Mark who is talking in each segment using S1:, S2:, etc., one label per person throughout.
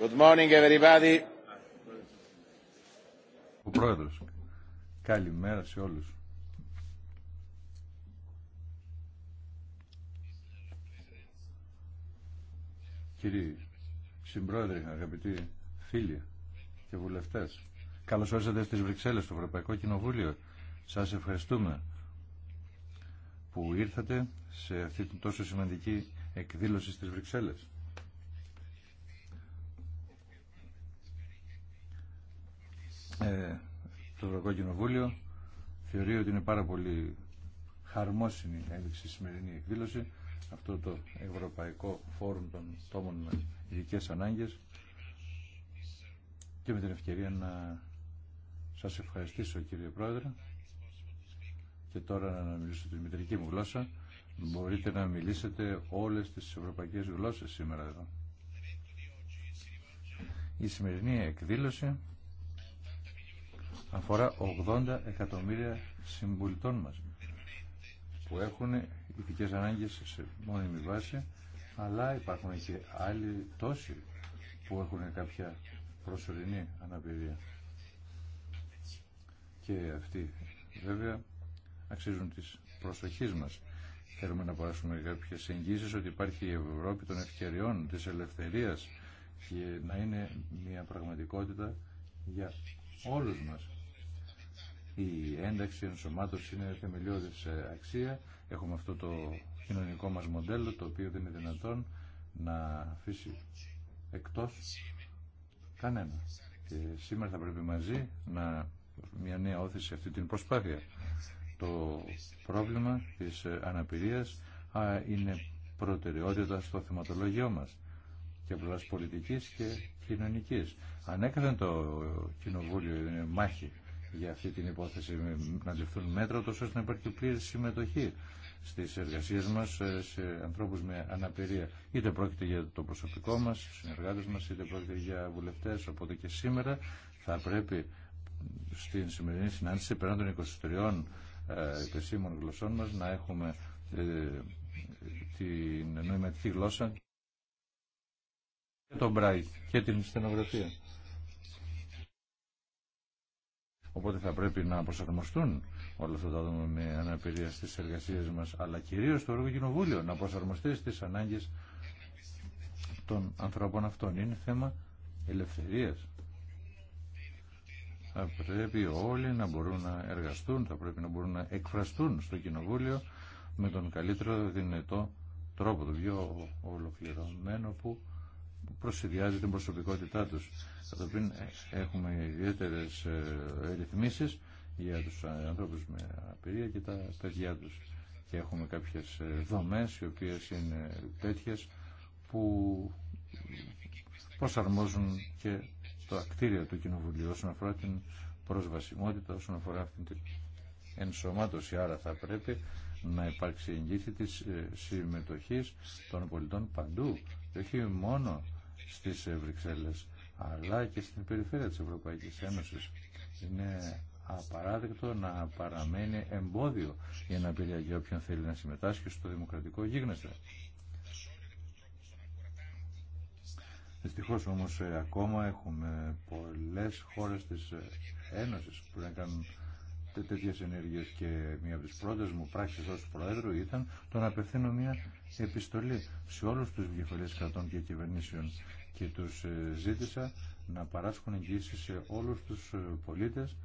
S1: Good morning everybody.
S2: Ο πρόεδρος. Καλημέρα σε όλους. Κύριοι συμπρόεδροι, αγαπητοί φίλοι και βουλευτές, καλώς ήρθατε στις Βρυξέλλες στο Ευρωπαϊκό Κοινοβούλιο. Σας ευχαριστούμε που ήρθατε σε αυτή την τόσο σημαντική εκδήλωση στις Βρυξέλλες. Ε, το Ευρωπαϊκό Κοινοβούλιο θεωρεί ότι είναι πάρα πολύ χαρμόσυνη έδειξη η σημερινή εκδήλωση αυτό το Ευρωπαϊκό Φόρουμ των Τόμων με ειδικέ ανάγκες και με την ευκαιρία να σας ευχαριστήσω κύριε Πρόεδρε και τώρα να μιλήσω τη μητρική μου γλώσσα μπορείτε να μιλήσετε όλες τις ευρωπαϊκές γλώσσες σήμερα εδώ. Η σημερινή εκδήλωση αφορά 80 εκατομμύρια συμπολιτών μας που έχουν ειδικές ανάγκες σε μόνιμη βάση αλλά υπάρχουν και άλλοι τόσοι που έχουν κάποια προσωρινή αναπηρία και αυτοί βέβαια αξίζουν της προσοχής μας θέλουμε να παράσουμε κάποιες εγγύσεις ότι υπάρχει η Ευρώπη των ευκαιριών της ελευθερίας και να είναι μια πραγματικότητα για όλους μας η ένταξη, ενσωμάτωση είναι θεμελιώδης ε, αξία. Έχουμε αυτό το κοινωνικό μας μοντέλο, το οποίο δεν είναι δυνατόν να αφήσει εκτός κανένα. σήμερα θα πρέπει μαζί να μια νέα όθηση αυτή την προσπάθεια. Το πρόβλημα της ε, αναπηρίας είναι προτεραιότητα στο θεματολογιό μας και πλευράς πολιτικής και κοινωνικής. Ανέκαθεν το κοινοβούλιο είναι μάχη για αυτή την υπόθεση, να ληφθούν μέτρα τόσο ώστε να υπάρχει πλήρη συμμετοχή στις εργασίες μας ε, σε ανθρώπους με αναπηρία. Είτε πρόκειται για το προσωπικό μας, τους συνεργάτες μας, είτε πρόκειται για βουλευτές. Οπότε και σήμερα θα πρέπει στην σημερινή συνάντηση πέραν των 23 ε, επισήμων γλωσσών μας να έχουμε ε, την νοηματική γλώσσα και τον Μπράιτ και την στενογραφία. Οπότε θα πρέπει να προσαρμοστούν όλα αυτά τα δούμε με αναπηρία στι εργασίε μας, αλλά κυρίως το Ευρωπαϊκό Κοινοβούλιο να προσαρμοστεί στις ανάγκες των ανθρώπων αυτών. Είναι θέμα ελευθερίας. Θα πρέπει όλοι να μπορούν να εργαστούν, θα πρέπει να μπορούν να εκφραστούν στο Κοινοβούλιο με τον καλύτερο δυνατό τρόπο, το πιο ολοκληρωμένο που προσυδειάζει την προσωπικότητά τους. Κατόπιν ε, έχουμε ιδιαίτερε ε, ρυθμίσεις για τους ε, ανθρώπους με απειρία και τα παιδιά τους. Και έχουμε κάποιες δομές οι οποίες είναι τέτοιες που προσαρμόζουν και το ακτήριο του Κοινοβουλίου όσον αφορά την προσβασιμότητα, όσον αφορά την ενσωμάτωση. Άρα θα πρέπει να υπάρξει εγγύθητη συμμετοχής των πολιτών παντού και όχι μόνο στις Βρυξέλλες αλλά και στην περιφέρεια της Ευρωπαϊκής Ένωσης. Είναι απαράδεκτο να παραμένει εμπόδιο για να για όποιον θέλει να συμμετάσχει στο δημοκρατικό γίγνεσθε. Δυστυχώς όμως ε, ακόμα έχουμε πολλές χώρες της ε, Ένωσης που να κάνουν τέτοιε ενέργειε και μία από τις πρώτες μου πράξεις ω Προέδρου ήταν το να απευθύνω μία επιστολή σε όλους τους διαφορετικούς κρατών και κυβερνήσεων και τους ε, ζήτησα να παράσχουν εγγύηση σε όλους τους ε, πολίτες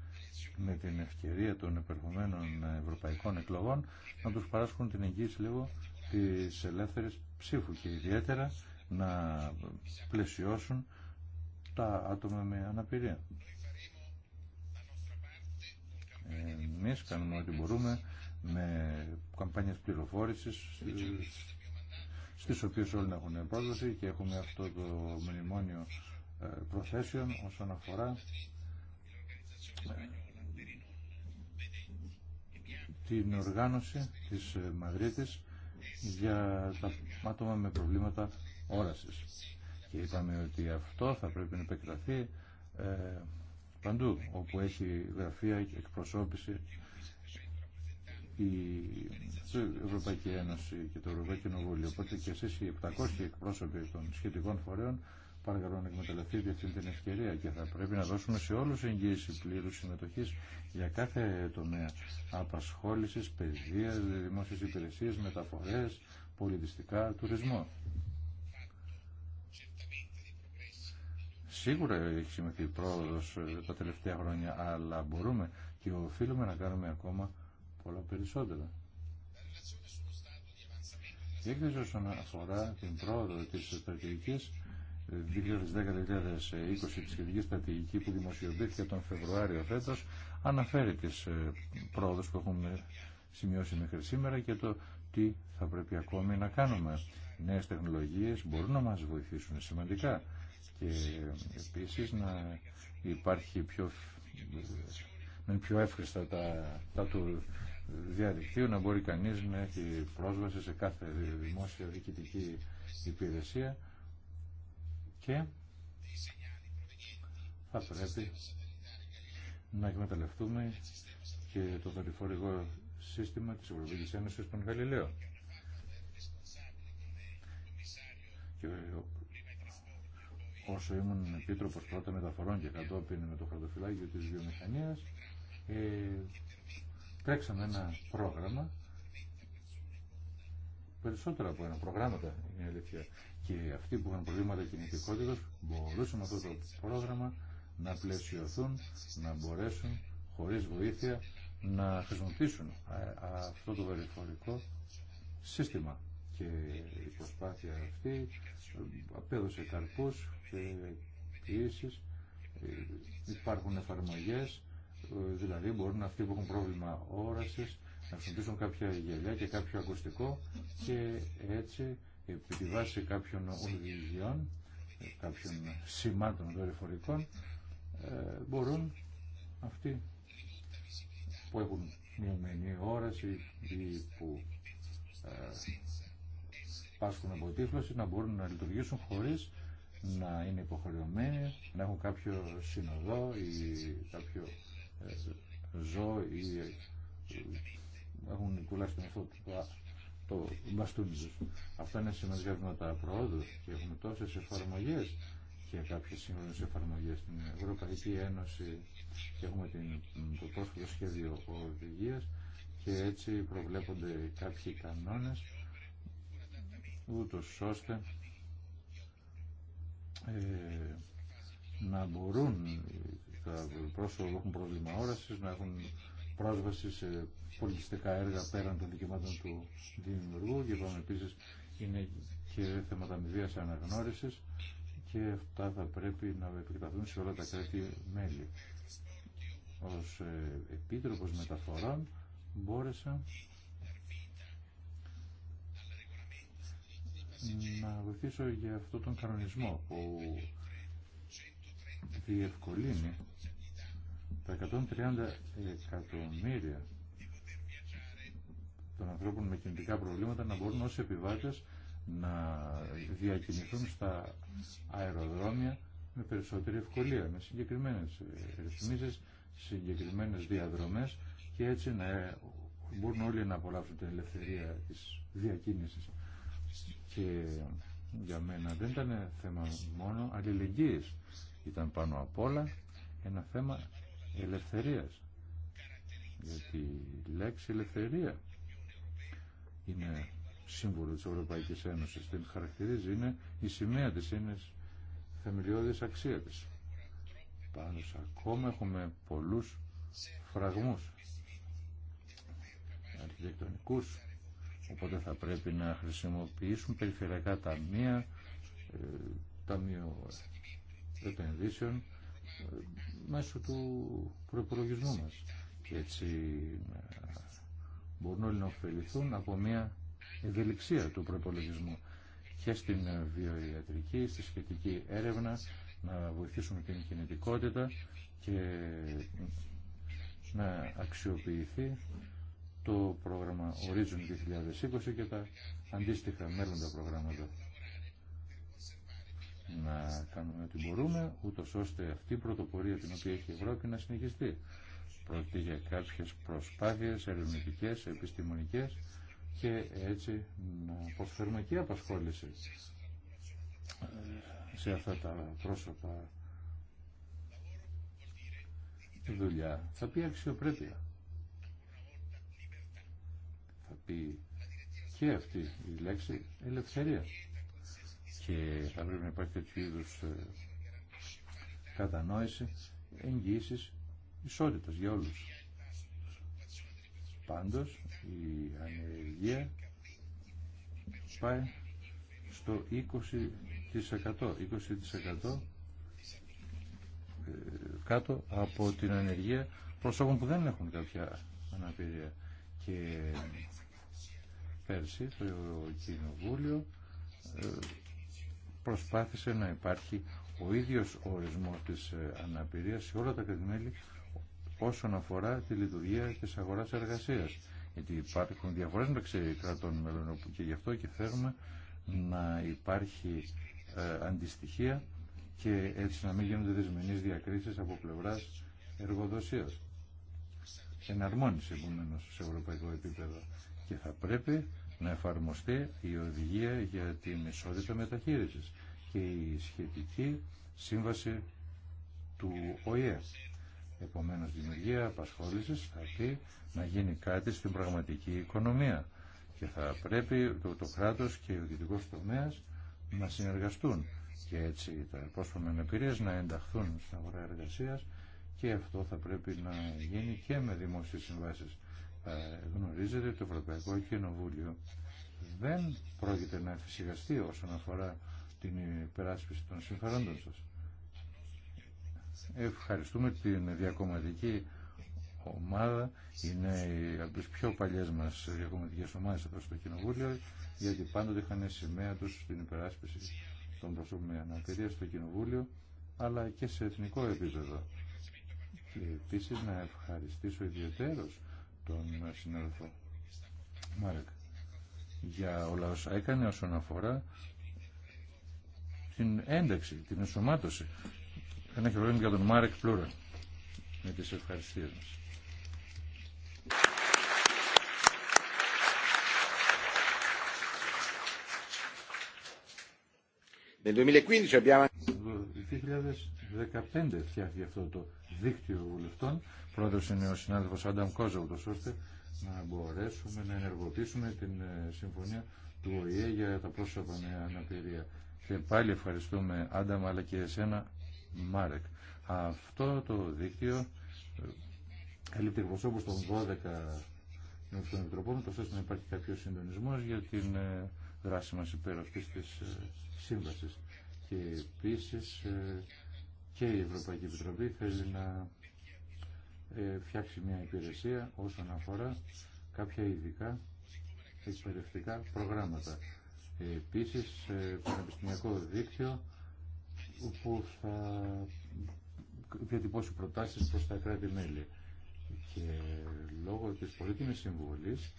S2: με την ευκαιρία των επερχομένων ε, ευρωπαϊκών εκλογών να τους παράσχουν την εγγύηση λίγο της ελεύθερης ψήφου και ιδιαίτερα να πλαισιώσουν τα άτομα με αναπηρία. Εμείς κάνουμε ό,τι μπορούμε με καμπάνιες πληροφόρησης στις οποίες όλοι έχουν πρόσβαση και έχουμε αυτό το μνημόνιο ε, προθέσεων όσον αφορά ε, την οργάνωση της ε, Μαδρίτης για τα άτομα με προβλήματα όρασης. Και είπαμε ότι αυτό θα πρέπει να επεκταθεί παντού όπου έχει γραφεία και εκπροσώπηση η Ευρωπαϊκή Ένωση και το Ευρωπαϊκό Κοινοβούλιο. Οπότε και εσείς οι 700 εκπρόσωποι των σχετικών φορέων παρακαλώ να εκμεταλλευτείτε αυτή την ευκαιρία και θα πρέπει να δώσουμε σε όλους εγγύηση πλήρου συμμετοχής για κάθε τομέα απασχόλησης, παιδείας, δημόσιες υπηρεσίες, μεταφορές, πολιτιστικά, τουρισμό. Σίγουρα έχει σημαθεί πρόοδος ε, τα τελευταία χρόνια, αλλά μπορούμε και οφείλουμε να κάνουμε ακόμα πολλά περισσότερα. Η έκθεση όσον αφορά την πρόοδο ε, τη στρατηγικη 2010 2010-2020 της σχετικής στρατηγική που δημοσιοποιήθηκε τον Φεβρουάριο φέτος αναφέρει τις ε, πρόοδες που έχουμε σημειώσει μέχρι σήμερα και το τι θα πρέπει ακόμη να κάνουμε. Οι νέες τεχνολογίες μπορούν να μας βοηθήσουν σημαντικά και ε, επίσης να υπάρχει πιο, πιο εύχριστα τα, τα διαδικτύου να μπορεί κανείς να έχει πρόσβαση σε κάθε δημόσια διοικητική υπηρεσία και θα πρέπει να εκμεταλλευτούμε και το δορυφορικό σύστημα της Ευρωπαϊκής Ένωσης των Γαλιλαίων. όσο ήμουν επίτροπος πρώτα μεταφορών και κατόπιν με το χαρτοφυλάκιο της βιομηχανίας, ε, τρέξαμε ένα πρόγραμμα περισσότερα από ένα προγράμματα είναι αλήθεια και αυτοί που είχαν προβλήματα κινητικότητας μπορούσαν με αυτό το πρόγραμμα να πλαισιωθούν, να μπορέσουν χωρίς βοήθεια να χρησιμοποιήσουν ε, αυτό το περιφορικό σύστημα και η προσπάθεια αυτή απέδωσε καρπούς και ποιήσεις, ε, υπάρχουν εφαρμογές δηλαδή μπορούν αυτοί που έχουν πρόβλημα όρασης να χρησιμοποιήσουν κάποια γυαλιά και κάποιο ακουστικό και έτσι επί τη βάση κάποιων οδηγιών, κάποιων σημάτων δορυφορικών ε, μπορούν αυτοί που έχουν μειωμένη όραση ή που ε, πάσχουν από τύφλωση να μπορούν να λειτουργήσουν χωρίς να είναι υποχρεωμένοι, να έχουν κάποιο συνοδό ή κάποιο ζώο ή ε, έχουν τουλάχιστον αυτό το, το μπαστούνι Αυτά είναι σημαντικά βήματα προόδου και έχουμε τόσες εφαρμογές και κάποιες σύγχρονες εφαρμογές στην Ευρωπαϊκή Ένωση και έχουμε την, το πρόσφατο σχέδιο οδηγίας και έτσι προβλέπονται κάποιοι κανόνες ούτως ώστε ε, να μπορούν τα πρόσωπα που έχουν πρόβλημα όρασης να έχουν πρόσβαση σε πολιτιστικά έργα πέραν των δικαιωμάτων του δημιουργού και είπαμε είναι και θέματα μηδία αναγνώριση, και αυτά θα πρέπει να επεκταθούν σε όλα τα κράτη-μέλη. Ως ε, Επίτροπος Μεταφορών μπόρεσα να βοηθήσω για αυτό τον κανονισμό που διευκολύνει τα 130 εκατομμύρια των ανθρώπων με κινητικά προβλήματα να μπορούν ως επιβάτες να διακινηθούν στα αεροδρόμια με περισσότερη ευκολία, με συγκεκριμένες ρυθμίσεις, συγκεκριμένες διαδρομές και έτσι να ε, μπορούν όλοι να απολαύσουν την ελευθερία της διακίνησης. Και για μένα δεν ήταν θέμα μόνο αλληλεγγύης ήταν πάνω απ' όλα ένα θέμα ελευθερίας. Γιατί η λέξη ελευθερία είναι σύμβολο της Ευρωπαϊκής Ένωσης, την χαρακτηρίζει, είναι η σημαία της, είναι θεμελιώδης αξία της. Πάνω ακόμα έχουμε πολλούς φραγμούς αρχιτεκτονικούς, οπότε θα πρέπει να χρησιμοποιήσουν περιφερειακά ταμεία, ε, ταμείο επενδύσεων ε, μέσω του προπολογισμού μας. Και έτσι ε, μπορούν όλοι να ωφεληθούν από μια ευελιξία του προπολογισμού και στην ε, βιοιατρική, στη σχετική έρευνα, να βοηθήσουμε την κινητικότητα και να αξιοποιηθεί το πρόγραμμα Horizon 2020 και τα αντίστοιχα μέλλοντα προγράμματα να κάνουμε ό,τι μπορούμε, ούτω ώστε αυτή η πρωτοπορία την οποία έχει η Ευρώπη να συνεχιστεί. Πρόκειται για κάποιε προσπάθειε ερευνητικέ, επιστημονικέ και έτσι να προσφέρουμε και απασχόληση ε, σε αυτά τα πρόσωπα δουλειά. Θα πει αξιοπρέπεια. Θα πει και αυτή η λέξη ελευθερία και θα πρέπει να υπάρχει τέτοιου είδου ε, κατανόηση εγγύηση ισότητα για όλου. Πάντω η ανεργία πάει στο 20%, 20% ε, κάτω από την ανεργία προσώπων που δεν έχουν κάποια αναπηρία. Και πέρσι το Κοινοβούλιο ε, προσπάθησε να υπάρχει ο ίδιος ορισμός της ε, αναπηρίας σε όλα τα κρατημέλη όσον αφορά τη λειτουργία της αγοράς εργασίας. Γιατί υπάρχουν διαφορές μεταξύ κρατών μελών και γι' αυτό και θέλουμε να υπάρχει ε, αντιστοιχεία και έτσι να μην γίνονται δεσμενείς διακρίσεις από πλευράς εργοδοσίας. Εναρμόνιση επομένω σε ευρωπαϊκό επίπεδο και θα πρέπει να εφαρμοστεί η οδηγία για την ισότητα μεταχείρισης και η σχετική σύμβαση του ΟΗΕ. Επομένως, δημιουργία απασχόλησης θα πει να γίνει κάτι στην πραγματική οικονομία και θα πρέπει το, το κράτος και ο ιδιωτικός τομέας να συνεργαστούν και έτσι τα πρόσφατα αναπηρίες να ενταχθούν στην αγορά εργασίας και αυτό θα πρέπει να γίνει και με δημόσιες συμβάσεις. Ε, γνωρίζετε το Ευρωπαϊκό Κοινοβούλιο δεν πρόκειται να εφησυχαστεί όσον αφορά την υπεράσπιση των συμφερόντων σας. Ευχαριστούμε την διακομματική ομάδα. Είναι από τις πιο παλιές μας διακομματικές ομάδες εδώ το Κοινοβούλιο γιατί πάντοτε είχαν σημαία τους στην υπεράσπιση των προσώπων με αναπηρία στο Κοινοβούλιο αλλά και σε εθνικό επίπεδο. Και επίσης να ευχαριστήσω ιδιαίτερως τον συνάδελφο Μάρεκ για όλα όσα έκανε όσον αφορά την ένταξη, την ενσωμάτωση. Ένα χειροκρότημα για τον Μάρεκ Πλούρα με τις ευχαριστίες μας. Nel 2015 abbiamo... 15 φτιάχνει αυτό το δίκτυο βουλευτών. Πρόεδρος είναι ο συνάδελφος Άνταμ Κόζα, ώστε να μπορέσουμε να ενεργοποιήσουμε την ε, συμφωνία του ΟΗΕ για τα πρόσωπα με αναπηρία. Και πάλι ευχαριστούμε Άνταμ αλλά και εσένα Μάρεκ. Αυτό το δίκτυο ε, καλύπτει εκπροσώπους των 12 νομιστών Επιτροπών, τόσο να υπάρχει κάποιο συντονισμό για την ε, δράση μα υπέρ αυτή τη σύμβαση. Και επίσης και η Ευρωπαϊκή Επιτροπή θέλει να ε, φτιάξει μια υπηρεσία όσον αφορά κάποια ειδικά εκπαιδευτικά προγράμματα. Επίσης, πανεπιστημιακό δίκτυο που θα διατυπώσει προτάσεις προς τα κράτη-μέλη. Και λόγω της πολύτιμης Συμβουλής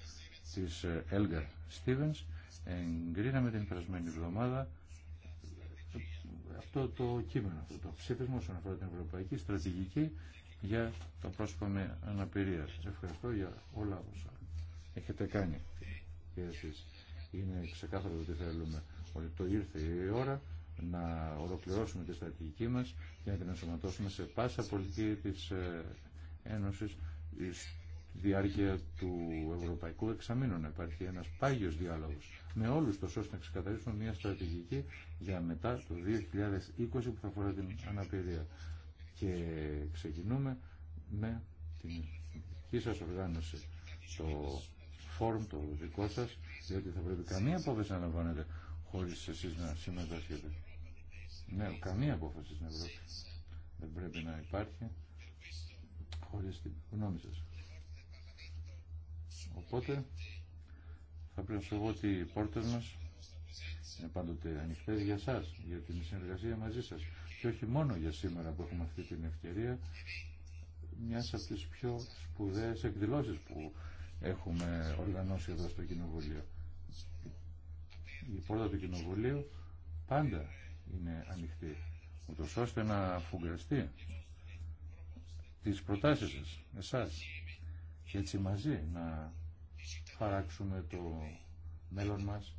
S2: της Elgar Stevens εγκρίναμε την περασμένη εβδομάδα αυτό το κείμενο, αυτό το ψήφισμα όσον αφορά την Ευρωπαϊκή Στρατηγική για τα πρόσωπα με αναπηρία. Ευχαριστώ για όλα όσα έχετε κάνει και εσείς. Είναι ξεκάθαρο ότι θέλουμε ότι το ήρθε η ώρα να ολοκληρώσουμε τη στρατηγική μας και να την ενσωματώσουμε σε πάσα πολιτική της ε, Ένωσης στη διάρκεια του Ευρωπαϊκού Εξαμήνου υπάρχει ένας πάγιος διάλογος με όλους τους ώστε να ξεκαθαρίσουμε μια στρατηγική για μετά το 2020 που θα αφορά την αναπηρία. Και ξεκινούμε με την δική οργάνωση, το φόρουμ το δικό σας, διότι θα πρέπει καμία απόφαση να λαμβάνετε χωρίς εσείς να συμμετάσχετε. Ναι, καμία απόφαση στην Ευρώπη δεν πρέπει να υπάρχει χωρίς την γνώμη σας. Οπότε θα πρέπει να σου πω ότι οι πόρτε μας είναι πάντοτε ανοιχτέ για εσά για την συνεργασία μαζί σα. Και όχι μόνο για σήμερα που έχουμε αυτή την ευκαιρία, μια από τι πιο σπουδαίε εκδηλώσεις που έχουμε οργανώσει εδώ στο Κοινοβούλιο. Η πόρτα του Κοινοβουλίου πάντα είναι ανοιχτή, ούτω ώστε να φουγκραστεί τις προτάσεις σας, εσάς, και έτσι μαζί να χαράξουμε το μέλλον μας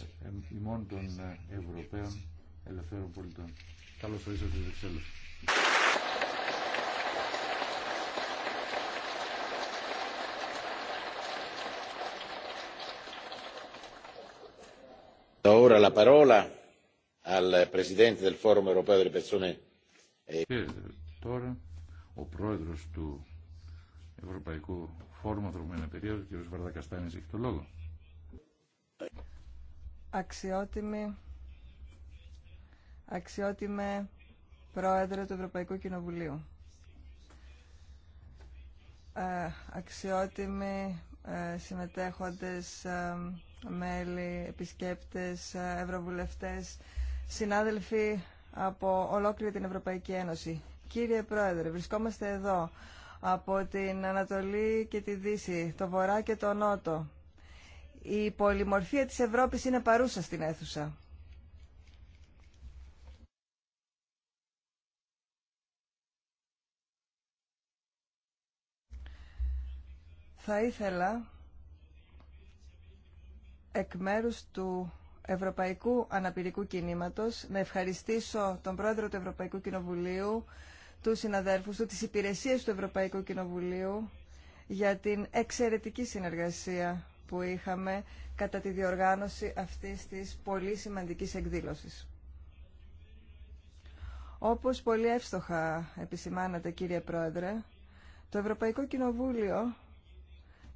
S2: ε, ε, ημών των ε, Ευρωπαίων Ελευθέρων Πολιτών. Καλώς ορίσατε στις Βρυξέλλες. Ora la parola al Presidente del Forum Europeo delle Persone. Τώρα ο πρόεδρος του Ευρωπαϊκού Φόρουμ Ανθρωπίνων Περίοδο, ο κ. Βαρδακαστάνης έχει το λόγο.
S1: Αξιότιμη, αξιότιμη Πρόεδρε του Ευρωπαϊκού Κοινοβουλίου. Ε, αξιότιμοι ε, συμμετέχοντες, ε, μέλη, επισκέπτες, ευρωβουλευτές, συνάδελφοι από ολόκληρη την Ευρωπαϊκή Ένωση. Κύριε Πρόεδρε, βρισκόμαστε εδώ από την Ανατολή και τη Δύση, το Βορρά και το Νότο. Η πολυμορφία της Ευρώπης είναι παρούσα στην αίθουσα. Θα ήθελα εκ μέρους του Ευρωπαϊκού Αναπηρικού Κινήματος να ευχαριστήσω τον Πρόεδρο του Ευρωπαϊκού Κοινοβουλίου, του συναδέρφους του, τις υπηρεσίες του Ευρωπαϊκού Κοινοβουλίου για την εξαιρετική συνεργασία που είχαμε κατά τη διοργάνωση αυτής της πολύ σημαντικής εκδήλωσης. Όπως πολύ εύστοχα επισημάνατε κύριε Πρόεδρε, το Ευρωπαϊκό Κοινοβούλιο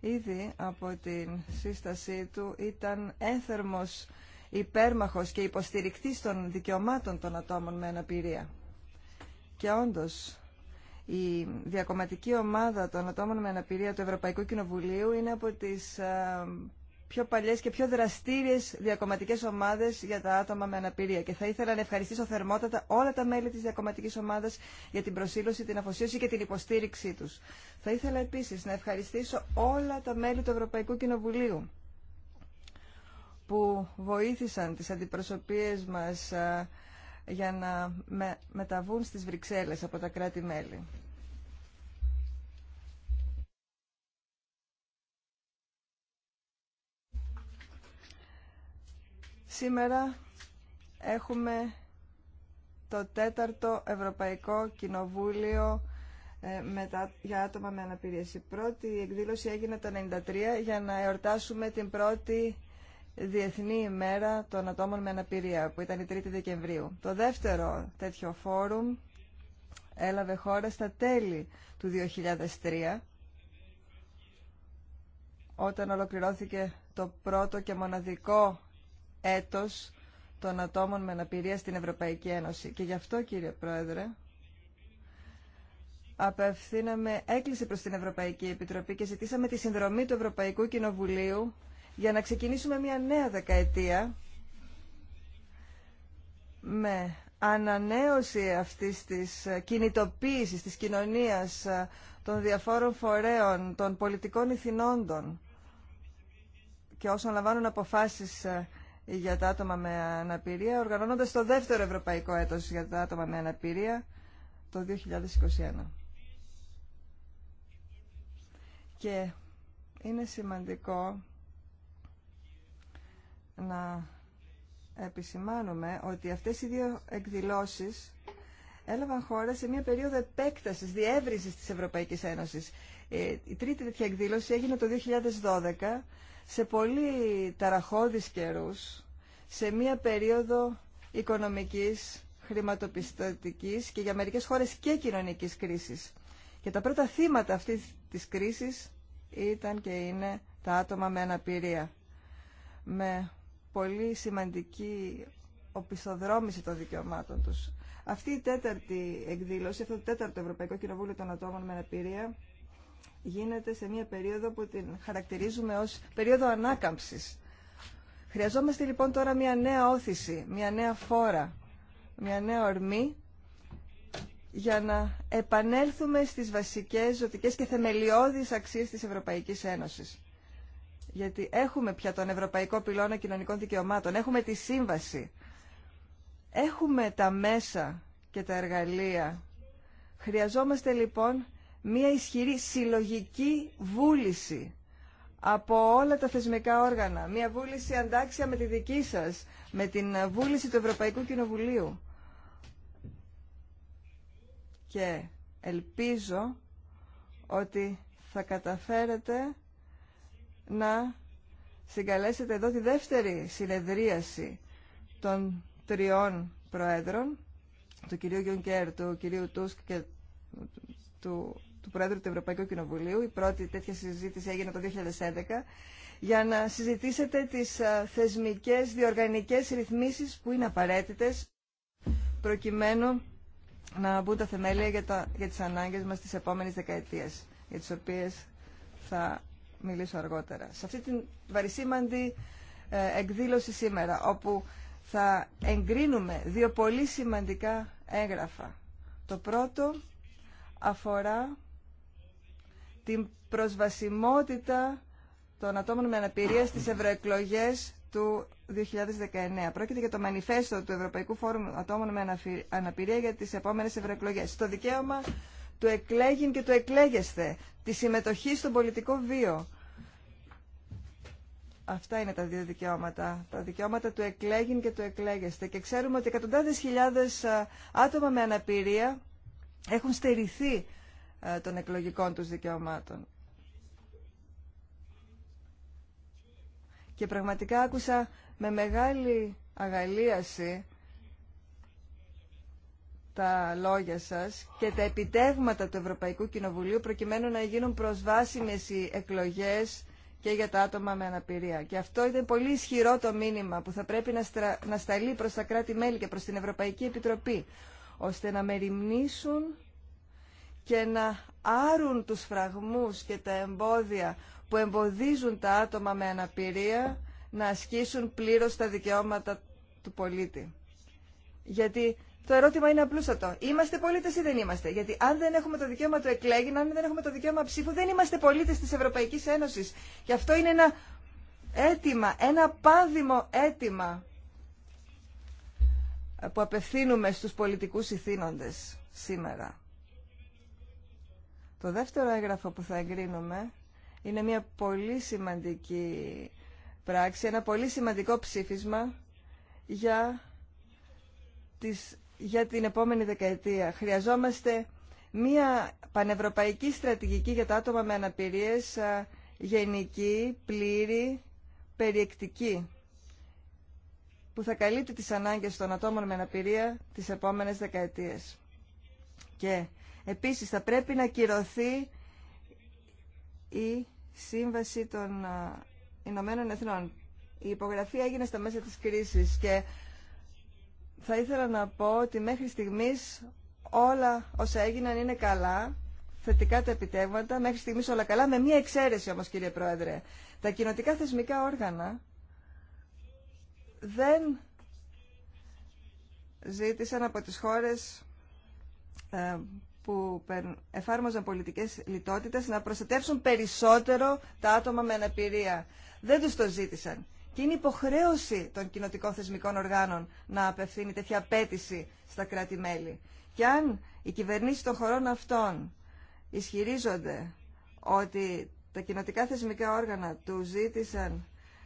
S1: ήδη από την σύστασή του ήταν έθερμος υπέρμαχος και υποστηρικτής των δικαιωμάτων των ατόμων με αναπηρία. Και όντω η διακομματική ομάδα των ατόμων με αναπηρία του Ευρωπαϊκού Κοινοβουλίου είναι από τις ε, πιο παλιές και πιο δραστήριες διακομματικέ ομάδες για τα άτομα με αναπηρία. Και θα ήθελα να ευχαριστήσω θερμότατα όλα τα μέλη της διακομματική ομάδα για την προσήλωση, την αφοσίωση και την υποστήριξή του. Θα ήθελα επίση να ευχαριστήσω όλα τα μέλη του Ευρωπαϊκού Κοινοβουλίου που βοήθησαν τις αντιπροσωπείες μας ε, για να μεταβούν στις Βρυξέλλες από τα κράτη-μέλη. Σήμερα έχουμε το τέταρτο Ευρωπαϊκό Κοινοβούλιο ε, για άτομα με αναπηρίαση. Η πρώτη εκδήλωση έγινε το 1993 για να εορτάσουμε την πρώτη Διεθνή ημέρα των ατόμων με αναπηρία, που ήταν η 3η Δεκεμβρίου. Το δεύτερο τέτοιο φόρουμ έλαβε χώρα στα τέλη του 2003, όταν ολοκληρώθηκε το πρώτο και μοναδικό έτος των ατόμων με αναπηρία στην Ευρωπαϊκή Ένωση. Και γι' αυτό, κύριε Πρόεδρε, απευθύναμε έκκληση προς την Ευρωπαϊκή Επιτροπή και ζητήσαμε τη συνδρομή του Ευρωπαϊκού Κοινοβουλίου για να ξεκινήσουμε μια νέα δεκαετία με ανανέωση αυτής της κινητοποίησης της κοινωνίας ε, των διαφόρων φορέων, των πολιτικών ηθινόντων και όσων λαμβάνουν αποφάσεις ε, για τα άτομα με αναπηρία, οργανώνοντας το δεύτερο ευρωπαϊκό έτος για τα άτομα με αναπηρία το 2021. Και είναι σημαντικό να επισημάνουμε ότι αυτές οι δύο εκδηλώσεις έλαβαν χώρα σε μια περίοδο επέκτασης, διεύρυνσης της Ευρωπαϊκής Ένωσης. Ε, η τρίτη τέτοια εκδήλωση έγινε το 2012 σε πολύ ταραχώδεις καιρούς, σε μια περίοδο οικονομικής, χρηματοπιστωτικής και για μερικές χώρες και κοινωνικής κρίσης. Και τα πρώτα θύματα αυτής της κρίσης ήταν και είναι τα άτομα με αναπηρία, με πολύ σημαντική οπισθοδρόμηση των δικαιωμάτων τους. Αυτή η τέταρτη εκδήλωση, αυτό το τέταρτο Ευρωπαϊκό Κοινοβούλιο των Ατόμων με Αναπηρία γίνεται σε μια περίοδο που την χαρακτηρίζουμε ως περίοδο ανάκαμψης. Χρειαζόμαστε λοιπόν τώρα μια νέα όθηση, μια νέα φόρα, μια νέα ορμή για να επανέλθουμε στις βασικές ζωτικές και θεμελιώδεις αξίες της Ευρωπαϊκής Ένωσης γιατί έχουμε πια τον Ευρωπαϊκό Πυλώνα Κοινωνικών Δικαιωμάτων, έχουμε τη Σύμβαση, έχουμε τα μέσα και τα εργαλεία. Χρειαζόμαστε λοιπόν μία ισχυρή συλλογική βούληση από όλα τα θεσμικά όργανα. Μία βούληση αντάξια με τη δική σας, με την βούληση του Ευρωπαϊκού Κοινοβουλίου. Και ελπίζω ότι θα καταφέρετε να συγκαλέσετε εδώ τη δεύτερη συνεδρίαση των τριών προέδρων, του κυρίου Γιουνκέρ, του κυρίου Τούσκ και του, του Πρόεδρου του Ευρωπαϊκού Κοινοβουλίου. Η πρώτη τέτοια συζήτηση έγινε το 2011 για να συζητήσετε τις θεσμικές διοργανικές ρυθμίσεις που είναι απαραίτητες προκειμένου να μπουν τα θεμέλια για, τα, για τις ανάγκες μας της επόμενες δεκαετίες για τις οποίες θα μιλήσω αργότερα. Σε αυτή την βαρισίμαντη ε, εκδήλωση σήμερα, όπου θα εγκρίνουμε δύο πολύ σημαντικά έγγραφα. Το πρώτο αφορά την προσβασιμότητα των ατόμων με αναπηρία στις ευρωεκλογέ του 2019. Πρόκειται για το μανιφέστο του Ευρωπαϊκού Φόρουμ Ατόμων με Αναπηρία για τις επόμενες ευρωεκλογέ. Το δικαίωμα του εκλέγην και του εκλέγεστε, τη συμμετοχή στον πολιτικό βίο. Αυτά είναι τα δύο δικαιώματα. Τα δικαιώματα του εκλέγην και του εκλέγεστε. Και ξέρουμε ότι εκατοντάδε χιλιάδες ε, άτομα με αναπηρία έχουν στερηθεί ε, των εκλογικών τους δικαιωμάτων. Και πραγματικά άκουσα με μεγάλη αγαλίαση τα λόγια σας και τα επιτεύγματα του Ευρωπαϊκού Κοινοβουλίου προκειμένου να γίνουν προσβάσιμες οι εκλογές και για τα άτομα με αναπηρία. Και αυτό ήταν πολύ ισχυρό το μήνυμα που θα πρέπει να, να σταλεί προς τα κράτη-μέλη και προς την Ευρωπαϊκή Επιτροπή, ώστε να μεριμνήσουν και να άρουν τους φραγμούς και τα εμπόδια που εμποδίζουν τα άτομα με αναπηρία να ασκήσουν πλήρως τα δικαιώματα του πολίτη. Γιατί το ερώτημα είναι απλούστατο. Είμαστε πολίτε ή δεν είμαστε. Γιατί αν δεν έχουμε το δικαίωμα του εκλέγην, αν δεν έχουμε το δικαίωμα ψήφου, δεν είμαστε πολίτε τη Ευρωπαϊκή Ένωση. Και αυτό είναι ένα αίτημα, ένα πάδημο αίτημα που απευθύνουμε στους πολιτικούς ηθήνοντες σήμερα. Το δεύτερο έγγραφο που θα εγκρίνουμε είναι μια πολύ σημαντική πράξη, ένα πολύ σημαντικό ψήφισμα για τις για την επόμενη δεκαετία. Χρειαζόμαστε μία πανευρωπαϊκή στρατηγική για τα άτομα με αναπηρίες γενική, πλήρη, περιεκτική που θα καλύπτει τις ανάγκες των ατόμων με αναπηρία τις επόμενες δεκαετίες. Και επίσης θα πρέπει να κυρωθεί η Σύμβαση των Ηνωμένων Εθνών. Η υπογραφή έγινε στα μέσα της κρίσης και θα ήθελα να πω ότι μέχρι στιγμής όλα όσα έγιναν είναι καλά, θετικά τα επιτεύγματα, μέχρι στιγμής όλα καλά, με μία εξαίρεση όμως κύριε Πρόεδρε. Τα κοινοτικά θεσμικά όργανα δεν ζήτησαν από τις χώρες ε, που εφάρμοζαν πολιτικές λιτότητες να προστατεύσουν περισσότερο τα άτομα με αναπηρία. Δεν τους το ζήτησαν. Και είναι υποχρέωση των κοινοτικών θεσμικών οργάνων να απευθύνει τέτοια απέτηση στα κράτη-μέλη. Και αν οι κυβερνήσει των χωρών αυτών ισχυρίζονται ότι τα κοινοτικά θεσμικά όργανα του ζήτησαν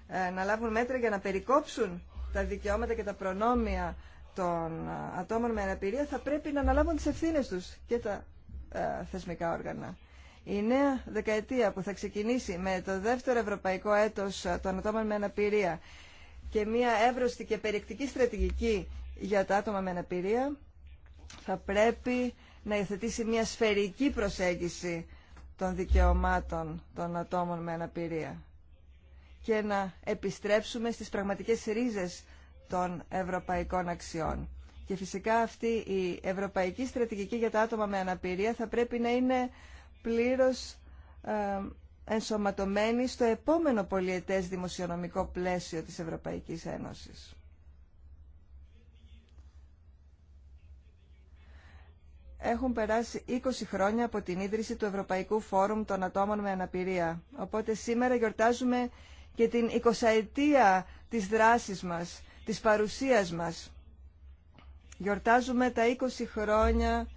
S1: ε, να λάβουν μέτρα για να περικόψουν τα δικαιώματα και τα προνόμια των ε, ατόμων με αναπηρία, θα πρέπει να αναλάβουν τις ευθύνες τους και τα ε, θεσμικά όργανα. Η νέα δεκαετία που θα ξεκινήσει με το δεύτερο ευρωπαϊκό έτος των ατόμων με αναπηρία και μια εύρωστη και περιεκτική στρατηγική για τα άτομα με αναπηρία θα πρέπει να υιοθετήσει μια σφαιρική προσέγγιση των δικαιωμάτων των ατόμων με αναπηρία και να επιστρέψουμε στις πραγματικές ρίζες των ευρωπαϊκών αξιών. Και φυσικά αυτή η ευρωπαϊκή στρατηγική για τα άτομα με αναπηρία θα πρέπει να είναι πλήρως ε, ενσωματωμένη στο επόμενο πολιετές δημοσιονομικό πλαίσιο της Ευρωπαϊκής Ένωσης. Έχουν περάσει 20 χρόνια από την ίδρυση του Ευρωπαϊκού Φόρουμ των Ατόμων με Αναπηρία. Οπότε σήμερα γιορτάζουμε και την 20 ετία της δράσης μας, της παρουσίας μας. Γιορτάζουμε τα 20 χρόνια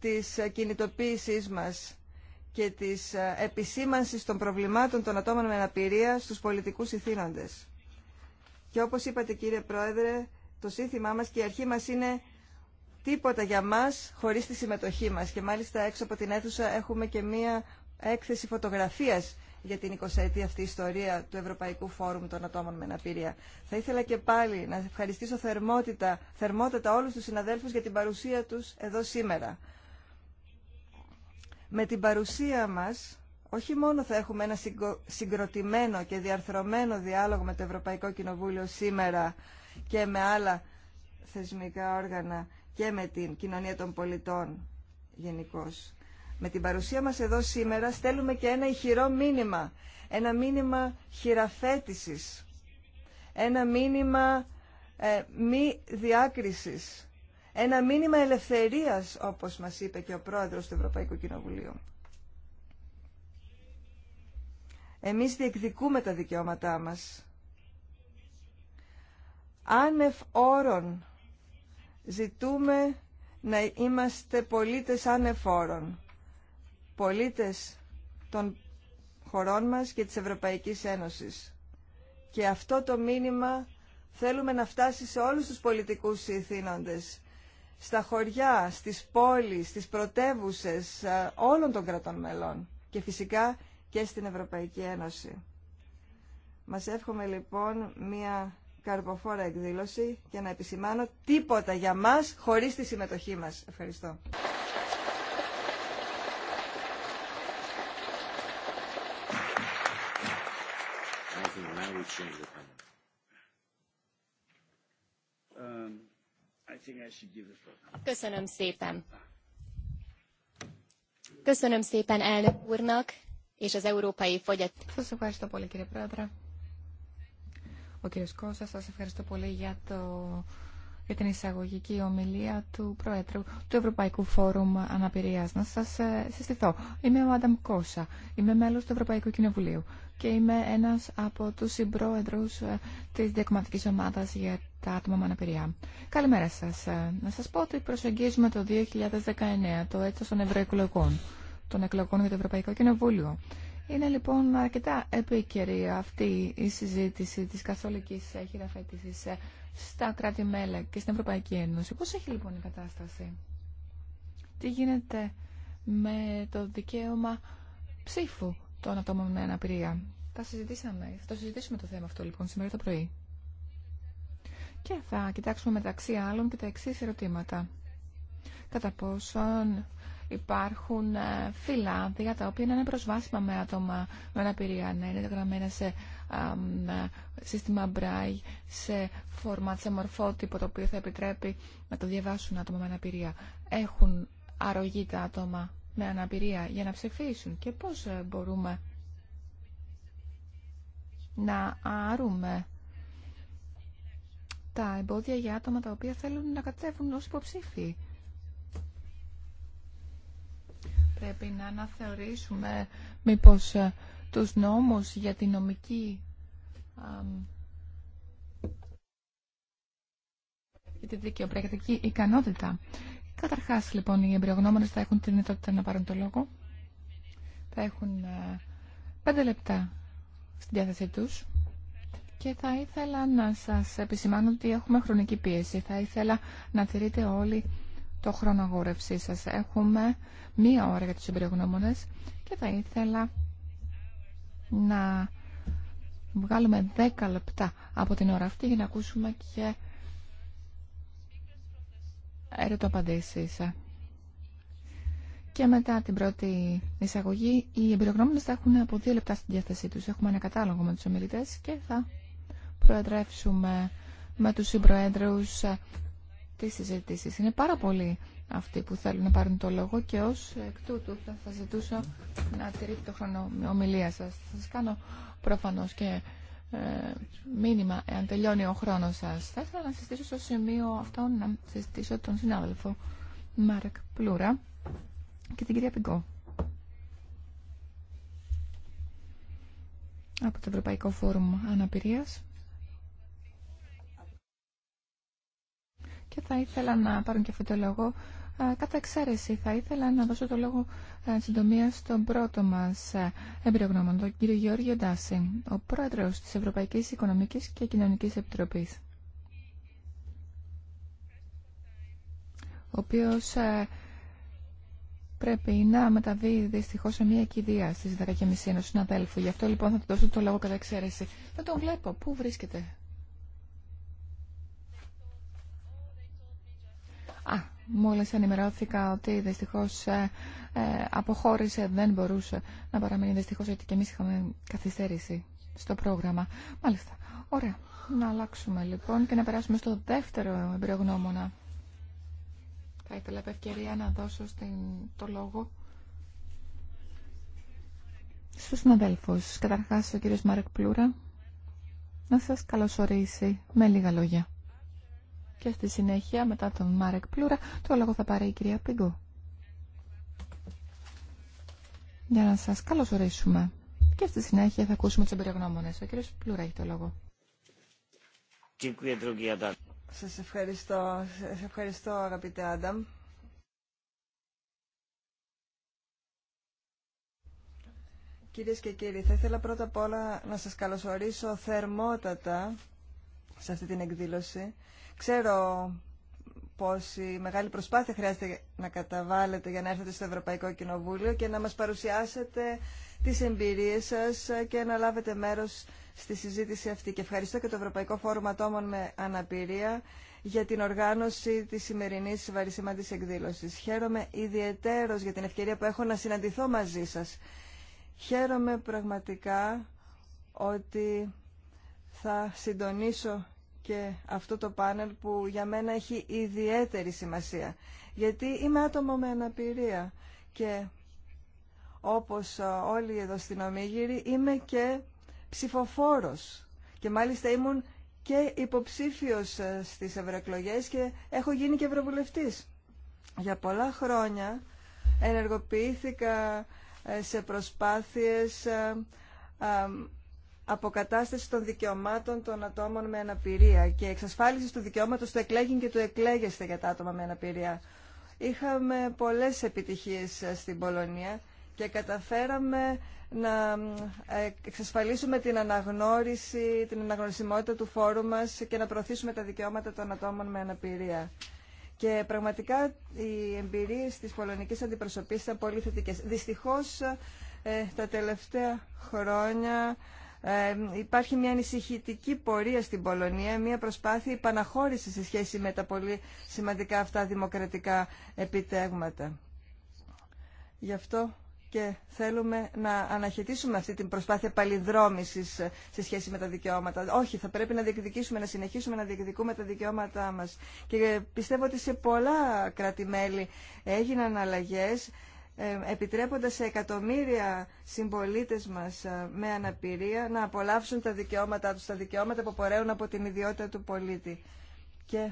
S1: της κινητοποίησής μας και της ε, επισήμανσης των προβλημάτων των ατόμων με αναπηρία στους πολιτικούς ηθήνοντες. Και όπως είπατε κύριε Πρόεδρε, το σύνθημά μας και η αρχή μας είναι τίποτα για μας χωρίς τη συμμετοχή μας. Και μάλιστα έξω από την αίθουσα έχουμε και μία έκθεση φωτογραφίας για την 20η αυτή ιστορία του Ευρωπαϊκού Φόρουμ των Ατόμων με Αναπηρία. Θα ήθελα και πάλι να ευχαριστήσω θερμότητα, θερμότατα όλους τους συναδέλφους για την παρουσία τους εδώ σήμερα. Με την παρουσία μας, όχι μόνο θα έχουμε ένα συγκροτημένο και διαρθρωμένο διάλογο με το Ευρωπαϊκό Κοινοβούλιο σήμερα και με άλλα θεσμικά όργανα και με την κοινωνία των πολιτών γενικώ. Με την παρουσία μας εδώ σήμερα στέλνουμε και ένα ηχηρό μήνυμα, ένα μήνυμα χειραφέτησης, ένα μήνυμα ε, μη διάκρισης ένα μήνυμα ελευθερίας, όπως μας είπε και ο πρόεδρος του Ευρωπαϊκού Κοινοβουλίου. Εμείς διεκδικούμε τα δικαιώματά μας. Άνευ όρων ζητούμε να είμαστε πολίτες άνευ όρων. Πολίτες των χωρών μας και της Ευρωπαϊκής Ένωσης. Και αυτό το μήνυμα θέλουμε να φτάσει σε όλους τους πολιτικούς ηθήνοντες στα χωριά, στις πόλεις, στις πρωτεύουσες ε, όλων των κρατών μελών και φυσικά και στην Ευρωπαϊκή Ένωση. Μας εύχομαι λοιπόν μια καρποφόρα εκδήλωση και να επισημάνω τίποτα για μας χωρίς τη συμμετοχή μας. Ευχαριστώ.
S3: I think I should give Köszönöm szépen.
S1: Köszönöm szépen elnök úrnak
S3: és az európai ευχαριστώ πολύ κύριε Πρόεδρε. Ο κύριος Κώστας, σας ευχαριστώ πολύ για, το, για την εισαγωγική ομιλία του Πρόεδρου του Ευρωπαϊκού Φόρουμ Αναπηρίας. Να σας ε, συστηθώ. Είμαι ο Άνταμ Κώσα. Είμαι μέλος του Ευρωπαϊκού Κοινοβουλίου και είμαι ένας από τους συμπρόεδρους ε, της διακομματικής ομάδας για τα άτομα με αναπηρία. Καλημέρα σα ε, Να σα πω ότι προσεγγίζουμε το 2019, το έτο των ευρωεκλογών, των εκλογών για το Ευρωπαϊκό Κοινοβούλιο. Είναι λοιπόν αρκετά επίκαιρη αυτή η συζήτηση της καθολικής ε, χειραφέτησης ε, στα κρατη μελη και στην Ευρωπαϊκή Ένωση. Πώς έχει λοιπόν η κατάσταση. Τι γίνεται με το δικαίωμα ψήφου των ατόμων με αναπηρία. Θα το συζητήσουμε το θέμα αυτό λοιπόν σήμερα το πρωί. Και θα κοιτάξουμε μεταξύ άλλων και τα εξή ερωτήματα. Κατά πόσον υπάρχουν ε, φυλάδια τα οποία να είναι προσβάσιμα με άτομα με αναπηρία, να είναι γραμμένα σε ε, σύστημα μπράι, σε φόρμα, σε μορφότυπο το οποίο θα επιτρέπει να το διαβάσουν άτομα με αναπηρία. Έχουν αρρωγή τα άτομα με αναπηρία για να ψηφίσουν και πώς ε, μπορούμε να άρουμε τα εμπόδια για άτομα τα οποία θέλουν να κατέβουν ως υποψήφοι. Πρέπει να αναθεωρήσουμε μήπως ε, τους νόμους για τη νομική για τη δικαιοπραγματική ικανότητα. Καταρχάς λοιπόν οι εμπειρογνώμονες θα έχουν την δυνατότητα να πάρουν το λόγο. Θα έχουν ε, πέντε λεπτά στην διάθεσή τους και θα ήθελα να σας επισημάνω ότι έχουμε χρονική πίεση. Θα ήθελα να τηρείτε όλοι το χρόνο σας. Έχουμε μία ώρα για τους εμπειρογνώμονες και θα ήθελα να βγάλουμε 10 λεπτά από την ώρα αυτή για να ακούσουμε και ερωτοαπαντήσεις. Και μετά την πρώτη εισαγωγή, οι εμπειρογνώμονες θα έχουν από δύο λεπτά στην διάθεσή τους. Έχουμε ένα κατάλογο με τους ομιλητές και θα προεδρεύσουμε με τους συμπροέδρους ε, τις συζητήσεις. Είναι πάρα πολλοί αυτοί που θέλουν να πάρουν το λόγο και ως εκ τούτου θα σας ζητούσα να τηρείτε το χρόνο ομιλία σας. Θα σας κάνω προφανώς και ε, μήνυμα εάν τελειώνει ο χρόνος σας. Θα ήθελα να συζητήσω στο σημείο αυτό να συζητήσω τον συνάδελφο Μάρκ Πλούρα και την κυρία Πιγκό. από το Ευρωπαϊκό Φόρουμ Αναπηρίας. και θα ήθελα να πάρω και αυτό το λόγο. Ε, κατά εξαίρεση θα ήθελα να δώσω το λόγο ε, συντομία στον πρώτο μας ε, εμπειρογνώμων, τον κύριο Γιώργιο Ντάση, ο πρόεδρος της Ευρωπαϊκής Οικονομικής και Κοινωνικής Επιτροπής, ο οποίος πρέπει να μεταβεί δυστυχώ σε μια κηδεία στι 10.30 ενό συναδέλφου. Γι' αυτό λοιπόν θα του δώσω το λόγο κατά εξαίρεση. Δεν τον βλέπω. Πού βρίσκεται. Α, μόλις ενημερώθηκα ότι δυστυχώς ε, ε, αποχώρησε, δεν μπορούσε να παραμείνει δυστυχώς γιατί και εμείς είχαμε καθυστέρηση στο πρόγραμμα. Μάλιστα. Ωραία. Να αλλάξουμε λοιπόν και να περάσουμε στο δεύτερο εμπειρογνώμονα. Θα ήθελα επ' ευκαιρία να δώσω στην, το λόγο στους συναδέλφους. Καταρχάς ο κύριος Μάρεκ Πλούρα να σας καλωσορίσει με λίγα λόγια. Και στη συνέχεια, μετά τον Μάρεκ Πλούρα, το λόγο θα πάρει η κυρία Πιγκό. Για να σας καλωσορίσουμε. Και στη συνέχεια θα ακούσουμε τους εμπειρογνώμονες. Ο κύριος Πλούρα έχει το λόγο.
S1: Σας ευχαριστώ. Σας ευχαριστώ αγαπητέ Άνταμ. Κυρίες και κύριοι, θα ήθελα πρώτα απ' όλα να σας καλωσορίσω θερμότατα σε αυτή την εκδήλωση Ξέρω πόση μεγάλη προσπάθεια χρειάζεται να καταβάλλετε για να έρθετε στο Ευρωπαϊκό Κοινοβούλιο και να μας παρουσιάσετε τις εμπειρίες σας και να λάβετε μέρος στη συζήτηση αυτή. Και ευχαριστώ και το Ευρωπαϊκό Φόρουμ Ατόμων με Αναπηρία για την οργάνωση της σημερινής βαρισιμάτης εκδήλωσης. Χαίρομαι ιδιαιτέρως για την ευκαιρία που έχω να συναντηθώ μαζί σας. Χαίρομαι πραγματικά ότι θα συντονίσω και αυτό το πάνελ που για μένα έχει ιδιαίτερη σημασία. Γιατί είμαι άτομο με αναπηρία και όπως όλοι εδώ στην Ομίγυρη είμαι και ψηφοφόρος και μάλιστα ήμουν και υποψήφιος ε, στις ευρωεκλογέ και έχω γίνει και ευρωβουλευτής. Για πολλά χρόνια ενεργοποιήθηκα ε, σε προσπάθειες ε, αποκατάσταση των δικαιωμάτων των ατόμων με αναπηρία και εξασφάλιση του δικαιώματος του εκλέγην και του εκλέγεσθε για τα άτομα με αναπηρία. Είχαμε πολλές επιτυχίες ε, στην Πολωνία και καταφέραμε να ε, εξασφαλίσουμε την αναγνώριση, την αναγνωρισιμότητα του φόρου μας και να προωθήσουμε τα δικαιώματα των ατόμων με αναπηρία. Και πραγματικά οι εμπειρίες της πολωνικής αντιπροσωπής ήταν πολύ θετικές. Δυστυχώς ε, τα τελευταία χρόνια υπάρχει μια ανησυχητική πορεία στην Πολωνία, μια προσπάθεια επαναχώρηση σε σχέση με τα πολύ σημαντικά αυτά δημοκρατικά επιτέγματα. Γι' αυτό και θέλουμε να αναχαιτήσουμε αυτή την προσπάθεια παλιδρόμησης σε σχέση με τα δικαιώματα. Όχι, θα πρέπει να διεκδικήσουμε, να συνεχίσουμε να διεκδικούμε τα δικαιώματά μας. Και πιστεύω ότι σε πολλά κράτη-μέλη έγιναν αλλαγές ε, επιτρέποντας σε εκατομμύρια συμπολίτες μας ε, με αναπηρία να απολαύσουν τα δικαιώματά τους, τα δικαιώματα που απορρέουν από την ιδιότητα του πολίτη. Και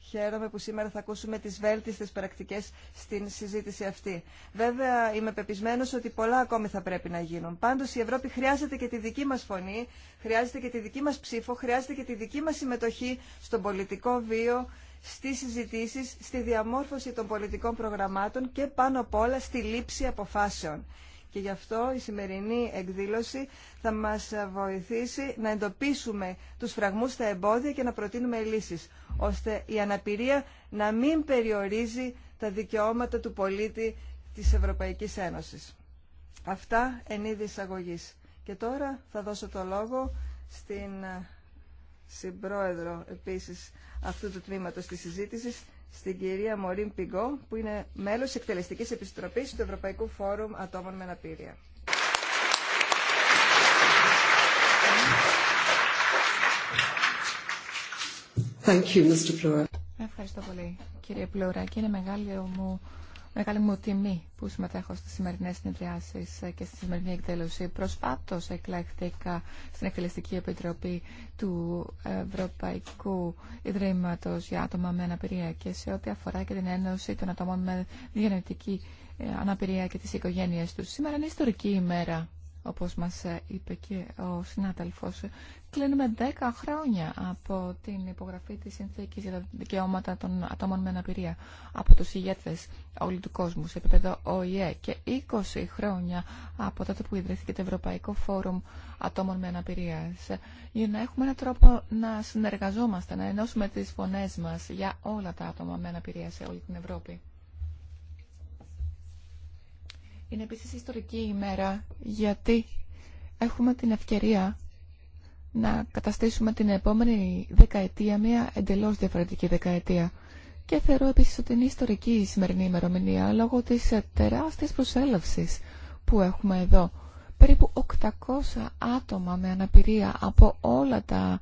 S1: χαίρομαι που σήμερα θα ακούσουμε τις βέλτιστες πρακτικές στην συζήτηση αυτή. Βέβαια, είμαι πεπισμένος ότι πολλά ακόμη θα πρέπει να γίνουν. Πάντως, η Ευρώπη χρειάζεται και τη δική μας φωνή, χρειάζεται και τη δική μας ψήφο, χρειάζεται και τη δική μας συμμετοχή στον πολιτικό βίο, στις συζητήσεις, στη διαμόρφωση των πολιτικών προγραμμάτων και πάνω απ' όλα στη λήψη αποφάσεων. Και γι' αυτό η σημερινή εκδήλωση θα μας βοηθήσει να εντοπίσουμε τους φραγμούς στα εμπόδια και να προτείνουμε λύσεις, ώστε η αναπηρία να μην περιορίζει τα δικαιώματα του πολίτη της Ευρωπαϊκής Ένωσης. Αυτά εν είδη εισαγωγής. Και τώρα θα δώσω το λόγο στην συμπρόεδρο επίσης αυτού του τμήματος της συζήτησης, στην κυρία Μωρίν Πιγκό, που είναι μέλος εκτελεστικής επιστροπής του Ευρωπαϊκού Φόρουμ Ατόμων με Αναπήρεια.
S3: Ευχαριστώ πολύ, κύριε Πλούρα, και είναι μεγάλη μου μεγάλη μου τιμή που συμμετέχω στι σημερινές συνεδριάσει και στη σημερινή εκδήλωση. Προσφάτως εκλέχθηκα στην Εκτελεστική Επιτροπή του Ευρωπαϊκού Ιδρύματος για άτομα με αναπηρία και σε ό,τι αφορά και την Ένωση των ατόμων με διανοητική αναπηρία και τι οικογένειε τους. Σήμερα είναι ιστορική ημέρα όπως μας ε, είπε και ο συνάδελφος, κλείνουμε 10 χρόνια από την υπογραφή της συνθήκης για τα δικαιώματα των ατόμων με αναπηρία από τους ηγέτες όλου του κόσμου σε επίπεδο ΟΗΕ και 20 χρόνια από τότε που ιδρύθηκε το Ευρωπαϊκό Φόρουμ Ατόμων με Αναπηρία για να έχουμε έναν τρόπο να συνεργαζόμαστε, να ενώσουμε τις φωνές μας για όλα τα άτομα με αναπηρία σε όλη την Ευρώπη. Είναι επίσης ιστορική ημέρα γιατί έχουμε την ευκαιρία να καταστήσουμε την επόμενη δεκαετία μια εντελώς διαφορετική δεκαετία. Και θεωρώ επίσης ότι είναι ιστορική η σημερινή ημερομηνία λόγω της τεράστιας προσέλευσης που έχουμε εδώ. Περίπου 800 άτομα με αναπηρία από όλα τα,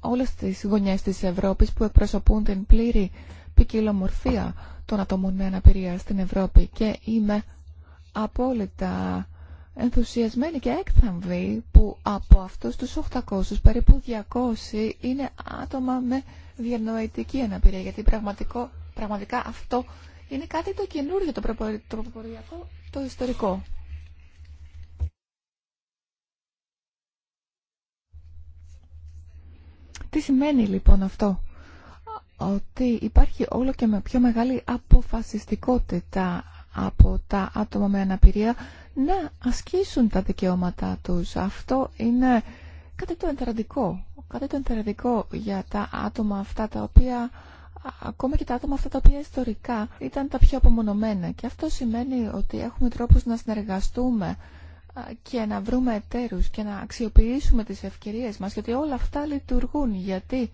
S3: όλες τις γωνιές της Ευρώπης που εκπροσωπούν την πλήρη ποικιλομορφία των ατόμων με αναπηρία στην Ευρώπη και είμαι απόλυτα ενθουσιασμένοι και έκθαμβοι που από αυτούς τους 800 περίπου 200 είναι άτομα με διανοητική αναπηρία γιατί πραγματικά αυτό είναι κάτι το καινούργιο, το προποριακό, το ιστορικό. Τι σημαίνει λοιπόν αυτό ότι υπάρχει όλο και με πιο μεγάλη αποφασιστικότητα από τα άτομα με αναπηρία να ασκήσουν τα δικαιώματά τους. Αυτό είναι κάτι το ενθαρρυντικό. Κάτι το ενθαρρυντικό για τα άτομα αυτά τα οποία ακόμα και τα άτομα αυτά τα οποία ιστορικά ήταν τα πιο απομονωμένα και αυτό σημαίνει ότι έχουμε τρόπους να συνεργαστούμε και να βρούμε εταίρους και να αξιοποιήσουμε τις ευκαιρίες μας γιατί όλα αυτά λειτουργούν γιατί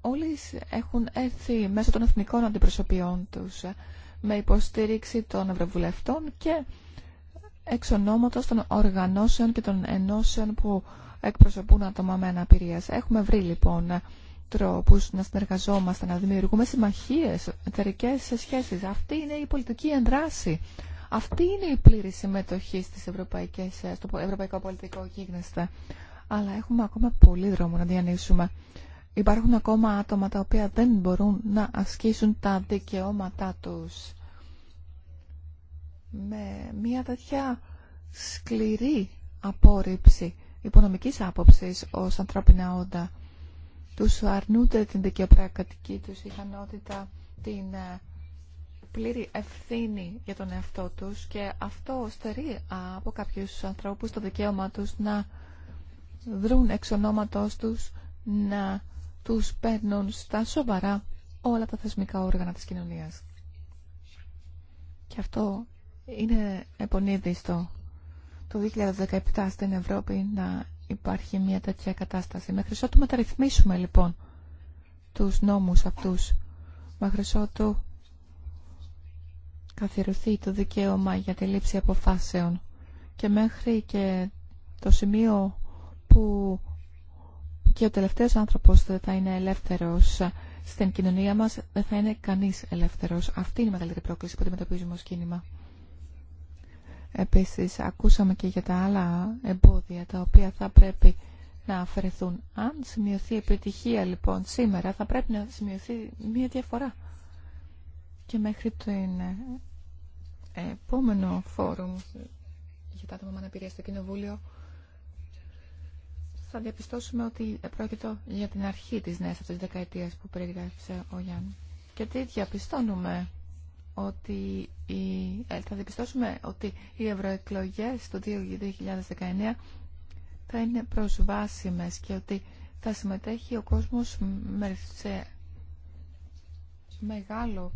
S3: όλοι έχουν έρθει μέσω των εθνικών αντιπροσωπιών τους με υποστήριξη των Ευρωβουλευτών και εξ ονόματος των οργανώσεων και των ενώσεων που εκπροσωπούν άτομα με αναπηρία. Έχουμε βρει λοιπόν τρόπους να συνεργαζόμαστε, να δημιουργούμε συμμαχίες, εταιρικέ σχέσεις. Αυτή είναι η πολιτική ενδράση. Αυτή είναι η πλήρη συμμετοχή στις ευρωπαϊκές, στο ευρωπαϊκό πολιτικό γίγνεσθε. Αλλά έχουμε ακόμα πολύ δρόμο να διανύσουμε υπάρχουν ακόμα άτομα τα οποία δεν μπορούν να ασκήσουν τα δικαιώματά τους. Με μια τέτοια σκληρή απόρριψη υπονομικής άποψης ως ανθρώπινα όντα. Τους αρνούνται την δικαιοπρακτική τους ικανότητα, την ε, πλήρη ευθύνη για τον εαυτό τους και αυτό στερεί από κάποιους ανθρώπους το δικαίωμα τους να δρουν εξ ονόματός τους, να τους παίρνουν στα σοβαρά όλα τα θεσμικά όργανα της κοινωνίας. Και αυτό είναι επονίδιστο το 2017 στην Ευρώπη να υπάρχει μια τέτοια κατάσταση. Μέχρι ότου μεταρρυθμίσουμε λοιπόν τους νόμους αυτούς, μέχρι ότου καθιερωθεί το δικαίωμα για τη λήψη αποφάσεων και μέχρι και το σημείο που και ο τελευταίος άνθρωπος δεν θα είναι ελεύθερος στην κοινωνία μας, δεν θα είναι κανείς ελεύθερος. Αυτή είναι η μεγαλύτερη πρόκληση που αντιμετωπίζουμε ως κίνημα. Επίσης, ακούσαμε και για τα άλλα εμπόδια τα οποία θα πρέπει να αφαιρεθούν. Αν σημειωθεί επιτυχία λοιπόν σήμερα, θα πρέπει να σημειωθεί μία διαφορά. Και μέχρι το επόμενο φόρουμ για τα άτομα με αναπηρία στο Κοινοβούλιο θα διαπιστώσουμε ότι πρόκειται για την αρχή της νέας αυτής δεκαετίας που περιγράφησε ο Γιάννη. Και τι διαπιστώνουμε ότι η, ε, θα διαπιστώσουμε ότι οι ευρωεκλογέ το 2019 θα είναι προσβάσιμες και ότι θα συμμετέχει ο κόσμος σε μεγάλο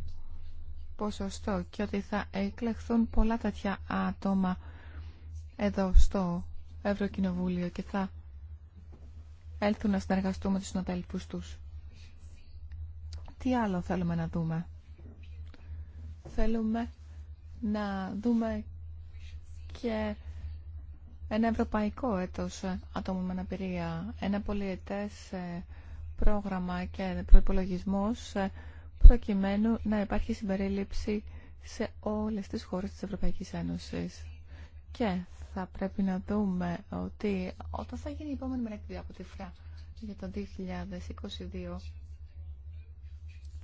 S3: ποσοστό και ότι θα εκλεχθούν πολλά τέτοια άτομα εδώ στο Ευρωκοινοβούλιο και θα έλθουν να συνεργαστούμε τους συναδέλφους τους. Τι άλλο θέλουμε να δούμε. Θέλουμε να δούμε και ένα ευρωπαϊκό έτος ατόμων με αναπηρία, ένα πολυετές ε, πρόγραμμα και προϋπολογισμός ε, προκειμένου να υπάρχει συμπερίληψη σε όλες τις χώρες της Ευρωπαϊκής Ένωσης. Και θα πρέπει να δούμε ότι όταν θα γίνει η επόμενη μελέτη από τη ΦΡΑ για το 2022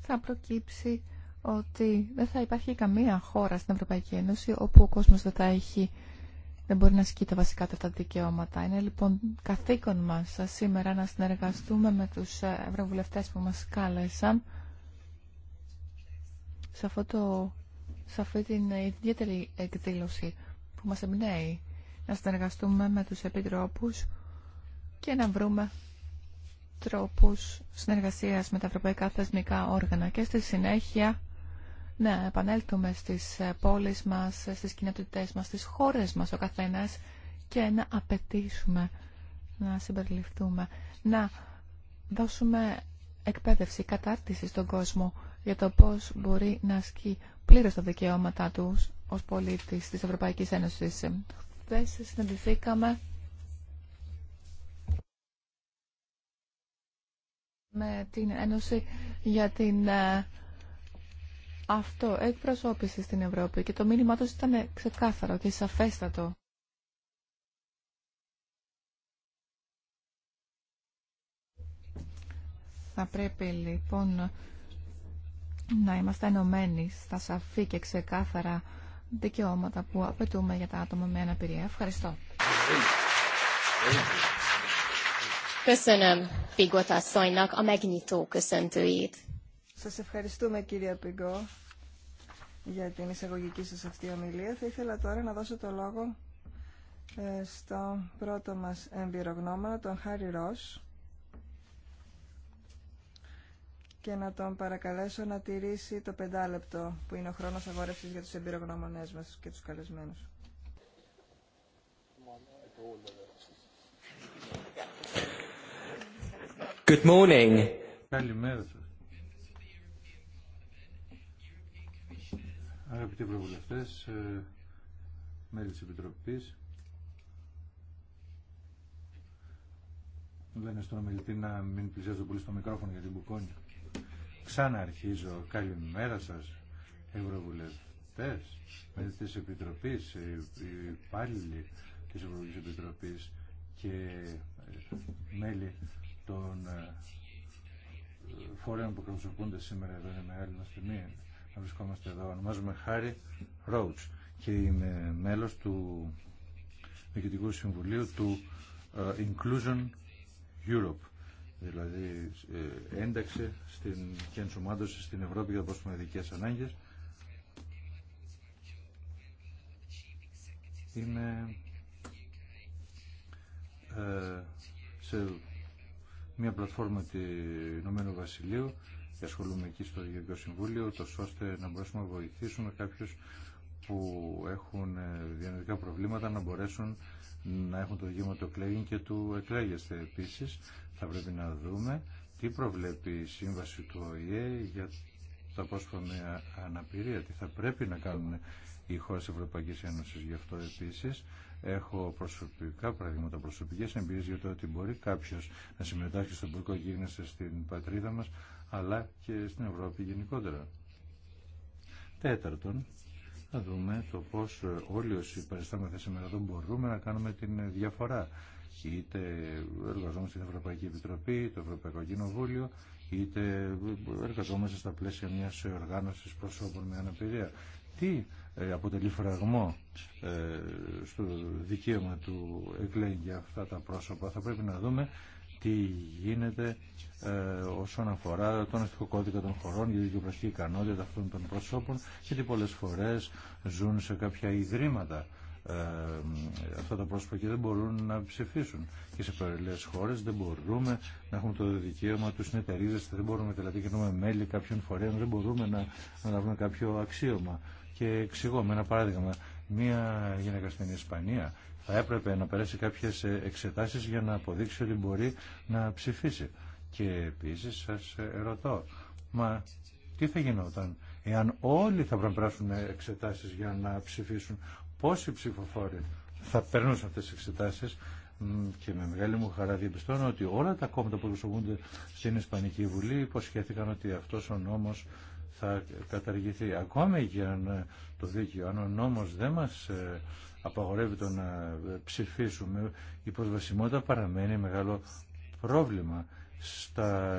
S3: θα προκύψει ότι δεν θα υπάρχει καμία χώρα στην Ευρωπαϊκή Ένωση όπου ο κόσμος δεν θα έχει δεν μπορεί να ασκεί τα βασικά αυτά τα δικαιώματα. Είναι λοιπόν καθήκον μας σήμερα να συνεργαστούμε με τους ευρωβουλευτές που μας κάλεσαν σε, σε αυτή την ιδιαίτερη εκδήλωση που μας εμπνέει να συνεργαστούμε με τους επιτρόπους και να βρούμε τρόπους συνεργασίας με τα ευρωπαϊκά θεσμικά όργανα και στη συνέχεια να επανέλθουμε στις πόλεις μας, στις κοινότητές μας, στις χώρες μας ο καθένας και να απαιτήσουμε να συμπεριληφθούμε, να δώσουμε εκπαίδευση, κατάρτιση στον κόσμο για το πώς μπορεί να ασκεί πλήρως τα δικαιώματά τους ως πολίτης της Ευρωπαϊκής Ένωσης χθε συναντηθήκαμε με την Ένωση για την ε, αυτό εκπροσώπηση στην Ευρώπη και το μήνυμά τους ήταν ξεκάθαρο και σαφέστατο. Θα πρέπει λοιπόν να είμαστε ενωμένοι στα σαφή και ξεκάθαρα δικαιώματα που απαιτούμε για τα άτομα με αναπηρία. Ευχαριστώ.
S1: Σας ευχαριστούμε κύριε Πιγκό για την εισαγωγική σας αυτή ομιλία. Θα ήθελα τώρα να δώσω το λόγο ε, στον πρώτο μας εμπειρογνώμονα, τον Χάρη Ρος, και να τον παρακαλέσω να τηρήσει το πεντάλεπτο που είναι ο χρόνος αγόρευσης για τους εμπειρογνώμονές μας και τους καλεσμένους.
S2: Good morning. Καλημέρα σας. Αγαπητοί προβουλευτέ, ε, μέλη της Επιτροπής, λένε στον ομιλητή να μην πλησιάζω πολύ στο μικρόφωνο γιατί μπουκώνει. Ξαναρχίζω. Καλημέρα σας, Ευρωβουλευτές, μέλη της Επιτροπής, ε, υπάλληλοι τη Ευρωπαϊκή Επιτροπής και ε, μέλη των ε, φορέων που εκπροσωπούνται σήμερα εδώ είναι μεγάλη μας τιμή να βρισκόμαστε εδώ. Ονομάζομαι Χάρη Ρόουτς και είμαι μέλος του Διοικητικού Συμβουλίου του Inclusion Europe δηλαδή ε, ένταξε στην, και ενσωμάτωσε στην Ευρώπη για δικές ανάγκες είναι ε, σε μια πλατφόρμα του Ηνωμένου Βασιλείου και ασχολούμαι εκεί στο Διευθυντικό Συμβούλιο, τόσο ώστε να μπορέσουμε να βοηθήσουμε κάποιους που έχουν ε, διανοητικά προβλήματα να μπορέσουν να έχουν το δικαίωμα του και του εκλέγεστε. Επίσης θα πρέπει να δούμε τι προβλέπει η σύμβαση του ΟΗΕ για τα πρόσφατα αναπηρία, τι θα πρέπει να κάνουν οι χώρες Ευρωπαϊκής Ένωσης. Γι' αυτό επίσης έχω προσωπικά παραδείγματα, προσωπικές εμπειρίες για το ότι μπορεί κάποιος να συμμετάσχει στον πολιτικό γίγνεσθε στην πατρίδα μας, αλλά και στην Ευρώπη γενικότερα. Τέταρτον, να δούμε το πώς ε, όλοι όσοι παριστάμεθα σήμερα εδώ μπορούμε να κάνουμε την ε, διαφορά. Είτε εργαζόμαστε στην Ευρωπαϊκή Επιτροπή, το Ευρωπαϊκό Κοινοβούλιο, είτε ε, εργαζόμαστε στα πλαίσια μιας οργάνωσης προσώπων με αναπηρία. Τι αποτελεί φραγμό στο δικαίωμα του εκλέγει αυτά τα πρόσωπα. Θα πρέπει να δούμε τι γίνεται ε, όσον αφορά τον αστικό κώδικα των χωρών για τη δικαιοπρακτική ικανότητα αυτών των προσώπων γιατί πολλές φορές ζουν σε κάποια ιδρύματα ε, αυτά τα πρόσωπα και δεν μπορούν να ψηφίσουν. Και σε πολλές χώρες δεν μπορούμε να έχουμε το δικαίωμα του συνεταιρίζεστε, δεν μπορούμε δηλαδή και μέλη κάποιων φορέων, δεν μπορούμε να λάβουμε κάποιο αξίωμα. Και εξηγώ με ένα παράδειγμα, μία γυναίκα στην Ισπανία θα έπρεπε να περάσει κάποιες ε, εξετάσεις για να αποδείξει ότι μπορεί να ψηφίσει. Και επίσης σας ε, ρωτώ, μα τι θα γινόταν εάν όλοι θα πρέπει να περάσουν εξετάσεις για να ψηφίσουν, πόσοι ψηφοφόροι θα περνούσαν αυτές τις εξετάσεις και με μεγάλη μου χαρά διαπιστώνω ότι όλα τα κόμματα που προσωπούνται στην Ισπανική Βουλή υποσχέθηκαν ότι αυτός ο νόμος θα καταργηθεί. Ακόμη και αν ε, το δίκαιο, αν ο νόμος δεν μας απαγορεύει το να ε, ψηφίσουμε, η προσβασιμότητα παραμένει μεγάλο πρόβλημα στα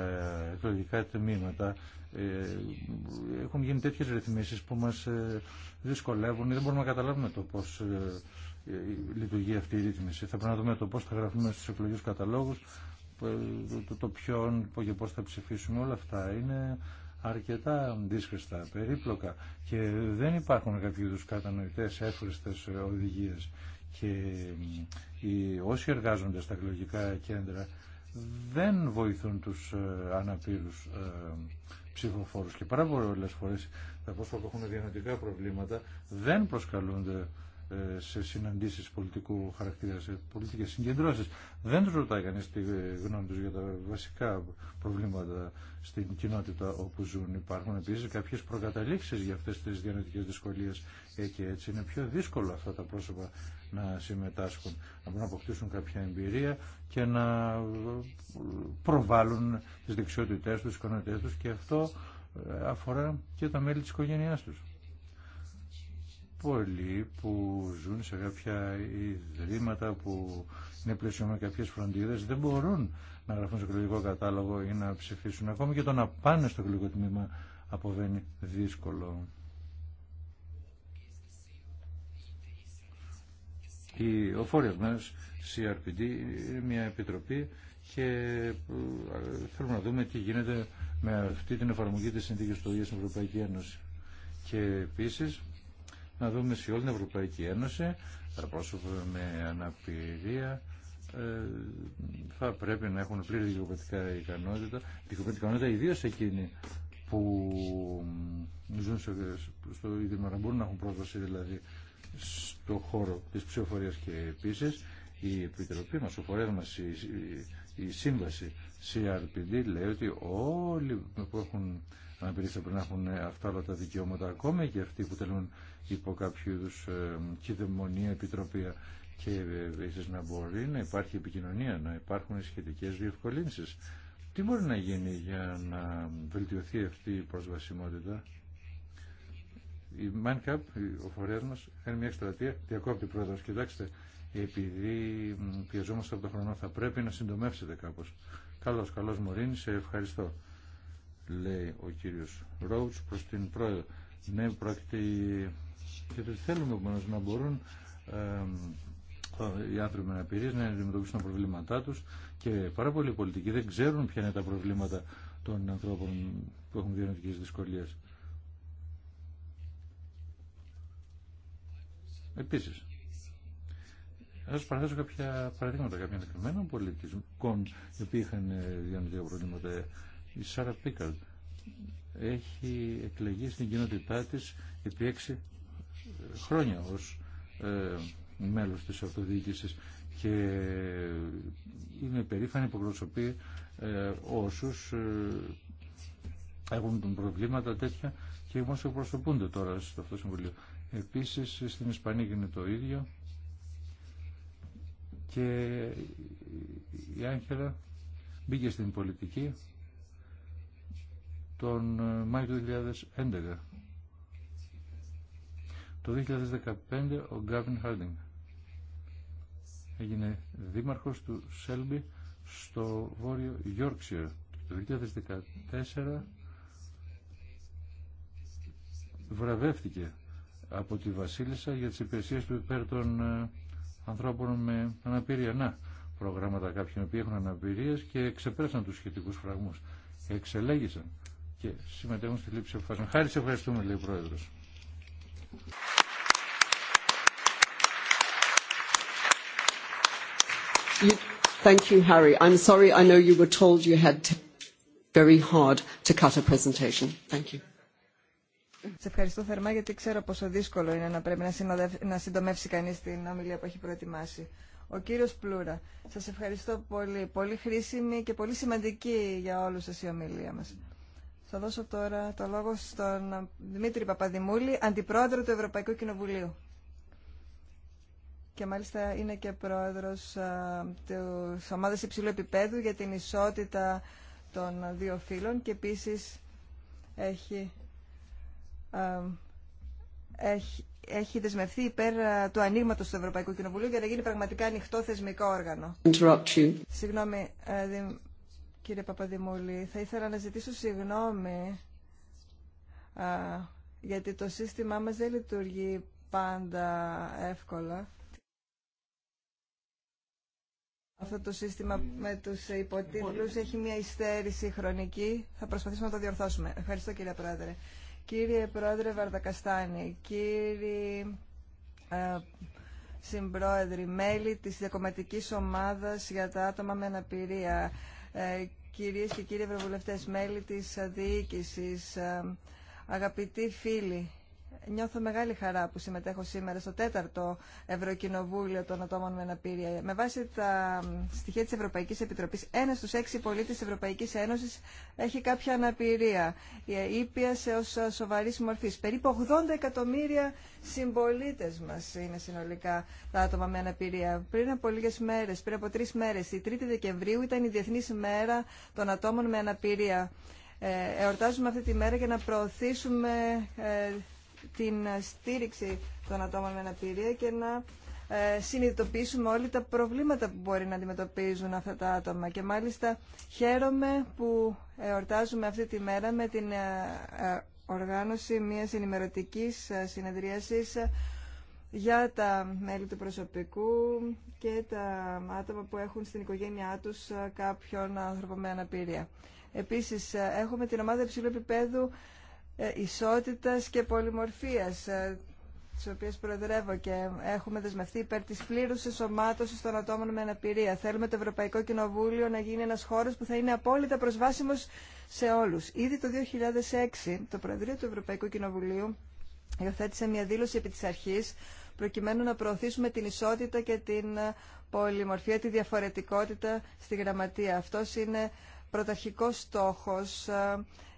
S2: εκλογικά τμήματα. Ε, έχουν γίνει τέτοιες ρυθμίσεις που μας ε, δυσκολεύουν ή δεν μπορούμε να καταλάβουμε το πώς λειτουργεί αυτή ρύθμιση. Θα πρέπει να δούμε το πώς θα γραφούμε στους εκλογικούς καταλόγους, το, ποιον και πώς θα ψηφίσουμε. Όλα αυτά είναι αρκετά δύσκολα, περίπλοκα και δεν υπάρχουν κάποιου είδου κατανοητές, της οδηγίες και οι, όσοι εργάζονται στα εκλογικά κέντρα δεν βοηθούν τους ε, αναπήρους ε, ψηφοφόρους και πάρα πολλές φορές τα πρόσωπα που έχουν διανοητικά προβλήματα δεν προσκαλούνται ε, σε συναντήσει πολιτικού χαρακτήρα, σε πολιτικέ συγκεντρώσει. Δεν του ρωτάει κανεί τη γνώμη του για τα βασικά προβλήματα στην κοινότητα όπου ζουν. Υπάρχουν επίση κάποιε προκαταλήξει για αυτέ τι διανοητικέ δυσκολίε ε, και έτσι είναι πιο δύσκολο αυτά τα πρόσωπα να συμμετάσχουν, να μπορούν να αποκτήσουν κάποια εμπειρία και να προβάλλουν τι δεξιότητέ του τι ικανότητέ του και αυτό ε, αφορά και τα μέλη τη οικογένεια του πολλοί που ζουν σε κάποια ιδρύματα που είναι πλαισιωμένοι κάποιες φροντίδες δεν μπορούν να γραφούν στο κληρικό κατάλογο ή να ψηφίσουν. Ακόμη και το να πάνε στο κληρικό τμήμα αποβαίνει δύσκολο. Ο οφόρια μας, CRPD, είναι μια επιτροπή και ε, θέλουμε να δούμε τι γίνεται με αυτή την εφαρμογή της συνθήκης του στην Ευρωπαϊκή Ένωση. Και επίσης να δούμε σε όλη την Ευρωπαϊκή Ένωση τα πρόσωπα με αναπηρία ε, θα πρέπει να έχουν πλήρη δικοπατικά ικανότητα, δικοπατικά ικανότητα ιδίως εκείνοι που ζουν στο ίδρυμα να μπορούν να έχουν πρόσβαση δηλαδή στο χώρο της ψηφοφορία και επίσης η Επιτροπή μας, ο φορέας η, η, η σύμβαση CRPD λέει ότι όλοι που έχουν να πειρήσετε πρέπει να έχουν αυτά όλα τα δικαιώματα ακόμα και αυτοί που τελούν υπό κάποιο είδου ε, κυδαιμονία, επιτροπία ε, και επίση να μπορεί να υπάρχει επικοινωνία, να υπάρχουν σχετικές διευκολύνσεις. Τι μπορεί να γίνει για να βελτιωθεί αυτή η προσβασιμότητα. Η ManCap, ο φορέας μας, κάνει μια εκστρατεία, διακόπτη πρόεδρος. Κοιτάξτε, επειδή πιεζόμαστε από τον χρόνο θα πρέπει να συντομεύσετε κάπως. Καλώς, καλώς Μωρίνη, σε ευχαριστώ λέει ο κύριος Ρόουτς προς την πρόεδρο. Ναι, πρόκειται και το θέλουμε να μπορούν ε, οι άνθρωποι με αναπηρίες να αντιμετωπίσουν τα προβλήματά τους και πάρα πολλοί πολιτικοί δεν ξέρουν ποια είναι τα προβλήματα των ανθρώπων που έχουν διανοητικές δυσκολίες. Επίσης, θα σας παραθέσω κάποια παραδείγματα κάποιων συγκεκριμένων πολιτικών οι οποίοι είχαν ε, διανοητικά προβλήματα η Σάρα Πίκαλ έχει εκλεγεί στην κοινότητά της επί έξι ε, χρόνια ως ε, μέλος της αυτοδιοίκησης και είναι περήφανη που προσωπεί ε, όσους ε, έχουν προβλήματα τέτοια και όμως προσωπούνται τώρα στο αυτό συμβουλίο. Επίσης στην Ισπανία γίνεται το ίδιο και η Άγχελα μπήκε στην πολιτική τον ε, Μάιο του 2011. Το 2015 ο Γκάβιν Χάρντινγκ έγινε δήμαρχος του Σέλμπι στο βόρειο Yorkshire. Το 2014 βραβεύτηκε από τη Βασίλισσα για τις υπηρεσίες του υπέρ των ε, ανθρώπων με αναπηρία. Να, προγράμματα κάποιων που έχουν αναπηρίες και ξεπέρασαν τους σχετικούς φραγμούς. Εξελέγησαν και συμμετέχουν στη λήψη αποφάσεων. Χάρη σε ευχαριστούμε, λέει ο Πρόεδρος.
S1: Thank you, Harry. I'm sorry, I know you were told you had very hard to cut a presentation. Thank you. Σε ευχαριστώ θερμά γιατί ξέρω πόσο δύσκολο είναι να πρέπει να, να συντομεύσει κανείς την ομιλία που έχει προετοιμάσει. Ο κύριος Πλούρα, σας ευχαριστώ πολύ. Πολύ χρήσιμη και πολύ σημαντική για όλους σας η ομιλία μας. Θα δώσω τώρα το λόγο στον Δημήτρη Παπαδημούλη, Αντιπρόεδρο του Ευρωπαϊκού Κοινοβουλίου. Και μάλιστα είναι και πρόεδρος της ομάδας υψηλού επίπεδου για την ισότητα των δύο φύλων και επίσης έχει, α, έχει, δεσμευθεί υπέρ του ανοίγματο του Ευρωπαϊκού Κοινοβουλίου για να γίνει πραγματικά ανοιχτό θεσμικό όργανο. Συγγνώμη, ε, κύριε Παπαδημούλη. Θα ήθελα να ζητήσω συγγνώμη α, γιατί το σύστημά μας δεν λειτουργεί πάντα εύκολα. Αυτό το σύστημα με τους υποτίτλους έχει μια υστέρηση χρονική. Θα προσπαθήσουμε να το διορθώσουμε. Ευχαριστώ κύριε Πρόεδρε. Κύριε Πρόεδρε Βαρδακαστάνη, κύριοι ε, συμπρόεδροι, μέλη της διακομματικής ομάδας για τα άτομα με αναπηρία, ε, κυρίες και κύριοι ευρωβουλευτές, μέλη της διοίκησης, ε, αγαπητοί φίλοι Νιώθω μεγάλη χαρά που συμμετέχω σήμερα στο τέταρτο Ευρωκοινοβούλιο των ατόμων με αναπηρία. Με βάση τα στοιχεία τη Ευρωπαϊκή Επιτροπή, ένα στου έξι πολίτε τη Ευρωπαϊκή Ένωση έχει κάποια αναπηρία, ήπια σε ω σοβαρή μορφή. Περίπου 80 εκατομμύρια συμπολίτε μα είναι συνολικά τα άτομα με αναπηρία. Πριν από λίγε μέρε, πριν από τρει μέρε. η 3η Δεκεμβρίου ήταν η Διεθνής διεθνή μερα των Ατόμων με Αναπηρία. Ε, εορτάζουμε αυτή τη μέρα για να προωθήσουμε ε, την στήριξη των ατόμων με αναπηρία και να ε, συνειδητοποιήσουμε όλοι τα προβλήματα που μπορεί να αντιμετωπίζουν αυτά τα άτομα. Και μάλιστα χαίρομαι που εορτάζουμε αυτή τη μέρα με την ε, ε, οργάνωση μιας ενημερωτικής συνεδρίασης για τα μέλη του προσωπικού και τα άτομα που έχουν στην οικογένειά τους κάποιον άνθρωπο με αναπηρία. Επίσης, έχουμε την ομάδα υψηλού επίπεδου ε, ισότητας και πολυμορφίας ε, τις οποίες προεδρεύω και έχουμε δεσμευτεί υπέρ της πλήρους εσωμάτωσης των ατόμων με αναπηρία. Θέλουμε το Ευρωπαϊκό Κοινοβούλιο να γίνει ένας χώρος που θα είναι απόλυτα προσβάσιμος σε όλους. Ήδη το 2006 το Προεδρείο του Ευρωπαϊκού Κοινοβουλίου υιοθέτησε μια δήλωση επί της αρχής προκειμένου να προωθήσουμε την ισότητα και την ε, πολυμορφία, τη διαφορετικότητα στη γραμματεία. Αυτός είναι πρωταρχικός στόχος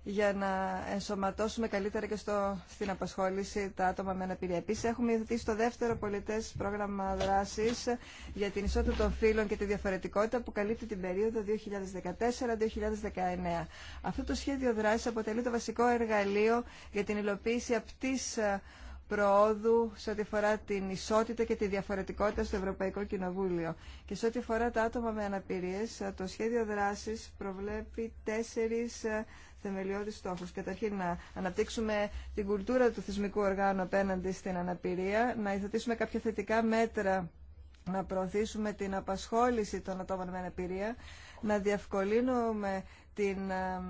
S1: για να ενσωματώσουμε καλύτερα και στο, στην απασχόληση τα άτομα με αναπηρία. Επίση, έχουμε υιοθετήσει το δεύτερο πολιτέ πρόγραμμα δράση για την ισότητα των φύλων και τη διαφορετικότητα που καλύπτει την περίοδο 2014-2019. Αυτό το σχέδιο δράση αποτελεί το βασικό εργαλείο για την υλοποίηση απτή ε, προόδου σε ό,τι αφορά την ισότητα και τη διαφορετικότητα στο Ευρωπαϊκό Κοινοβούλιο. Και σε ό,τι αφορά τα άτομα με αναπηρίες, ε, το σχέδιο δράσης προβλέπει τέσσερις ε, θεμελιώδεις στόχους. Καταρχήν να αναπτύξουμε την κουλτούρα του θεσμικού οργάνου απέναντι στην αναπηρία, να υιοθετήσουμε κάποια θετικά μέτρα να προωθήσουμε την απασχόληση των ατόμων με αναπηρία, να διευκολύνουμε την ε,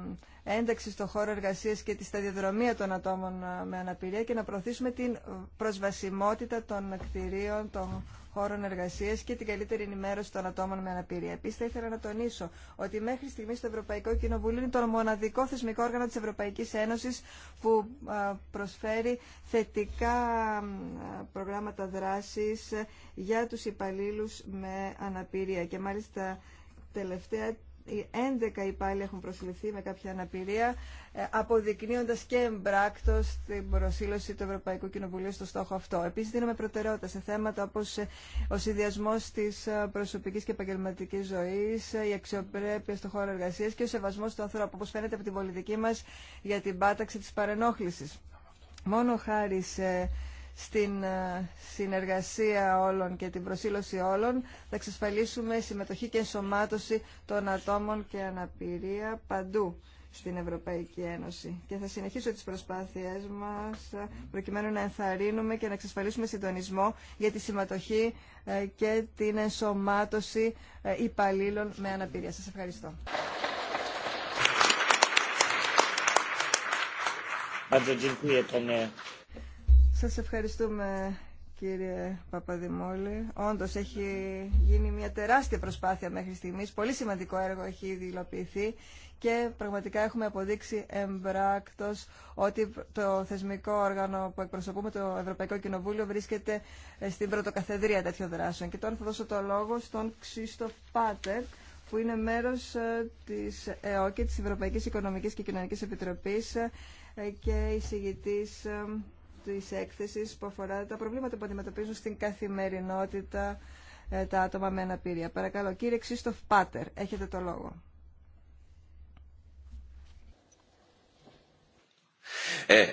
S1: ένταξη στον χώρο εργασία και τη σταδιοδρομία των ατόμων ε, με αναπηρία και να προωθήσουμε την προσβασιμότητα των κτηρίων, των χώρων εργασία και την καλύτερη ενημέρωση των ατόμων με αναπηρία. Επίση, θα ήθελα να τονίσω ότι μέχρι στιγμή το Ευρωπαϊκό Κοινοβούλιο είναι το μοναδικό θεσμικό όργανο τη Ευρωπαϊκή Ένωση που ε, προσφέρει θετικά προγράμματα δράση για του υπαλλήλου με αναπηρία. Και μάλιστα τελευταία οι 11 υπάλληλοι έχουν προσληφθεί με κάποια αναπηρία, ε, αποδεικνύοντα και εμπράκτο την προσήλωση του Ευρωπαϊκού Κοινοβουλίου στο στόχο αυτό. Επίσης, δίνουμε προτεραιότητα σε θέματα όπω ε, ο συνδυασμό τη ε, προσωπική και επαγγελματική ζωή, η αξιοπρέπεια στον χώρο εργασία και ο σεβασμό του ανθρώπου, όπω φαίνεται από την πολιτική μα για την πάταξη τη παρενόχληση. Μόνο χάρη σε στην ε, συνεργασία όλων και την προσήλωση όλων θα εξασφαλίσουμε συμμετοχή και ενσωμάτωση των ατόμων και αναπηρία παντού στην Ευρωπαϊκή Ένωση. Και θα συνεχίσω τις προσπάθειές μας ε, προκειμένου να ενθαρρύνουμε και να εξασφαλίσουμε συντονισμό για τη συμμετοχή ε, και την ενσωμάτωση υπαλλήλων με αναπηρία. Σας ευχαριστώ. Bardzo σας ευχαριστούμε κύριε Παπαδημόλη. Όντως έχει γίνει μια τεράστια προσπάθεια μέχρι στιγμής. Πολύ σημαντικό έργο έχει δηλοποιηθεί και πραγματικά έχουμε αποδείξει εμπράκτος ότι το θεσμικό όργανο που εκπροσωπούμε, το Ευρωπαϊκό Κοινοβούλιο, βρίσκεται στην πρωτοκαθεδρία τέτοιων δράσεων. Και τώρα θα δώσω το λόγο στον Ξύστο Πάτερ, που είναι μέρος ε, της ΕΟΚΙ, της Ευρωπαϊκής Οικονομικής και Κοινωνικής Επιτροπής ε, και εισηγητής ε, της έκθεσης που αφορά τα προβλήματα που αντιμετωπίζουν στην καθημερινότητα ε, τα άτομα με αναπηρία. Παρακαλώ, κύριε Ξίστοφ Πάτερ, έχετε το λόγο. Ε,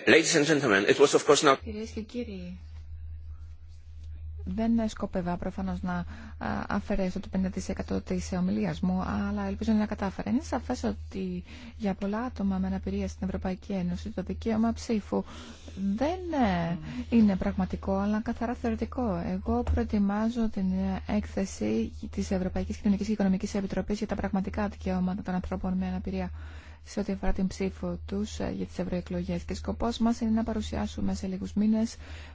S3: Κυρίες και κύριοι, δεν σκόπευα προφανώ να αφαιρέσω το 50% τη ομιλία μου, αλλά ελπίζω να κατάφερα. Είναι σαφέ ότι για πολλά άτομα με αναπηρία στην Ευρωπαϊκή Ένωση το δικαίωμα ψήφου δεν ε, είναι πραγματικό, αλλά καθαρά θεωρητικό. Εγώ προετοιμάζω την έκθεση τη Ευρωπαϊκή Κοινωνική και Οικονομική Επιτροπή για τα πραγματικά δικαιώματα των ανθρώπων με αναπηρία σε ό,τι αφορά την ψήφο του ε, για τι ευρωεκλογέ. Και σκοπό μα είναι να παρουσιάσουμε σε λίγου μήνε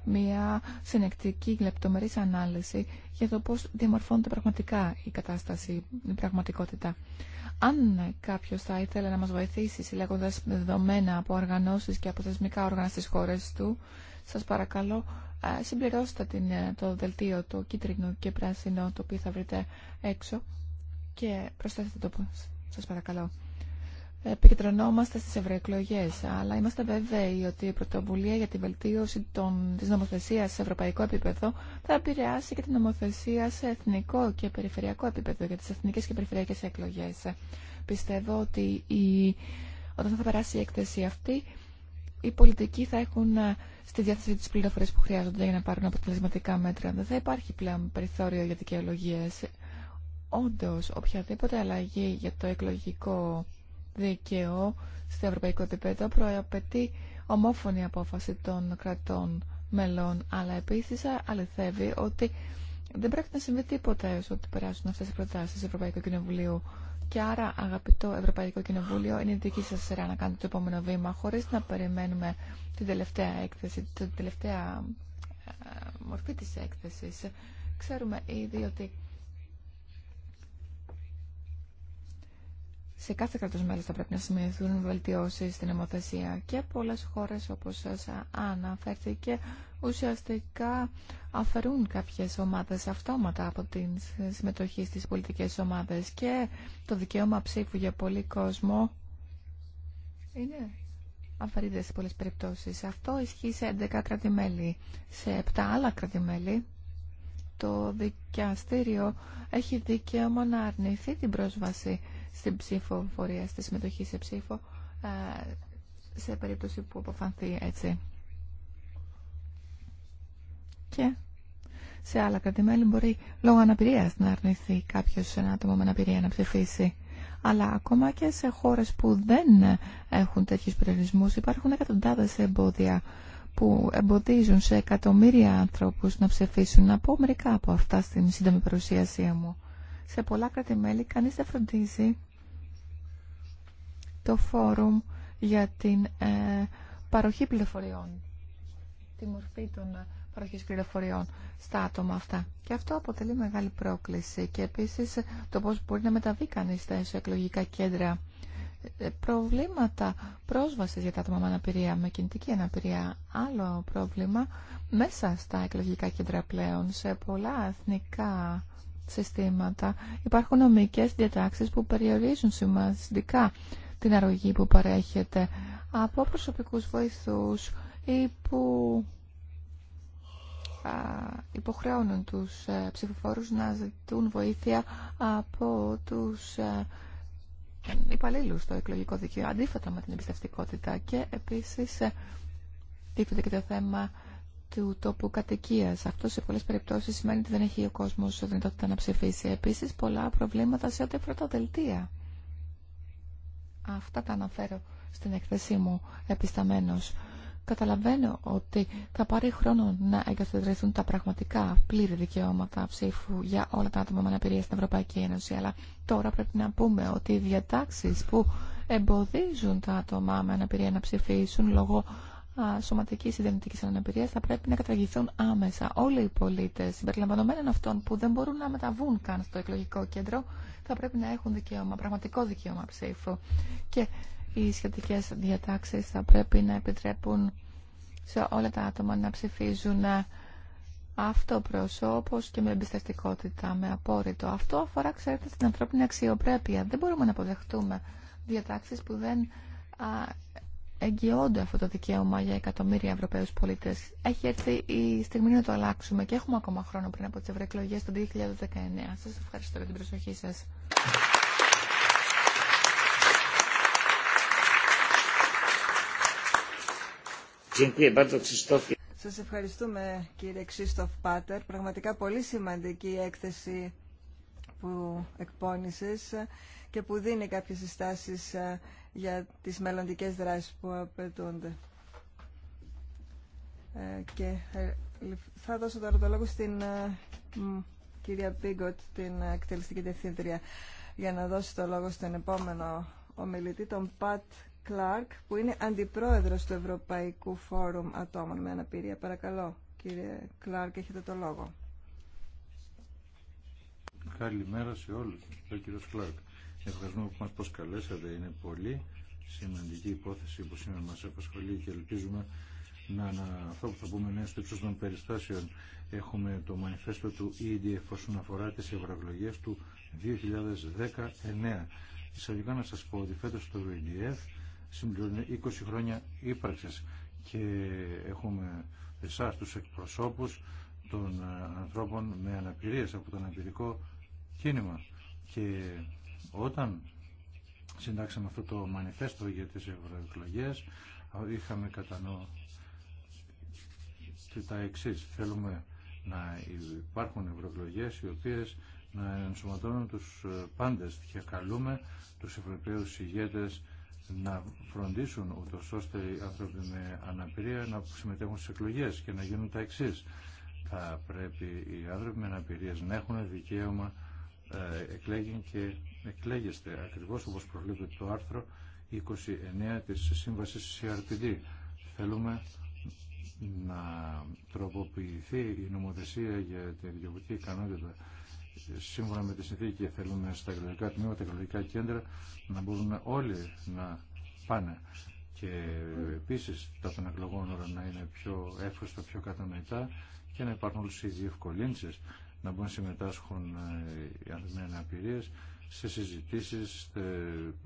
S3: μια συνεκτική λεπτομερή ανάλυση για το πώ διαμορφώνεται πραγματικά η κατάσταση, η πραγματικότητα. Αν κάποιο θα ήθελε να μα βοηθήσει συλλέγοντα δεδομένα από οργανώσει και από θεσμικά όργανα στι χώρε του, σα παρακαλώ ε, συμπληρώστε την, ε, το δελτίο, το κίτρινο και πράσινο, το οποίο θα βρείτε έξω και προσθέστε το σας παρακαλώ επικεντρωνόμαστε στις ευρωεκλογέ, αλλά είμαστε βέβαιοι ότι η πρωτοβουλία για τη βελτίωση των, της νομοθεσίας σε ευρωπαϊκό επίπεδο θα επηρεάσει και την νομοθεσία σε εθνικό και περιφερειακό επίπεδο για τις εθνικές και περιφερειακές εκλογές. Πιστεύω ότι η, όταν θα περάσει η έκθεση αυτή, οι πολιτικοί θα έχουν ε, στη διάθεση τις πληροφορίες που χρειάζονται για να πάρουν αποτελεσματικά μέτρα. Δεν θα υπάρχει πλέον περιθώριο για δικαιολογίε. Όντως, οποιαδήποτε αλλαγή για το εκλογικό δίκαιο στο ευρωπαϊκό επίπεδο προαπαιτεί ομόφωνη απόφαση των κρατών μελών, αλλά επίση αληθεύει ότι δεν πρέπει να συμβεί τίποτα έω ότι περάσουν αυτέ οι προτάσει του Ευρωπαϊκού Κοινοβουλίου. Και άρα, αγαπητό Ευρωπαϊκό Κοινοβούλιο, είναι η δική σα σειρά να κάνετε το επόμενο βήμα, χωρί να περιμένουμε την τελευταία έκθεση, την τελευταία ε, μορφή τη έκθεση. Ξέρουμε ήδη ότι σε κάθε κρατό μέλος θα πρέπει να σημειωθούν βελτιώσει στην νομοθεσία και πολλές χώρες όπως σας αναφέρθηκε ουσιαστικά αφαιρούν κάποιες ομάδες αυτόματα από τη συμμετοχή στις πολιτικές ομάδες και το δικαίωμα ψήφου για πολύ κόσμο είναι αφαιρείται σε πολλέ περιπτώσεις. Αυτό ισχύει σε 11 κράτη-μέλη. Σε 7 άλλα κράτη-μέλη το δικαστήριο έχει δικαίωμα να αρνηθεί την πρόσβαση στην ψηφοφορία, στη συμμετοχή σε ψήφο, ε, σε περίπτωση που αποφανθεί έτσι. Και σε άλλα κρατημέλη μπορεί λόγω αναπηρίας να αρνηθεί κάποιος ένα άτομο με αναπηρία να ψηφίσει. Αλλά ακόμα και σε χώρες που δεν έχουν τέτοιους περιορισμούς υπάρχουν εκατοντάδες εμπόδια που εμποδίζουν σε εκατομμύρια ανθρώπους να ψηφίσουν. Να πω μερικά από αυτά στην σύντομη παρουσίασή μου σε πολλά κράτη-μέλη κανείς δεν φροντίζει το φόρουμ για την ε, παροχή πληροφοριών, τη μορφή των ε, παροχής πληροφοριών στα άτομα αυτά. Και αυτό αποτελεί μεγάλη πρόκληση και επίσης το πώς μπορεί να μεταβεί κανείς στα εκλογικά κέντρα ε, προβλήματα πρόσβασης για τα άτομα με αναπηρία, με κινητική αναπηρία. Άλλο πρόβλημα μέσα στα εκλογικά κέντρα πλέον, σε πολλά εθνικά συστήματα υπάρχουν νομικές διατάξεις που περιορίζουν σημαντικά την αρρωγή που παρέχεται από προσωπικούς βοηθούς ή που υποχρεώνουν τους ε, ψηφοφόρους να ζητούν βοήθεια από τους ε, υπαλλήλου στο εκλογικό δικαίωμα. αντίθετα με την εμπιστευτικότητα και επίσης ε, τίθεται το θέμα του τόπου κατοικία. Αυτό σε πολλέ περιπτώσει σημαίνει ότι δεν έχει ο κόσμο δυνατότητα να ψηφίσει. Επίση, πολλά προβλήματα σε ό,τι αφορά τα δελτία. Αυτά τα αναφέρω στην εκθεσή μου επισταμένω. Καταλαβαίνω ότι θα πάρει χρόνο να εγκαθιδρυθούν τα πραγματικά πλήρη δικαιώματα ψήφου για όλα τα άτομα με αναπηρία στην Ευρωπαϊκή Ένωση. Αλλά τώρα πρέπει να πούμε ότι οι διατάξει που εμποδίζουν τα άτομα με αναπηρία να ψηφίσουν λόγω σωματική ή δυνητικής αναπηρία θα πρέπει να καταργηθούν άμεσα. Όλοι οι πολίτε συμπεριλαμβανομένων αυτών που δεν μπορούν να μεταβούν καν στο εκλογικό κέντρο, θα πρέπει να έχουν δικαίωμα, πραγματικό δικαίωμα ψήφου. Και οι σχετικέ διατάξει θα πρέπει να επιτρέπουν σε όλα τα άτομα να ψηφίζουν αυτοπροσώπως και με εμπιστευτικότητα, με απόρριτο. Αυτό αφορά, ξέρετε, στην ανθρώπινη αξιοπρέπεια. Δεν μπορούμε να αποδεχτούμε διατάξει που δεν εγγυώνται αυτό το δικαίωμα για εκατομμύρια Ευρωπαίους πολίτες. Έχει έρθει η στιγμή να το αλλάξουμε και έχουμε ακόμα χρόνο πριν από τις ευρωεκλογέ το 2019. Σας ευχαριστώ για την προσοχή σας.
S1: Σας ευχαριστούμε κύριε Ξίστοφ Πάτερ. Πραγματικά πολύ σημαντική έκθεση που εκπώνησες και που δίνει κάποιες συστάσεις ε, για τις μελλοντικές δράσεις που απαιτούνται. Ε, και ε, θα δώσω τώρα το λόγο στην κυρία Πίγκοτ, την εκτελεστική διευθύντρια, για να δώσει το λόγο στον επόμενο ομιλητή, τον Πατ Κλάρκ, που είναι αντιπρόεδρος του Ευρωπαϊκού Φόρουμ Ατόμων με Αναπηρία. Παρακαλώ, κύριε Κλάρκ, έχετε το λόγο.
S2: Καλημέρα σε όλους. Ο κύριος Κλάρκ. Ευχαριστούμε που μας προσκαλέσατε. Είναι πολύ σημαντική υπόθεση που σήμερα μας απασχολεί και ελπίζουμε να, να αυτό που θα πούμε είναι στο ύψος των περιστάσεων. Έχουμε το μανιφέστο του EDF όσον αφορά τις ευρωεκλογές του 2019. Εισαγωγικά να σας πω ότι φέτος το EDF συμπληρώνει 20 χρόνια ύπαρξης και έχουμε εσάς τους εκπροσώπους των ανθρώπων με αναπηρίες από το αναπηρικό κίνημα. Και όταν συντάξαμε αυτό το μανιφέστο για τις ευρωεκλογέ, είχαμε κατά νου τα εξή. Θέλουμε να υπάρχουν ευρωεκλογέ οι οποίε να ενσωματώνουν τους πάντε και καλούμε τους Ευρωπαίους ηγέτε να φροντίσουν ούτω ώστε οι άνθρωποι με αναπηρία να συμμετέχουν στι εκλογέ και να γίνουν τα εξή. Θα πρέπει οι άνθρωποι με αναπηρίε να έχουν δικαίωμα εκλέγει και εκλέγεστε ακριβώς όπως προβλέπει το άρθρο 29 της Σύμβασης CRTD. Θέλουμε να τροποποιηθεί η νομοθεσία για τη διοικητική ικανότητα σύμφωνα με τη συνθήκη θέλουμε στα εκλογικά τμήματα, εκλογικά κέντρα να μπορούν όλοι να πάνε και επίσης τα των εκλογών να είναι πιο εύχοστα, πιο κατανοητά και να υπάρχουν όλες οι διευκολύνσεις να μπορούν να συμμετάσχουν ε, οι άνθρωποι με αναπηρίες σε συζητήσεις, σε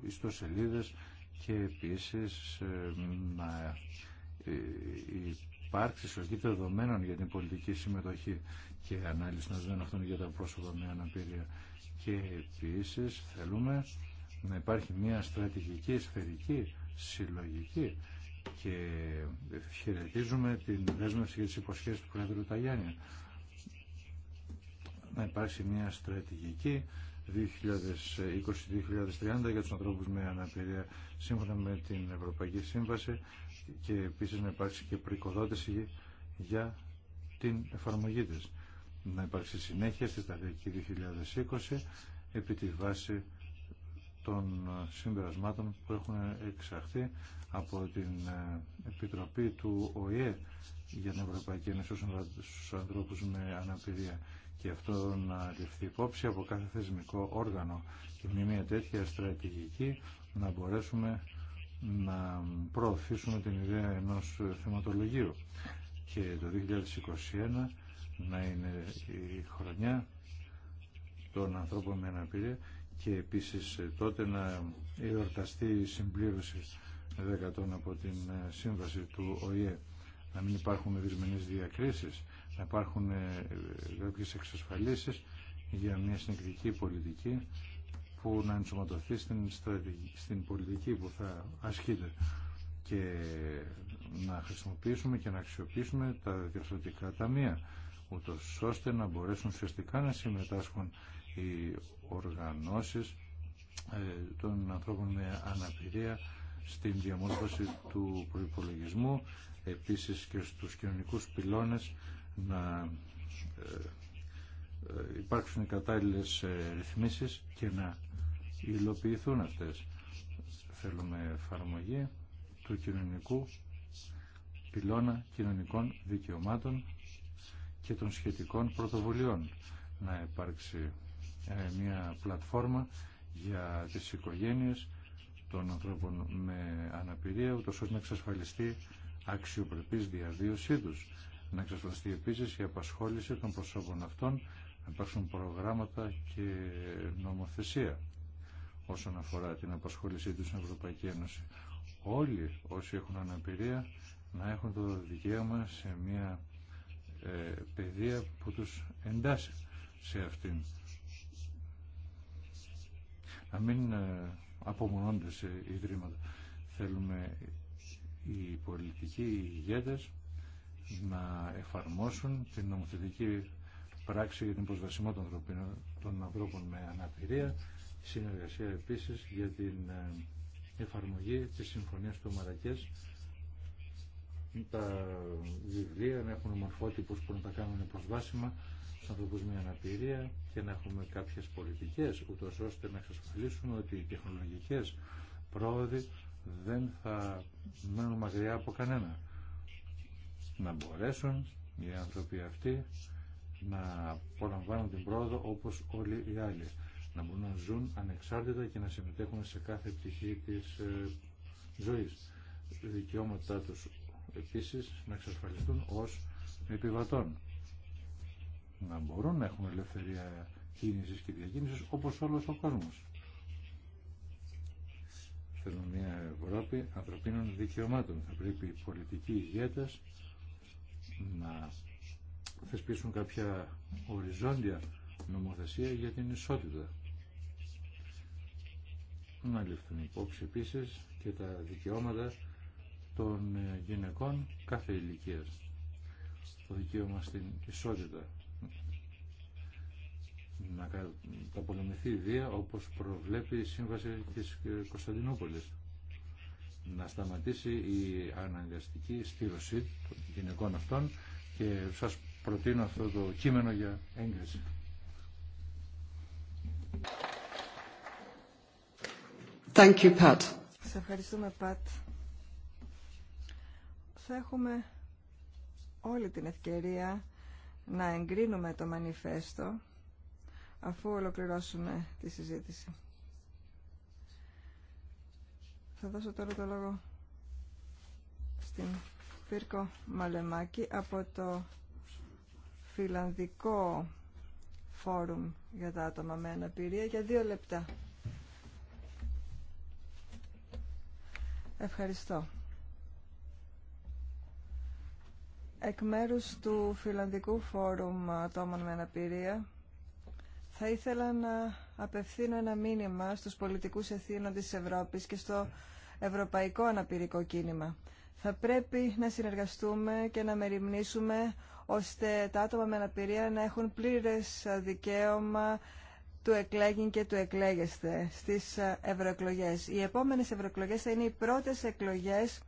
S2: ιστοσελίδες και επίσης ε, να ε, υπάρξει σωστή δεδομένων για την πολιτική συμμετοχή και ανάλυση να δεδομένων αυτόν για τα πρόσωπα με αναπηρία. Και επίσης θέλουμε να υπάρχει μια στρατηγική, σφαιρική, συλλογική και χαιρετίζουμε την δέσμευση για τις υποσχέσεις του Πρόεδρου Ταγιάννη να υπάρξει μια στρατηγική 2020-2030 για τους ανθρώπους με αναπηρία σύμφωνα με την Ευρωπαϊκή Σύμβαση και επίσης να υπάρξει και προϋκοδότηση για την εφαρμογή της. Να υπάρξει συνέχεια στη στρατηγική 2020 επί τη βάση των συμπερασμάτων που έχουν εξαχθεί από την ε, Επιτροπή του ΟΗΕ για την Ευρωπαϊκή Ένωση στους ανθρώπους με αναπηρία και αυτό να ληφθεί υπόψη από κάθε θεσμικό όργανο και με μια τέτοια στρατηγική να μπορέσουμε να προωθήσουμε την ιδέα ενός θεματολογίου και το 2021 να είναι η χρονιά των ανθρώπων με αναπηρία και επίσης τότε να εορταστεί η συμπλήρωση δεκατών από την σύμβαση του ΟΗΕ να μην υπάρχουν δυσμενείς διακρίσεις να υπάρχουν ε, κάποιες εξασφαλίσεις για μια συνεκτική πολιτική που να ενσωματωθεί στην, στην πολιτική που θα ασκείται και να χρησιμοποιήσουμε και να αξιοποιήσουμε τα διαφορετικά ταμεία ούτω ώστε να μπορέσουν ουσιαστικά να συμμετάσχουν οι οργανώσεις ε, των ανθρώπων με αναπηρία στην διαμόρφωση του προϋπολογισμού επίσης και στους κοινωνικούς πυλώνες να ε, ε, υπάρξουν κατάλληλες ε, ρυθμίσεις και να υλοποιηθούν αυτές. Θέλουμε εφαρμογή του κοινωνικού πυλώνα κοινωνικών δικαιωμάτων και των σχετικών πρωτοβουλειών. Να υπάρξει μια πλατφόρμα για τις οικογένειες των ανθρώπων με αναπηρία, ούτως ώστε να εξασφαλιστεί αξιοπρεπής διαβίωσή τους να εξασφαλιστεί επίσης η απασχόληση των προσώπων αυτών, να υπάρξουν προγράμματα και νομοθεσία όσον αφορά την απασχόλησή τους στην Ευρωπαϊκή Ένωση. Όλοι όσοι έχουν αναπηρία να έχουν το δικαίωμα σε μια ε, παιδεία που τους εντάσσει σε αυτήν. Να μην ε, απομονώνται σε ιδρύματα. Θέλουμε οι πολιτικοί οι ηγέτες να εφαρμόσουν την νομοθετική πράξη για την προσβασιμότητα των ανθρώπων με αναπηρία, συνεργασία επίσης για την ε, εφαρμογή της Συμφωνίας του Μαρακές τα βιβλία να έχουν ομορφότυπους που να τα κάνουν προσβάσιμα στους ανθρώπους με αναπηρία και να έχουμε κάποιες πολιτικές ούτως ώστε να εξασφαλίσουμε ότι οι τεχνολογικές πρόοδοι δεν θα μένουν μακριά από κανένα να μπορέσουν οι άνθρωποι αυτοί να απολαμβάνουν την πρόοδο όπως όλοι οι άλλοι. Να μπορούν να ζουν ανεξάρτητα και να συμμετέχουν σε κάθε πτυχή της ε, ζωής. Δικαιώματά τους επίσης να εξασφαλιστούν ως επιβατών. Να μπορούν να έχουν ελευθερία κίνησης και διακίνησης όπως όλος ο κόσμος. Θέλουμε μια Ευρώπη ανθρωπίνων δικαιωμάτων. Θα πρέπει οι πολιτικοί ηγέτες να θεσπίσουν κάποια οριζόντια νομοθεσία για την ισότητα. Να ληφθούν υπόψη επίσης και τα δικαιώματα των ε, γυναικών κάθε ηλικία. Το δικαίωμα στην ισότητα. Να καταπολεμηθεί η βία όπως προβλέπει η Σύμβαση της Κωνσταντινούπολης να σταματήσει η αναγκαστική στήρωση των γυναικών αυτών και σας προτείνω αυτό το κείμενο για έγκριση.
S1: Thank you, Pat. ευχαριστούμε, Πατ. Θα έχουμε όλη την ευκαιρία να εγκρίνουμε το μανιφέστο αφού ολοκληρώσουμε τη συζήτηση. Θα δώσω τώρα το λόγο στην Πύρκο Μαλεμάκη από το Φιλανδικό Φόρουμ για τα άτομα με αναπηρία για δύο λεπτά. Ευχαριστώ. Εκ μέρους του Φιλανδικού Φόρουμ Ατόμων με Αναπηρία θα ήθελα να απευθύνω ένα μήνυμα στους πολιτικούς ευθύνων της Ευρώπης και στο ευρωπαϊκό αναπηρικό κίνημα. Θα πρέπει να συνεργαστούμε και να μεριμνήσουμε ώστε τα άτομα με αναπηρία να έχουν πλήρες δικαίωμα του εκλέγην και του εκλέγεστε στις ευρωεκλογέ. Οι επόμενες ευρωεκλογέ θα είναι οι πρώτες εκλογές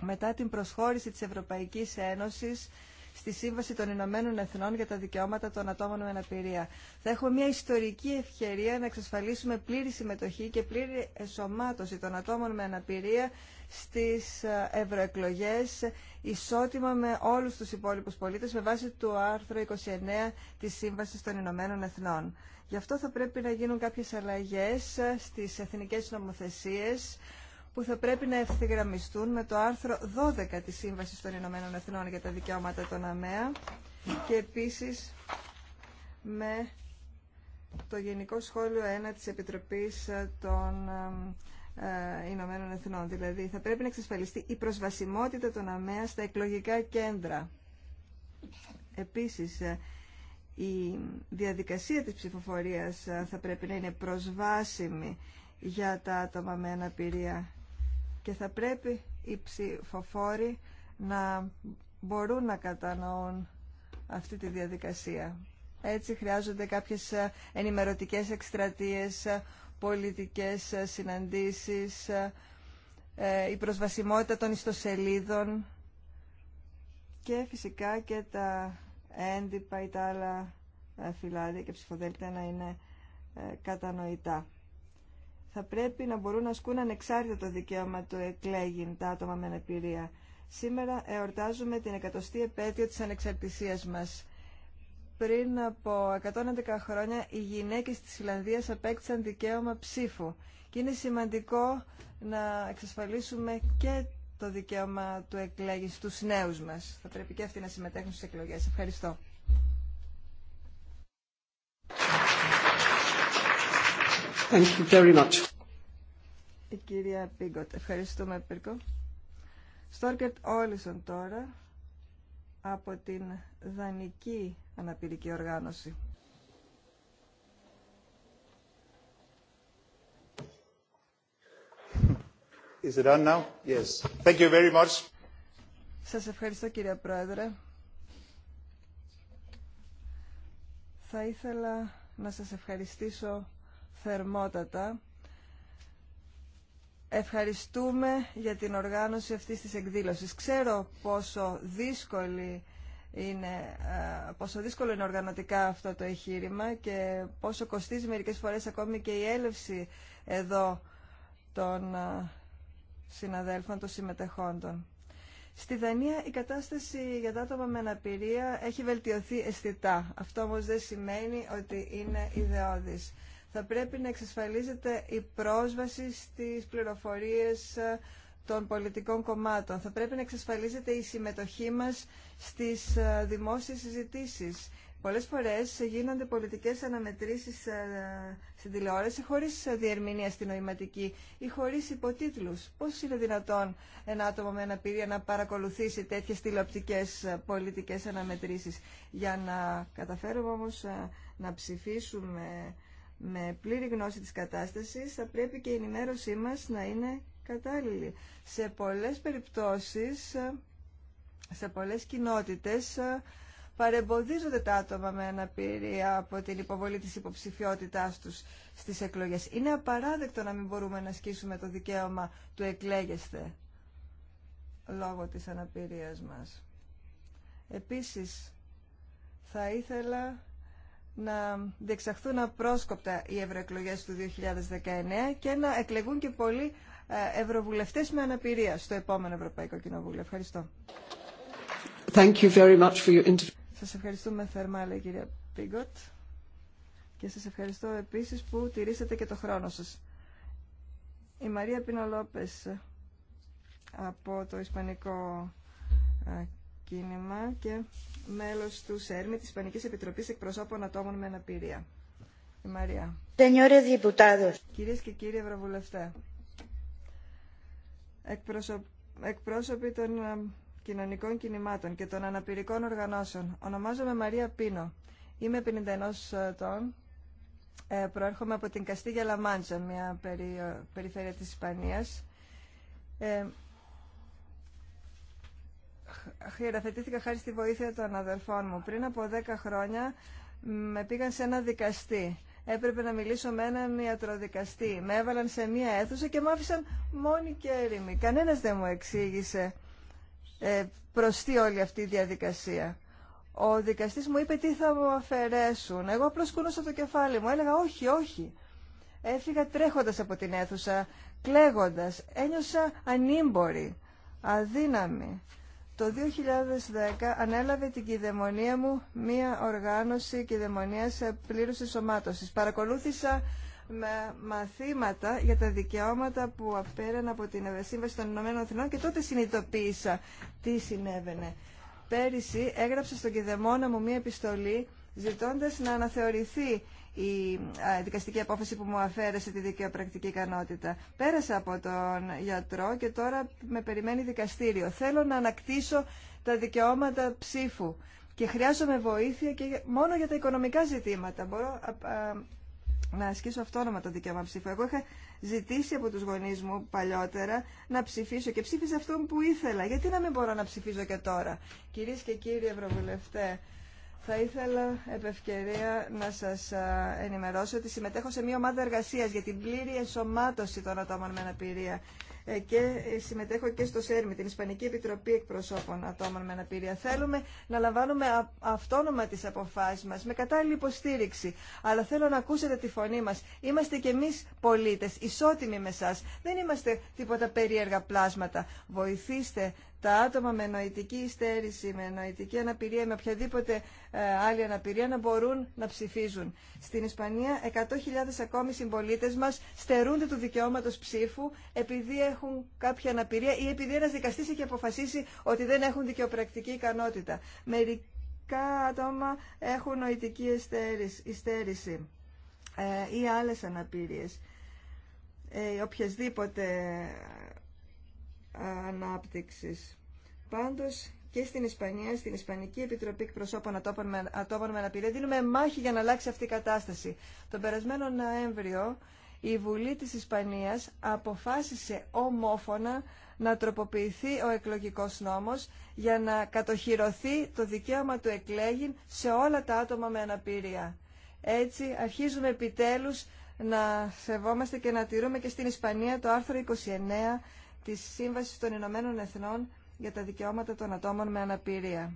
S1: μετά την προσχώρηση της Ευρωπαϊκής Ένωσης στη Σύμβαση των Ηνωμένων Εθνών για τα Δικαιώματα των Ατόμων με Αναπηρία. Θα έχουμε μια ιστορική ευκαιρία να εξασφαλίσουμε πλήρη συμμετοχή και πλήρη εσωμάτωση των ατόμων με αναπηρία στις ε, ευρωεκλογές ισότιμα με όλους τους υπόλοιπους πολίτες με βάση του άρθρου 29 της Σύμβασης των Ηνωμένων Εθνών. Γι' αυτό θα πρέπει να γίνουν κάποιες αλλαγές ε, στις εθνικές νομοθεσίες που θα πρέπει να ευθυγραμμιστούν με το άρθρο 12 της Σύμβασης των Ηνωμένων Εθνών για τα Δικαιώματα των ΑΜΕΑ και επίσης με το Γενικό Σχόλιο 1 της Επιτροπής των ε, ε, Ηνωμένων Εθνών. Δηλαδή θα πρέπει να εξασφαλιστεί η προσβασιμότητα των ΑΜΕΑ στα εκλογικά κέντρα. Επίσης, ε, η διαδικασία της ψηφοφορίας θα πρέπει να είναι προσβάσιμη για τα άτομα με αναπηρία και θα πρέπει οι ψηφοφόροι να μπορούν να κατανοούν αυτή τη διαδικασία. Έτσι χρειάζονται κάποιες ε, ενημερωτικές εκστρατείες, ε, πολιτικές ε, συναντήσεις, η προσβασιμότητα των ιστοσελίδων και φυσικά και τα έντυπα ή τα άλλα φυλάδια και ψηφοδέλτια να είναι κατανοητά θα πρέπει να μπορούν να ασκούν ανεξάρτητα το δικαίωμα του εκλέγην τα άτομα με αναπηρία. Σήμερα εορτάζουμε την εκατοστή επέτειο της ανεξαρτησίας μας. Πριν από 111 χρόνια οι γυναίκες της Φιλανδίας απέκτησαν δικαίωμα ψήφου και είναι σημαντικό να εξασφαλίσουμε και το δικαίωμα του εκλέγης στους νέους μας. Θα πρέπει και αυτοί να συμμετέχουν στις εκλογές. Ευχαριστώ. Thank you very much. Η κυρία Πίγκοτ, ευχαριστούμε Πίρκο. Στόρκετ Όλισον τώρα από την Δανική Αναπηρική Οργάνωση.
S2: Is it on now? Yes. Thank you very much.
S1: Σας ευχαριστώ κύριε Πρόεδρε. Θα ήθελα να σας ευχαριστήσω Ευχαριστούμε για την οργάνωση αυτής της εκδήλωσης. Ξέρω πόσο δύσκολη είναι, ε, πόσο δύσκολο είναι οργανωτικά αυτό το εγχείρημα και πόσο κοστίζει μερικές φορές ακόμη και η έλευση εδώ των ε, συναδέλφων, των συμμετεχόντων. Στη Δανία η κατάσταση για τα άτομα με αναπηρία έχει βελτιωθεί αισθητά. Αυτό όμως δεν σημαίνει ότι είναι ιδεώδης θα πρέπει να εξασφαλίζεται η πρόσβαση στις πληροφορίες ε, των πολιτικών κομμάτων. Θα πρέπει να εξασφαλίζεται η συμμετοχή μας στις ε, δημόσιες συζητήσεις. Πολλές φορές γίνονται πολιτικές αναμετρήσεις ε, στην τηλεόραση χωρίς διερμηνία στην νοηματική ή χωρίς υποτίτλους. Πώς είναι δυνατόν ένα άτομο με αναπηρία να παρακολουθήσει τέτοιες τηλεοπτικές πολιτικές αναμετρήσεις. Για να καταφέρουμε όμως να ψηφίσουμε με πλήρη γνώση της κατάστασης θα πρέπει και η ενημέρωσή μας να είναι κατάλληλη. Σε πολλές περιπτώσεις, σε πολλές κοινότητες παρεμποδίζονται τα άτομα με αναπηρία από την υποβολή της υποψηφιότητάς τους στις εκλογές. Είναι απαράδεκτο να μην μπορούμε να σκίσουμε το δικαίωμα του εκλέγεσθε λόγω της αναπηρίας μας. Επίσης, θα ήθελα να διεξαχθούν απρόσκοπτα οι ευρωεκλογέ του 2019 και να εκλεγούν και πολλοί ε, ευρωβουλευτές με αναπηρία στο επόμενο Ευρωπαϊκό Κοινοβούλιο. Ευχαριστώ. Thank σας ευχαριστούμε θερμά, λέει κυρία Πίγκοτ. Και σας ευχαριστώ επίσης που τηρήσατε και το χρόνο σας. Η Μαρία Πινολόπες ε, από το Ισπανικό ε, κίνημα και μέλος του ΣΕΡΜΗ, της Ισπανικής Επιτροπής Εκπροσώπων Ατόμων με Αναπηρία. Η Μαρία. Κυρίες και κύριοι Ευρωβουλευτέ, εκπρόσωποι των ε, κοινωνικών κινημάτων και των αναπηρικών οργανώσεων, ονομάζομαι Μαρία Πίνο. Είμαι 51 ετών, ε, προέρχομαι από την Καστίγια Λαμάντζα, μια περιφέρεια της Ισπανίας. Ε, χειραφετήθηκα χάρη στη βοήθεια των αδελφών μου. Πριν από 10 χρόνια με πήγαν σε ένα δικαστή. Έπρεπε να μιλήσω με έναν ιατροδικαστή. Με έβαλαν σε μία αίθουσα και μου άφησαν μόνη και έρημη. Κανένας δεν μου εξήγησε ε, προς τι όλη αυτή η διαδικασία. Ο δικαστής μου είπε τι θα μου αφαιρέσουν. Εγώ απλώς κουνούσα το κεφάλι μου. Έλεγα όχι, όχι. Έφυγα τρέχοντας από την αίθουσα, κλαίγοντας. Ένιωσα ανήμπορη, αδύναμη. Το 2010 ανέλαβε την κυδαιμονία μου μία οργάνωση κυδαιμονίας πλήρους ενσωμάτωσης. Παρακολούθησα μαθήματα για τα δικαιώματα που απέραν από την Σύμβαση των Ηνωμένων Αθηνών και τότε συνειδητοποίησα τι συνέβαινε. Πέρυσι έγραψα στον κυδαιμόνα μου μία επιστολή ζητώντας να αναθεωρηθεί η δικαστική απόφαση που μου αφαίρεσε τη δικαιοπρακτική ικανότητα. Πέρασα από τον γιατρό και τώρα με περιμένει δικαστήριο. Θέλω να ανακτήσω τα δικαιώματα ψήφου και χρειάζομαι βοήθεια και μόνο για τα οικονομικά ζητήματα. Μπορώ να ασκήσω αυτόνομα το δικαίωμα ψήφου. Εγώ είχα ζητήσει από τους γονείς μου παλιότερα να ψηφίσω και ψήφιζα αυτόν που ήθελα. Γιατί να μην μπορώ να ψηφίζω και τώρα. Κυρίες και κύριοι Ευρωβουλευτέ, θα ήθελα επ' ευκαιρία να σας ενημερώσω ότι συμμετέχω σε μια ομάδα εργασίας για την πλήρη ενσωμάτωση των ατόμων με αναπηρία ε, και ε, συμμετέχω και στο ΣΕΡΜΗ, την Ισπανική Επιτροπή Εκπροσώπων Ατόμων με Αναπηρία. Θέλουμε να λαμβάνουμε αυτόνομα τις αποφάσεις μας, με κατάλληλη υποστήριξη. Αλλά θέλω να ακούσετε τη φωνή μας. Είμαστε κι εμείς πολίτες, ισότιμοι με εσά. Δεν είμαστε τίποτα περίεργα πλάσματα. Βοηθήστε τα άτομα με νοητική υστέρηση, με νοητική αναπηρία, με οποιαδήποτε ε, άλλη αναπηρία να μπορούν να ψηφίζουν. Στην Ισπανία 100.000 ακόμη συμπολίτε μα στερούνται του δικαιώματο ψήφου επειδή έχουν κάποια αναπηρία ή επειδή ένα δικαστή έχει αποφασίσει ότι δεν έχουν δικαιοπρακτική ικανότητα. Μερικά άτομα έχουν νοητική υστέρηση ε, ή άλλε αναπηρίες ε, οποιασδήποτε ε, ανάπτυξης. Πάντω και στην Ισπανία, στην Ισπανική Επιτροπή Εκπροσώπων Ατόπων με, Ατόπων με Αναπηρία, δίνουμε μάχη για να αλλάξει αυτή η κατάσταση. Τον περασμένο Νοέμβριο η Βουλή τη Ισπανία αποφάσισε ομόφωνα να τροποποιηθεί ο εκλογικό νόμο για να κατοχυρωθεί το δικαίωμα του εκλέγην σε όλα τα άτομα με αναπηρία. Έτσι αρχίζουμε επιτέλου να σεβόμαστε και να τηρούμε και στην Ισπανία το άρθρο 29 της Σύμβασης των Ηνωμένων Εθνών για τα δικαιώματα των ατόμων με αναπηρία.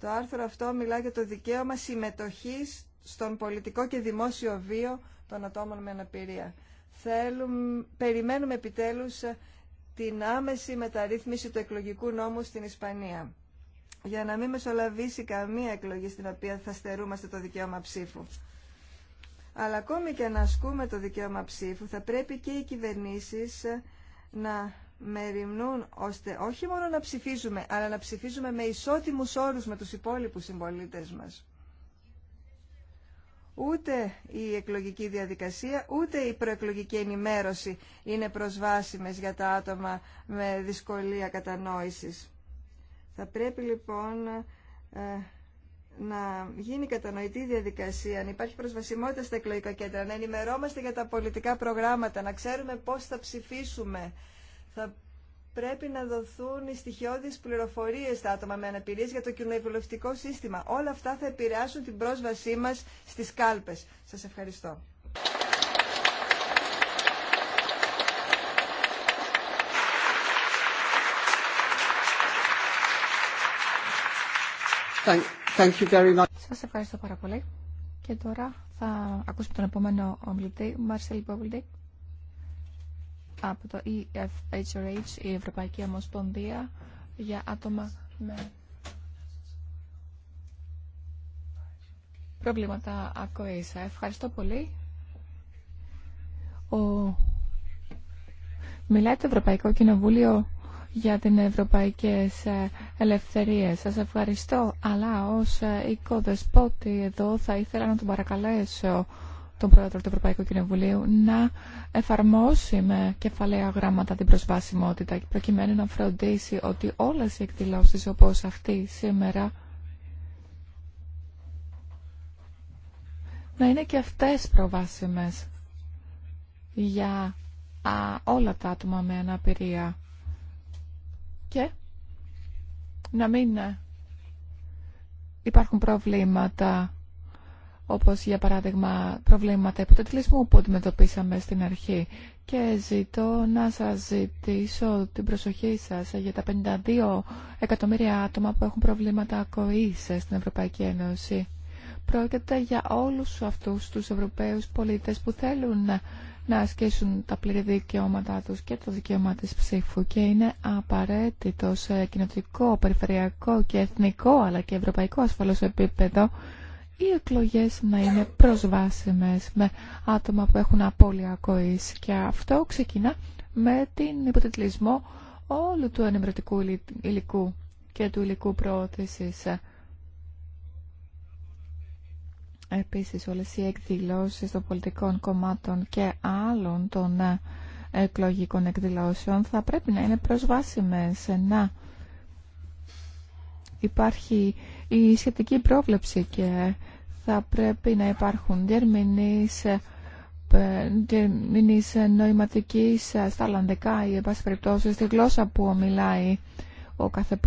S1: Το άρθρο αυτό μιλά για το δικαίωμα συμμετοχής στον πολιτικό και δημόσιο βίο των ατόμων με αναπηρία. Θέλουμε, περιμένουμε επιτέλους την άμεση μεταρρύθμιση του εκλογικού νόμου στην Ισπανία για να μην μεσολαβήσει καμία εκλογή στην οποία θα στερούμαστε το δικαίωμα ψήφου. Αλλά ακόμη και να ασκούμε το δικαίωμα ψήφου θα πρέπει και οι κυβερνήσεις να μεριμνούν ώστε όχι μόνο να ψηφίζουμε, αλλά να ψηφίζουμε με ισότιμους όρους με τους υπόλοιπους συμπολίτε μας. Ούτε η εκλογική διαδικασία, ούτε η προεκλογική ενημέρωση είναι προσβάσιμες για τα άτομα με δυσκολία κατανόησης. Θα πρέπει λοιπόν ε, να γίνει κατανοητή η διαδικασία, να υπάρχει προσβασιμότητα στα εκλογικά κέντρα, να ενημερώμαστε για τα πολιτικά προγράμματα, να ξέρουμε πώς θα ψηφίσουμε, θα πρέπει να δοθούν οι στοιχειώδεις πληροφορίες στα άτομα με αναπηρίες για το κοινοβουλευτικό σύστημα. Όλα αυτά θα επηρεάσουν την πρόσβασή μας στις κάλπες. Σας ευχαριστώ. Thank you very much.
S3: Σας ευχαριστώ πάρα πολύ. Και τώρα θα ακούσουμε τον επόμενο ομιλητή, Μάρσελ Πόβλντι, από το EFHRH, η Ευρωπαϊκή Ομοσπονδία για άτομα με προβλήματα ακοής. Ευχαριστώ πολύ. Ο... Μιλάει το Ευρωπαϊκό Κοινοβούλιο για την Ευρωπαϊκές Ελευθερίες. Σας ευχαριστώ, αλλά ως οικοδεσπότη εδώ θα ήθελα να τον παρακαλέσω τον Πρόεδρο του Ευρωπαϊκού Κοινοβουλίου να εφαρμόσει με κεφαλαία γράμματα την προσβάσιμότητα προκειμένου να φροντίσει ότι όλες οι εκδηλώσεις όπως αυτή σήμερα να είναι και αυτές προβάσιμες για α, όλα τα άτομα με αναπηρία και να μην ε, υπάρχουν προβλήματα όπως για παράδειγμα προβλήματα υποτετλισμού που αντιμετωπίσαμε στην αρχή. Και ζητώ να σας ζητήσω την προσοχή σας για τα 52 εκατομμύρια άτομα που έχουν προβλήματα ακοής στην Ευρωπαϊκή Ένωση. Πρόκειται για όλους αυτούς τους Ευρωπαίους πολίτες που θέλουν να ασκήσουν τα πλήρη δικαιώματά τους και το δικαίωμα της ψήφου και είναι απαραίτητο σε κοινοτικό, περιφερειακό και εθνικό αλλά και ευρωπαϊκό ασφαλώς επίπεδο οι εκλογές να είναι προσβάσιμες με άτομα που έχουν απώλεια ακοής. Και αυτό ξεκινά με την υποτιτλισμό όλου του ενημερωτικού υλικού και του υλικού προώθησης. Επίσης όλες οι εκδηλώσεις των πολιτικών κομμάτων και άλλων των εκλογικών εκδηλώσεων θα πρέπει να είναι προσβάσιμες, να υπάρχει η σχετική πρόβλεψη και θα πρέπει να υπάρχουν διερμηνείς, ε, διερμηνείς νοηματικής στα Ολλανδικά ή, εν στη γλώσσα που μιλάει ο κάθε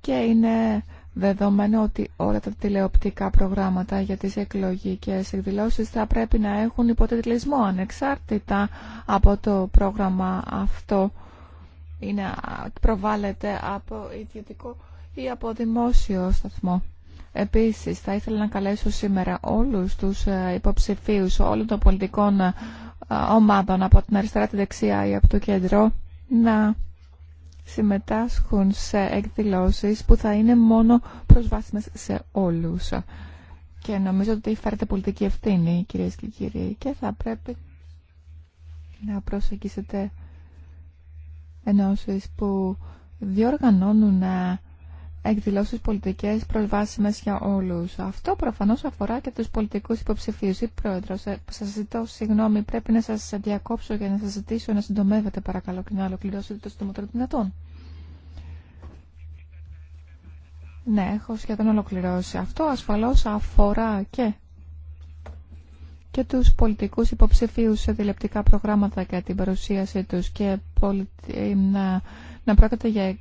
S3: Και είναι δεδομένο ότι όλα τα τηλεοπτικά προγράμματα για τις εκλογικές εκδηλώσεις θα πρέπει να έχουν υποτελεσμό ανεξάρτητα από το πρόγραμμα αυτό είναι, προβάλλεται από ιδιωτικό ή από δημόσιο σταθμό. Επίσης, θα ήθελα να καλέσω σήμερα όλους τους ε, υποψηφίους όλων των πολιτικών ε, ομάδων από την αριστερά, τη δεξιά ή από το κέντρο να συμμετάσχουν σε εκδηλώσεις που θα είναι μόνο προσβάσιμες σε όλους. Και νομίζω ότι φέρετε πολιτική ευθύνη, κυρίες και κύριοι, και θα πρέπει να προσεγγίσετε ενώσεις που διοργανώνουν ε, εκδηλώσεις πολιτικές προσβάσιμες για όλους. Αυτό προφανώς αφορά και τους πολιτικούς υποψηφίους. Ή πρόεδρος, ε, σας ζητώ συγγνώμη, πρέπει να σας διακόψω για να σας ζητήσω να συντομεύετε παρακαλώ και να ολοκληρώσετε το συντομότερο δυνατόν. Ναι, έχω σχεδόν ολοκληρώσει. Αυτό ασφαλώς αφορά και και τους πολιτικούς υποψηφίους σε δηλεπτικά προγράμματα για την παρουσίασή τους και ε, να... να πρόκειται για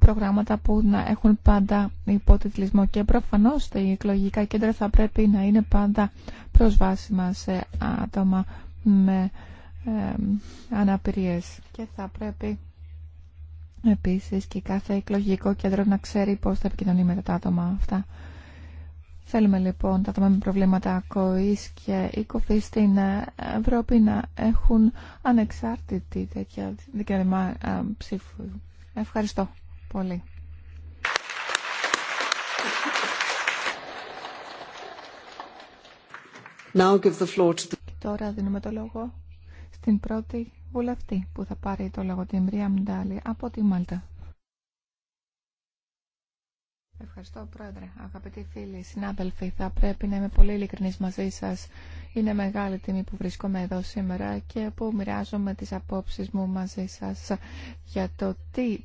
S3: προγράμματα που να έχουν πάντα υποτιτλισμό και προφανώς τα εκλογικά κέντρα θα πρέπει να είναι πάντα προσβάσιμα σε άτομα με ε, αναπηρίες και θα πρέπει επίσης και κάθε εκλογικό κέντρο να ξέρει πώς θα επικοινωνεί με τα άτομα αυτά. Θέλουμε λοιπόν τα άτομα με προβλήματα ακοής και οικοφή στην Ευρώπη να έχουν ανεξάρτητη τέτοια δικαιωμάτια ψήφου. Ευχαριστώ πολύ.
S1: Now give
S3: τώρα δίνουμε το λόγο στην πρώτη βουλευτή που θα πάρει το λόγο την Μρία Μντάλη από τη Μάλτα. Ευχαριστώ, Πρόεδρε. Αγαπητοί φίλοι, συνάδελφοι, θα πρέπει να είμαι πολύ ειλικρινής μαζί σας. Είναι μεγάλη τιμή που βρίσκομαι εδώ σήμερα και που μοιράζομαι τις απόψεις μου μαζί σας για το τι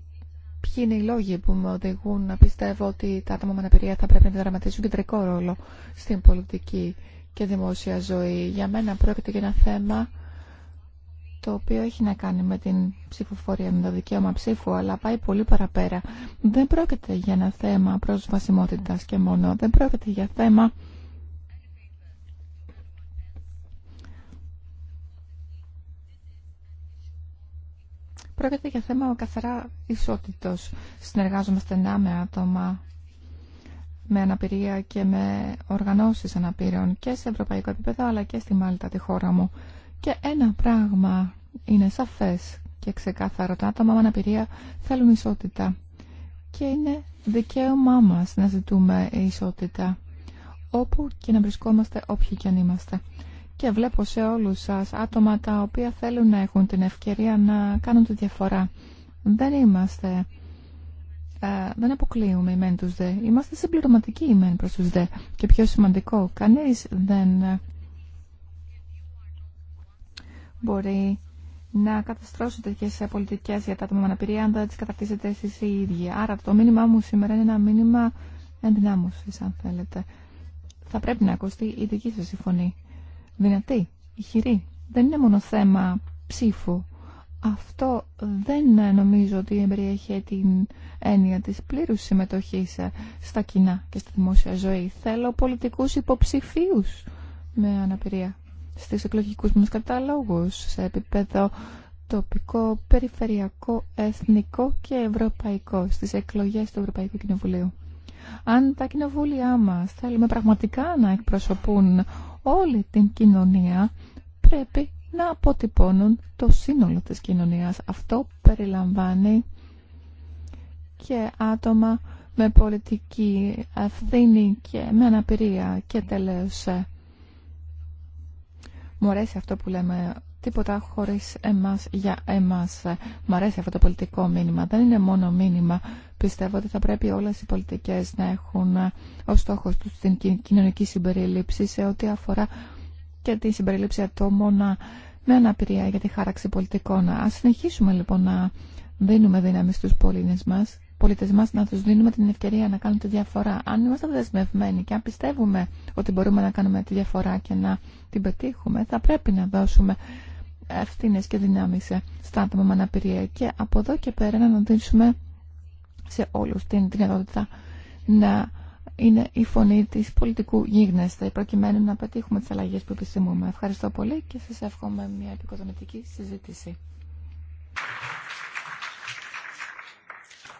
S3: ποιοι είναι οι λόγοι που με οδηγούν να πιστεύω ότι τα άτομα με αναπηρία θα πρέπει να δραματίσουν κεντρικό ρόλο στην πολιτική και δημόσια ζωή. Για μένα πρόκειται για ένα θέμα το οποίο έχει να κάνει με την ψηφοφορία, με το δικαίωμα ψήφου, αλλά πάει πολύ παραπέρα. Δεν πρόκειται για ένα θέμα προσβασιμότητας και μόνο, δεν πρόκειται για θέμα Πρόκειται για θέμα καθαρά ισότητος. Συνεργάζομαι στενά με άτομα με αναπηρία και με οργανώσεις αναπήρων και σε ευρωπαϊκό επίπεδο αλλά και στη Μάλτα τη χώρα μου. Και ένα πράγμα είναι σαφές και ξεκάθαρο. Τα άτομα με αναπηρία θέλουν ισότητα. Και είναι δικαίωμά μας να ζητούμε ισότητα όπου και να βρισκόμαστε όποιοι και αν είμαστε και βλέπω σε όλους σας άτομα τα οποία θέλουν να έχουν την ευκαιρία να κάνουν τη διαφορά. Δεν είμαστε, ε, δεν αποκλείουμε οι μεν τους δε. Είμαστε συμπληρωματικοί οι μεν προς τους δε. Και πιο σημαντικό, κανείς δεν μπορεί να καταστρώσει τέτοιε πολιτικέ για τα άτομα με αναπηρία αν δεν τι κατακτήσετε εσεί οι ίδιοι. Άρα το μήνυμά μου σήμερα είναι ένα μήνυμα ενδυνάμωση, αν θέλετε. Θα πρέπει να ακουστεί η δική σα φωνή δυνατή, ηχηρή. Δεν είναι μόνο θέμα ψήφου. Αυτό δεν νομίζω ότι εμπεριέχει την έννοια της πλήρους συμμετοχής ε, στα κοινά και στη δημόσια ζωή. Θέλω πολιτικούς υποψηφίους με αναπηρία στις εκλογικούς μας καταλόγους σε επίπεδο τοπικό, περιφερειακό, εθνικό και ευρωπαϊκό στις εκλογές του Ευρωπαϊκού Κοινοβουλίου. Αν τα κοινοβούλια μας θέλουμε πραγματικά να εκπροσωπούν όλη την κοινωνία πρέπει να αποτυπώνουν το σύνολο της κοινωνίας. Αυτό περιλαμβάνει και άτομα με πολιτική ευθύνη και με αναπηρία και τελείωσε. μου αρέσει αυτό που λέμε τίποτα χωρίς εμάς για εμάς. Μ' αρέσει αυτό το πολιτικό μήνυμα. Δεν είναι μόνο μήνυμα. Πιστεύω ότι θα πρέπει όλες οι πολιτικές να έχουν ως στόχο τους την κοινωνική συμπεριλήψη σε ό,τι αφορά και τη συμπεριλήψη ατόμων με αναπηρία για τη χάραξη πολιτικών. Ας συνεχίσουμε λοιπόν να δίνουμε δύναμη στους πολίτες μας, πολίτες μας να τους δίνουμε την ευκαιρία να κάνουν τη διαφορά. Αν είμαστε δεσμευμένοι και αν πιστεύουμε ότι μπορούμε να κάνουμε τη διαφορά και να την πετύχουμε, θα πρέπει να δώσουμε ευθύνε και δυνάμεις στα άτομα με αναπηρία και από εδώ και πέρα να δίνουμε σε όλους την δυνατότητα να είναι η φωνή τη πολιτικού γίγνεσθε προκειμένου να πετύχουμε τι αλλαγέ που επισημούμε. Ευχαριστώ πολύ και σα εύχομαι μια επικοδομητική συζήτηση.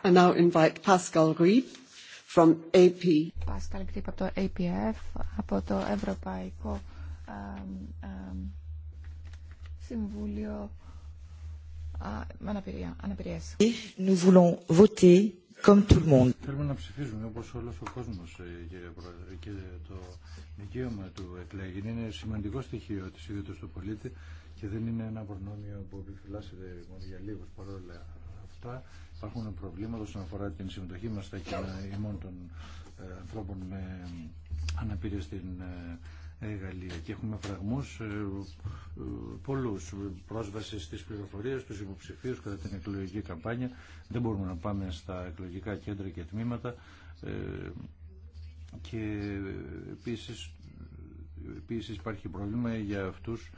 S1: I now invite Pascal Grieb
S3: from AP. Pascal Grieb από το APF, από το Ευρωπαϊκό ε, ε, Συμβούλιο με αναπηρία ε,
S2: Nous voulons voter comme tout le monde. Θέλουμε να ψηφίζουμε όπω όλο ο κόσμο, ε, κύριε Πρόεδρε, και το δικαίωμα του εκλέγει είναι σημαντικό στοιχείο τη ιδιότητας του πολίτη και δεν είναι ένα προνόμιο που επιφυλάσσεται μόνο για λίγους παρόλα αυτά. Υπάρχουν προβλήματα όσον αφορά την συμμετοχή μα στα κοινά ημών των ε, ανθρώπων με αναπηρία στην και έχουμε φραγμούς ε, ε, πολλούς πρόσβαση στις πληροφορίες, στους υποψηφίους κατά την εκλογική καμπάνια. Δεν μπορούμε να πάμε στα εκλογικά κέντρα και τμήματα ε, και επίσης, επίσης υπάρχει πρόβλημα για αυτούς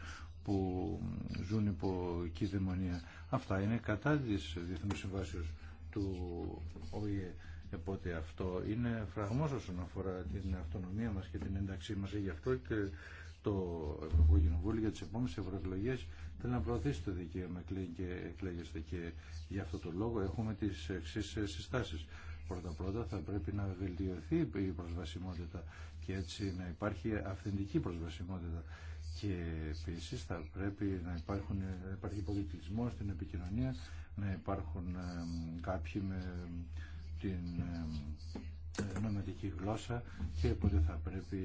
S2: που ζουν υπό κυδαιμονία. Αυτά είναι κατά της Διεθνούς Συμβάσεως του ΟΗΕ. Εποτε αυτό είναι φραγμός όσον αφορά την αυτονομία μας και την ένταξή μας. Γι' αυτό και το Ευρωπαϊκό Κοινοβούλιο για τις επόμενες ευρωεκλογέ θέλει να προωθήσει το δικαίωμα και εκλέγεστε και γι' αυτό το λόγο έχουμε τις εξή συστάσεις. Πρώτα-πρώτα θα πρέπει να βελτιωθεί η προσβασιμότητα και έτσι να υπάρχει αυθεντική προσβασιμότητα και επίση θα πρέπει να, υπάρχουν, υπάρχει πολιτισμό στην επικοινωνία, να υπάρχουν κάποιοι με την ε, ε, νοματική γλώσσα και οπότε θα πρέπει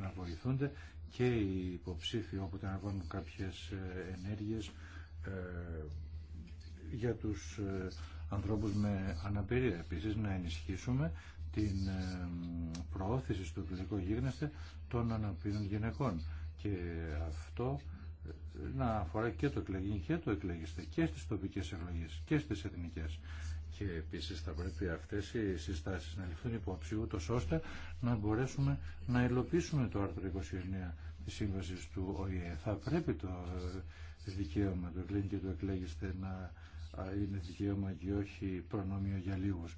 S2: να βοηθούνται και οι υποψήφοι να βγουν κάποιες ε, ενέργειες για τους ανθρώπους με αναπηρία. Επίσης να ενισχύσουμε την προώθηση στο κλινικό γίγνεσθε των αναπήρων γυναικών και αυτό να αφορά και το εκλεγή και το εκλεγήστε και στις τοπικές εκλογές και στις εθνικές και επίσης θα πρέπει αυτές οι συστάσεις να ληφθούν υπόψη ούτω ώστε να μπορέσουμε να υλοποιήσουμε το άρθρο 29 τη σύμβαση του ΟΗΕ. Θα πρέπει το δικαίωμα του εκλέγει και το εκλέγεστε να είναι δικαίωμα και όχι προνόμιο για λίγους.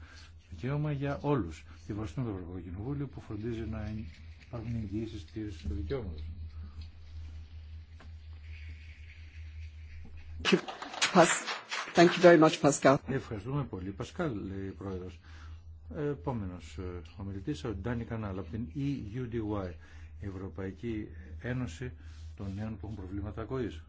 S2: Δικαίωμα για όλους. Και βαστούν το Ευρωπαϊκό Κοινοβούλιο που φροντίζει να υπάρχουν εγγυήσεις του δικαιώματο. Thank you very much, Pascal. Ευχαριστούμε πολύ. Πασκάλ, λέει πρόεδρος. Επόμενος ε, ομιλητής, ο Ντάνι Κανάλ, από την EUDY, Ευρωπαϊκή Ένωση των Νέων που έχουν προβλήματα ακοής.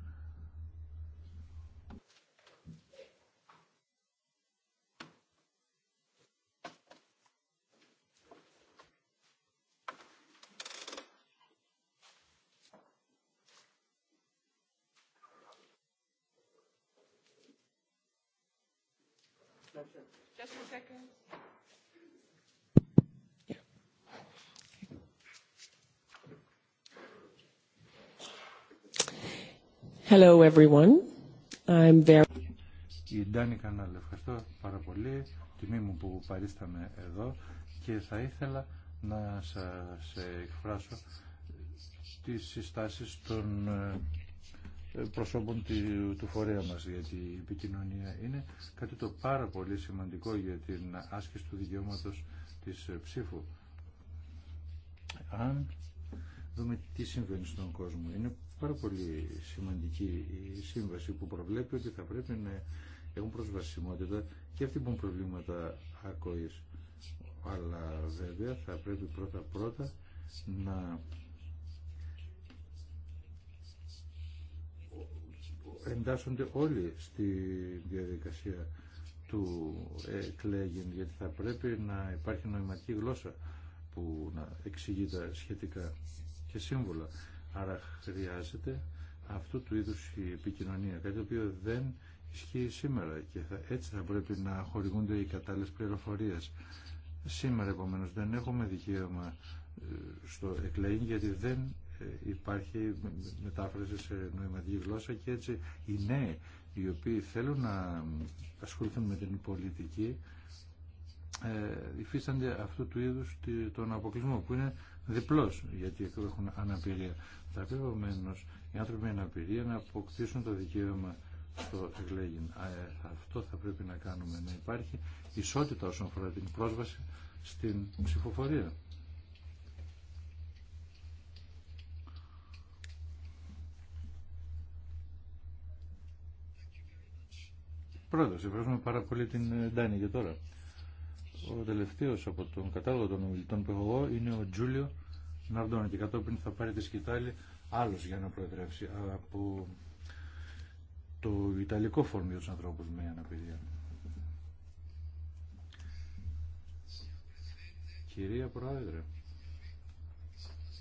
S2: Hello everyone. I'm very... Η Ντάνη Κανάλ, ευχαριστώ πάρα πολύ. Τιμή μου που παρίσταμε εδώ και θα ήθελα να σας εκφράσω τις συστάσεις των ε, προσώπων του φορέα μας γιατί η επικοινωνία είναι κάτι το πάρα πολύ σημαντικό για την άσκηση του δικαιώματος της ψήφου. Αν δούμε τι συμβαίνει στον κόσμο, είναι πάρα πολύ σημαντική η σύμβαση που προβλέπει ότι θα πρέπει να έχουν προσβασιμότητα και αυτοί που έχουν προβλήματα ακοής. Αλλά βέβαια θα πρέπει πρώτα πρώτα να εντάσσονται όλοι στη διαδικασία του εκλέγην γιατί θα πρέπει να υπάρχει νοηματική γλώσσα που να εξηγεί τα σχετικά και σύμβολα. Άρα χρειάζεται αυτού του είδους η επικοινωνία, κάτι το οποίο δεν ισχύει σήμερα και θα, έτσι θα πρέπει να χορηγούνται οι κατάλληλες πληροφορίες. Σήμερα επομένω, δεν έχουμε δικαίωμα ε, στο εκλέγγυ γιατί δεν ε, υπάρχει μετάφραση σε νοηματική γλώσσα και έτσι οι νέοι οι οποίοι θέλουν να ασχοληθούν με την πολιτική ε, υφίστανται αυτού του είδους τον αποκλεισμό που είναι διπλώς, γιατί έχουν αναπηρία. Θα πρέπει ομένως οι άνθρωποι με αναπηρία να αποκτήσουν το δικαίωμα στο εκλέγην. Ε, αυτό θα πρέπει να κάνουμε, να υπάρχει ισότητα όσον αφορά την πρόσβαση στην ψηφοφορία. Πρόεδρος, ευχαριστούμε πάρα πολύ την ε, Ντάνη για τώρα. Ο τελευταίο από τον κατάλογο των ομιλητών που έχω εγώ είναι ο Τζούλιο Ναρντόνα και κατόπιν θα πάρει τη σκητάλη άλλο για να προεδρεύσει από το Ιταλικό Φόρμιο του ανθρώπου με αναπηρία. Κυρία Πρόεδρε,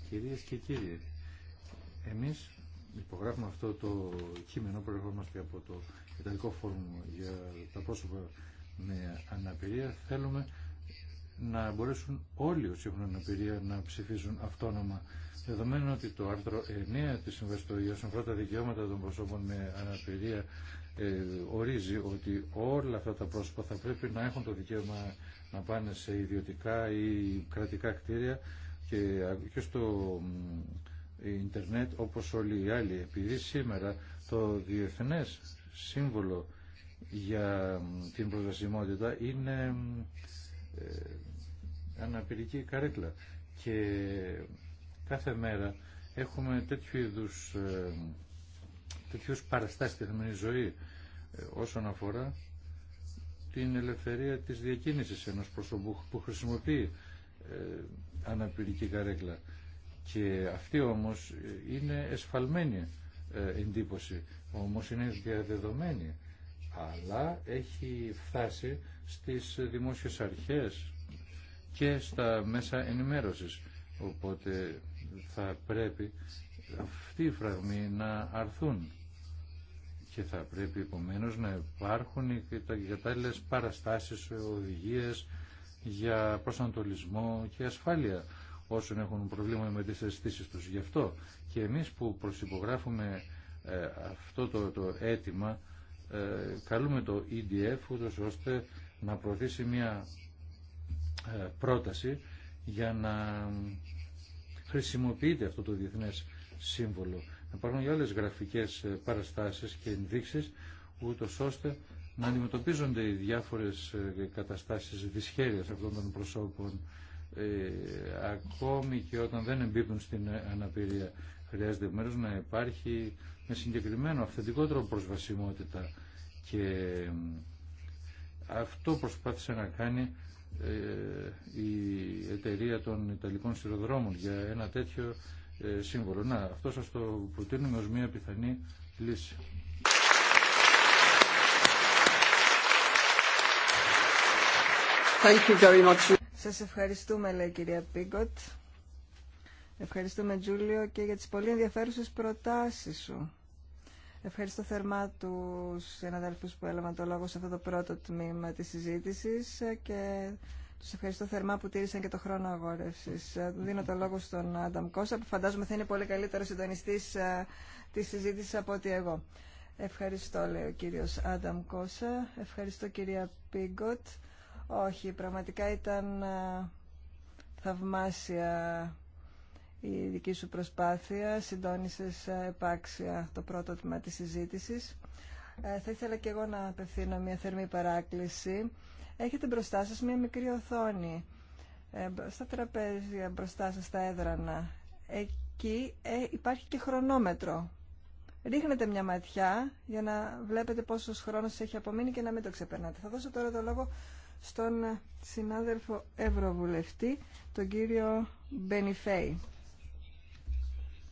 S2: κυρίες και κύριοι, εμείς υπογράφουμε αυτό το κείμενο που από το Ιταλικό Φόρουμ για τα πρόσωπα με αναπηρία θέλουμε να μπορέσουν όλοι όσοι έχουν αναπηρία να ψηφίζουν αυτόνομα. Δεδομένου ότι το άρθρο 9 της Συμβαστορίας του τα δικαιώματα των προσώπων με αναπηρία ε, ορίζει ότι όλα αυτά τα πρόσωπα θα πρέπει να έχουν το δικαίωμα να πάνε σε ιδιωτικά ή κρατικά κτίρια και, και στο ίντερνετ όπως όλοι οι άλλοι. Επειδή σήμερα το Διεθνές Σύμβολο για την προσβασιμότητα είναι ε, αναπηρική καρέκλα και κάθε μέρα έχουμε τέτοιου είδους ε, τέτοιους παραστάσεις στη θεμενή ζωή ε, όσον αφορά την ελευθερία της διακίνησης ενός προσωπού που χρησιμοποιεί αναπηρική καρέκλα και αυτή όμως είναι εσφαλμένη εντύπωση όμως είναι διαδεδομένη αλλά έχει φτάσει στις δημόσιες αρχές και στα μέσα ενημέρωσης. Οπότε θα πρέπει αυτοί οι φραγμοί να αρθούν και θα πρέπει επομένως να υπάρχουν οι κατάλληλε παραστάσεις, οδηγίες για προσανατολισμό και ασφάλεια όσων έχουν προβλήμα με τις αισθήσει τους. Γι' αυτό και εμείς που προσυπογράφουμε ε, αυτό το, το αίτημα ε, καλούμε το EDF ούτως ώστε να προωθήσει μια ε, πρόταση για να χρησιμοποιείται αυτό το διεθνές σύμβολο. Να υπάρχουν και άλλες γραφικές ε, παραστάσεις και ενδείξεις ούτως ώστε να αντιμετωπίζονται οι διάφορες καταστάσεις δυσχέρειας αυτών των προσώπων ακόμη και όταν δεν εμπίπτουν στην αναπηρία Χρειάζεται μέρος να υπάρχει με συγκεκριμένο αυθεντικό τρόπο προσβασιμότητα και αυτό προσπάθησε να κάνει ε, η εταιρεία των Ιταλικών σιροδρομων για ένα τέτοιο ε, σύμβολο. Να, αυτό σας το προτείνουμε ως μια πιθανή λύση.
S1: Σας ευχαριστούμε, λέει κυρία Πίγκοτ. Ευχαριστούμε Τζούλιο και για τις πολύ ενδιαφέρουσες προτάσεις σου. Ευχαριστώ θερμά τους συναδέλφους που έλαβαν το λόγο σε αυτό το πρώτο τμήμα της συζήτησης και τους ευχαριστώ θερμά που τήρησαν και το χρόνο αγόρευσης. Δίνω το λόγο στον Άνταμ Κώσσα που φαντάζομαι θα είναι πολύ καλύτερο συντονιστής ε, της συζήτησης από ότι εγώ. Ευχαριστώ, λέει ο κύριος Άνταμ Κώσα. Ευχαριστώ, κυρία Πίγκοτ. Όχι, πραγματικά ήταν ε, θαυμάσια η δική σου προσπάθεια. Συντόνισες ε, επάξια το πρώτο τμήμα της συζήτησης. Ε, θα ήθελα και εγώ να απευθύνω μια θερμή παράκληση. Έχετε μπροστά σας μια μικρή οθόνη. Ε, στα τραπέζια μπροστά σας στα έδρανα. Εκεί υπάρχει και χρονόμετρο. Ρίχνετε μια ματιά για να βλέπετε πόσος χρόνος έχει απομείνει και να μην το ξεπερνάτε. Θα δώσω τώρα το λόγο στον συνάδελφο Ευρωβουλευτή, τον κύριο Μπενιφέη.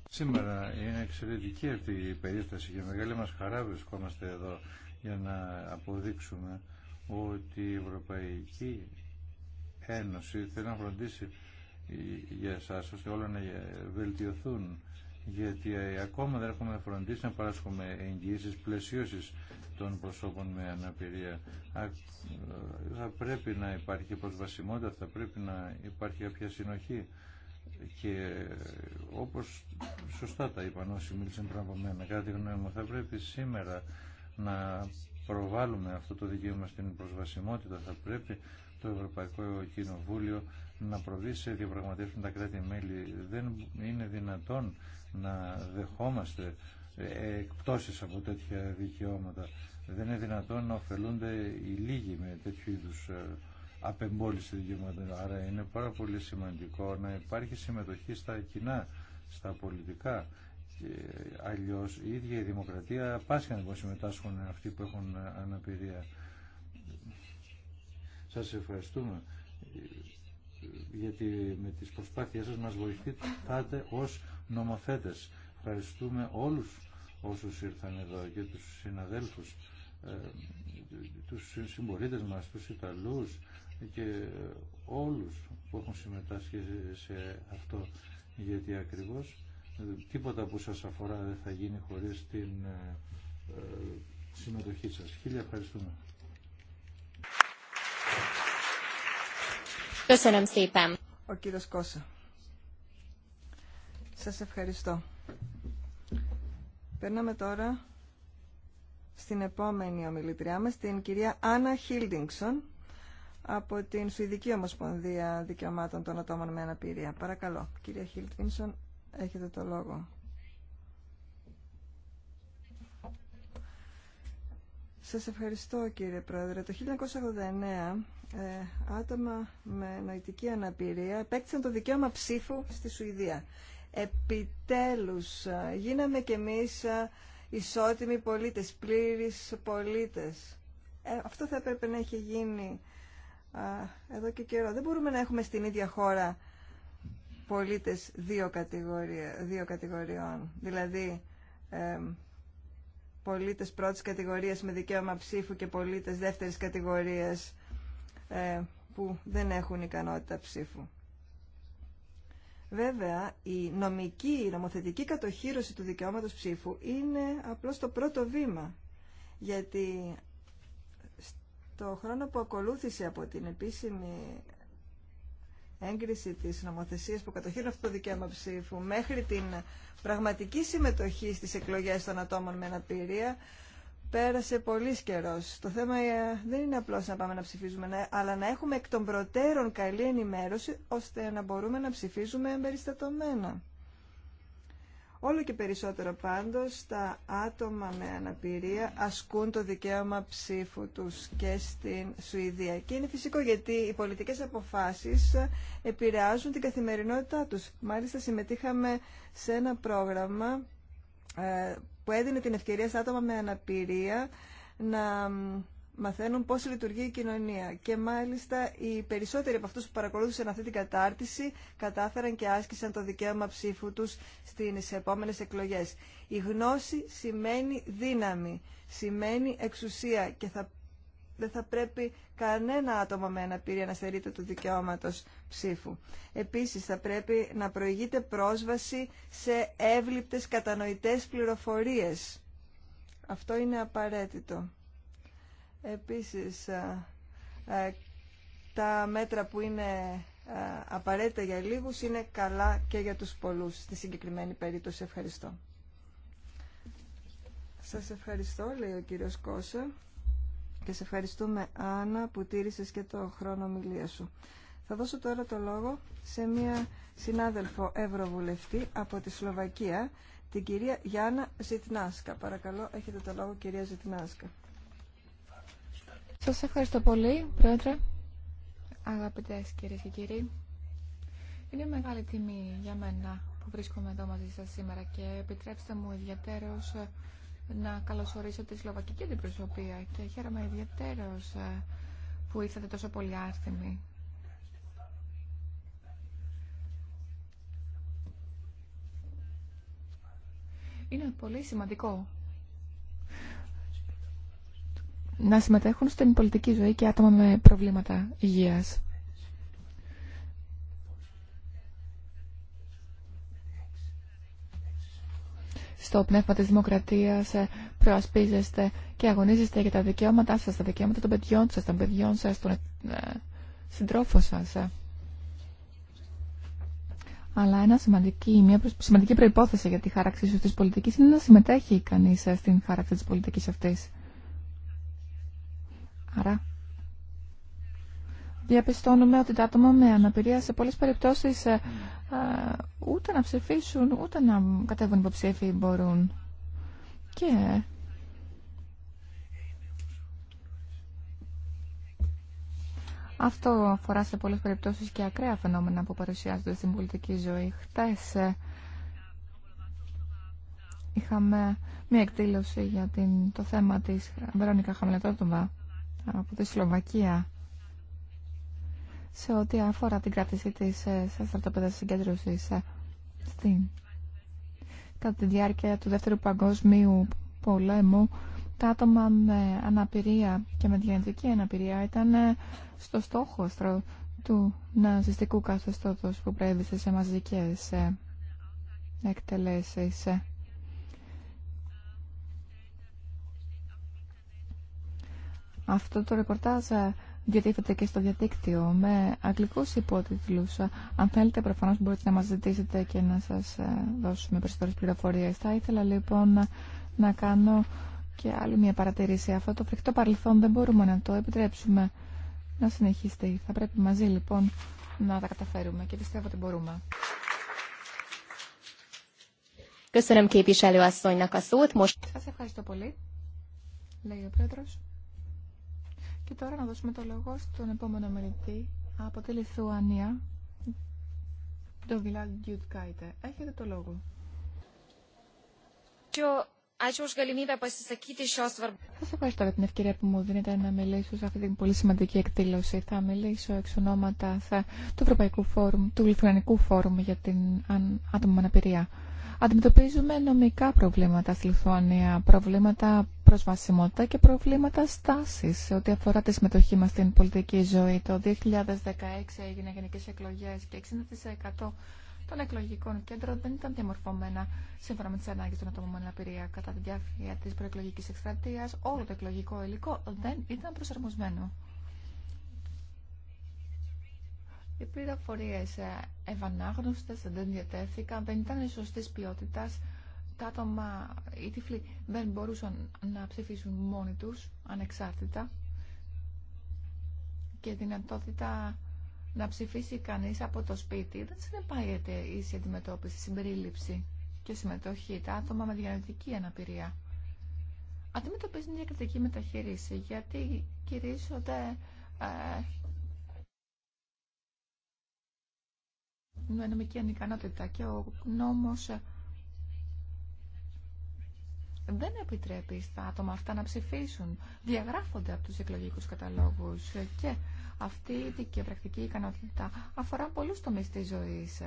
S2: Σήμερα είναι εξαιρετική αυτή η περίσταση και μεγάλη μας χαρά βρισκόμαστε εδώ για να αποδείξουμε ότι η Ευρωπαϊκή Ένωση θέλει να φροντίσει για εσάς ώστε όλα να βελτιωθούν γιατί ακόμα δεν έχουμε φροντίσει να παράσχουμε εγγυήσεις πλαισίωσης των προσώπων με αναπηρία. Θα πρέπει να υπάρχει προσβασιμότητα, θα πρέπει να υπάρχει κάποια συνοχή και όπως σωστά τα είπαν όσοι μίλησαν πριν από μένα, Κάτι γνώμη μου θα πρέπει σήμερα να προβάλλουμε αυτό το δικαίωμα στην προσβασιμότητα, θα πρέπει το Ευρωπαϊκό Κοινοβούλιο να προβεί σε διαπραγματεύσουν τα κράτη-μέλη. Δεν είναι δυνατόν να δεχόμαστε ε, εκπτώσεις από τέτοια δικαιώματα. Δεν είναι δυνατόν να ωφελούνται οι λίγοι με τέτοιου είδους ε, απεμπόληση δικαιωμάτων. Άρα είναι πάρα πολύ σημαντικό να υπάρχει συμμετοχή στα κοινά, στα πολιτικά. Και αλλιώς η ίδια η δημοκρατία πάσχει να συμμετάσχουν αυτοί που έχουν αναπηρία. Σας ευχαριστούμε ε, γιατί με τις προσπάθειές σας μας βοηθήσατε ως νομοθέτες. Ευχαριστούμε όλους όσους ήρθαν εδώ και τους συναδέλφους, ε, τους συμπολίτε μας, τους Ιταλούς, και όλους που έχουν συμμετάσχει σε αυτό γιατί ακριβώς τίποτα που σας αφορά δεν θα γίνει χωρίς την ε, ε, συμμετοχή σας. Χίλια ευχαριστούμε.
S1: Ο κύριος Κώσα. Σας ευχαριστώ. Περνάμε τώρα στην επόμενη ομιλητριά μας, την κυρία Άννα Χίλντινγκσον, από την Σουηδική Ομοσπονδία Δικαιωμάτων των Ατόμων με Αναπηρία. Παρακαλώ, κυρία Χίλτβινσον, έχετε το λόγο. Σας ευχαριστώ κύριε Πρόεδρε. Το 1989 ε, άτομα με νοητική αναπηρία επέκτησαν το δικαίωμα ψήφου στη Σουηδία. Επιτέλους ε, γίναμε κι εμείς ε, ισότιμοι πολίτες, πλήρεις πολίτες. Ε, αυτό θα έπρεπε να έχει γίνει εδώ και καιρό. Δεν μπορούμε να έχουμε στην ίδια χώρα πολίτες δύο, κατηγορία, δύο κατηγοριών. Δηλαδή, ε, πολίτες πρώτης κατηγορίας με δικαίωμα ψήφου και πολίτες δεύτερης κατηγορίας ε, που δεν έχουν ικανότητα ψήφου. Βέβαια, η νομική, η νομοθετική κατοχήρωση του δικαιώματος ψήφου είναι απλώς το πρώτο βήμα. Γιατί το χρόνο που ακολούθησε από την επίσημη έγκριση της νομοθεσίας που κατοχύρωσε αυτό το δικαίωμα ψήφου μέχρι την πραγματική συμμετοχή στις εκλογές των ατόμων με αναπηρία πέρασε πολύ καιρό. Το θέμα ε, δεν είναι απλώς να πάμε να ψηφίζουμε, αλλά να έχουμε εκ των προτέρων καλή ενημέρωση ώστε να μπορούμε να ψηφίζουμε εμπεριστατωμένα. Όλο και περισσότερο πάντως τα άτομα με αναπηρία ασκούν το δικαίωμα ψήφου τους και στην Σουηδία. Και είναι φυσικό γιατί οι πολιτικές αποφάσεις επηρεάζουν την καθημερινότητά τους. Μάλιστα συμμετείχαμε σε ένα πρόγραμμα ε, που έδινε την ευκαιρία στα άτομα με αναπηρία να μαθαίνουν πώς λειτουργεί η κοινωνία. Και μάλιστα οι περισσότεροι από αυτούς που παρακολούθησαν αυτή την κατάρτιση κατάφεραν και άσκησαν το δικαίωμα ψήφου τους στις επόμενες εκλογές. Η γνώση σημαίνει δύναμη, σημαίνει εξουσία και θα, δεν θα πρέπει κανένα άτομο με αναπηρία να στερείται του δικαιώματος ψήφου. Επίσης θα πρέπει να προηγείται πρόσβαση σε εύληπτες κατανοητές πληροφορίες. Αυτό είναι απαραίτητο. Επίσης, ε, ε, τα μέτρα που είναι ε, απαραίτητα για λίγους είναι καλά και για τους πολλούς. Στη συγκεκριμένη περίπτωση ευχαριστώ. Σας ευχαριστώ, λέει ο κύριος Κώσα. Και σε ευχαριστούμε, Άννα, που τήρησες και το χρόνο μιλία σου. Θα δώσω τώρα το λόγο σε μια συνάδελφο ευρωβουλευτή από τη Σλοβακία, την κυρία Γιάννα Ζητνάσκα. Παρακαλώ, έχετε το λόγο, κυρία Ζητνάσκα.
S3: Σας ευχαριστώ πολύ, Πρόεδρε. Αγαπητές κυρίες και κύριοι, είναι μεγάλη τιμή για μένα που βρίσκομαι εδώ μαζί σας σήμερα και επιτρέψτε μου ιδιαίτερως ε, να καλωσορίσω τη Σλοβακική αντιπροσωπεία και χαίρομαι ιδιαίτερως ε, που ήρθατε τόσο πολύ άρθιμοι. Είναι πολύ σημαντικό να συμμετέχουν στην πολιτική ζωή και άτομα με προβλήματα υγείας. Στο πνεύμα της δημοκρατίας ε, προασπίζεστε και αγωνίζεστε για τα δικαιώματά σας, τα δικαιώματα των παιδιών σας, των παιδιών σας, των ε, συντρόφων σας. Ε. Αλλά ένα σημαντική, μια σημαντική προϋπόθεση για τη χάραξη της πολιτικής είναι να συμμετέχει κανείς στην χάραξη της πολιτικής αυτής. Άρα διαπιστώνουμε ότι τα άτομα με αναπηρία σε πολλές περιπτώσεις ε, ε, ούτε να ψηφίσουν ούτε να κατέβουν υποψήφοι μπορούν. Και Αυτό αφορά σε πολλές περιπτώσεις και ακραία φαινόμενα που παρουσιάζονται στην πολιτική ζωή. Χτες ε, είχαμε μία εκδήλωση για το θέμα της Βερόνικα Χαμηλετότουμα από τη Σλοβακία σε ό,τι αφορά την κράτηση της σε στρατοπέδας συγκέντρωσης ε, στην. Κατά τη διάρκεια του Δεύτερου Παγκόσμιου Πολέμου, τα άτομα με αναπηρία και με διανοητική αναπηρία ήταν ε, στο στόχο του ναζιστικού καθεστώτος που πρέβησε σε μαζικές ε, εκτελέσεις. Αυτό το ρεπορτάζ ε, διατίθεται και στο διαδίκτυο με αγγλικούς υπότιτλους. Ε, αν θέλετε προφανώς μπορείτε να μας ζητήσετε και να σας ε, δώσουμε περισσότερες πληροφορίες. Θα ήθελα λοιπόν να κάνω και άλλη μια παρατηρήση. Αυτό το φρικτό παρελθόν δεν μπορούμε να το επιτρέψουμε να συνεχιστεί. Θα πρέπει μαζί λοιπόν να τα καταφέρουμε και πιστεύω ότι μπορούμε. Σας ευχαριστώ πολύ, λέει ο Πρόεδρος. Και τώρα να δώσουμε το λόγο στον επόμενο μελητή από τη Λιθουανία, τον Βιλάλ Κάιτε. Έχετε το λόγο. Σα ευχαριστώ για την ευκαιρία που μου δίνετε να μιλήσω σε αυτή την πολύ σημαντική εκδήλωση. Θα μιλήσω εξ ονόματα ε, του Ευρωπαϊκού Φόρουμ, του Λιθουανικού Φόρουμ για την με αναπηρία. Αντιμετωπίζουμε νομικά προβλήματα στη Λιθουανία, προβλήματα προσβασιμότητα και προβλήματα στάσης σε ό,τι αφορά τη συμμετοχή μας στην πολιτική ζωή. Το 2016 έγινε γενικές εκλογές και 60% των εκλογικών κέντρων δεν ήταν διαμορφωμένα σύμφωνα με τι ανάγκε των ατόμων αναπηρία. Κατά τη διάρκεια της προεκλογική εκστρατεία, όλο το εκλογικό υλικό δεν ήταν προσαρμοσμένο. Οι πληροφορίε ευανάγνωστε, δεν διατέθηκαν, δεν ήταν σωστή ποιότητα. Τα άτομα, οι τύφλοι δεν μπορούσαν να ψηφίσουν μόνοι του, ανεξάρτητα. Και δυνατότητα να ψηφίσει κανείς από το σπίτι δεν συνεπάγεται η αντιμετώπιση, συμπερίληψη και συμμετοχή. Τα άτομα με διανοητική αναπηρία αντιμετωπίζουν διακριτική μεταχείριση γιατί κηρύσσονται ε, νομική ανικανότητα και ο νόμος δεν επιτρέπει στα άτομα αυτά να ψηφίσουν. Διαγράφονται από τους εκλογικούς καταλόγους και αυτή η δικαιοπρακτική πρακτική ικανότητα αφορά πολλούς τομείς της ζωής.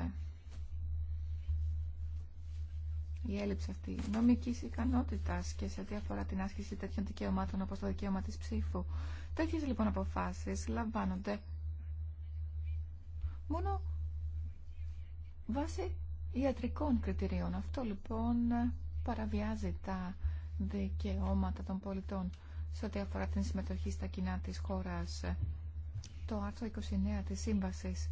S3: Η έλλειψη αυτή νομική ικανότητα και σε ό,τι αφορά την άσκηση τέτοιων δικαιωμάτων όπω το δικαίωμα τη ψήφου. Τέτοιε λοιπόν αποφάσει λαμβάνονται μόνο βάσει ιατρικών κριτηρίων. Αυτό λοιπόν παραβιάζει τα δικαιώματα των πολιτών σε ό,τι αφορά την συμμετοχή στα κοινά της χώρας. Το άρθρο 29 της Σύμβασης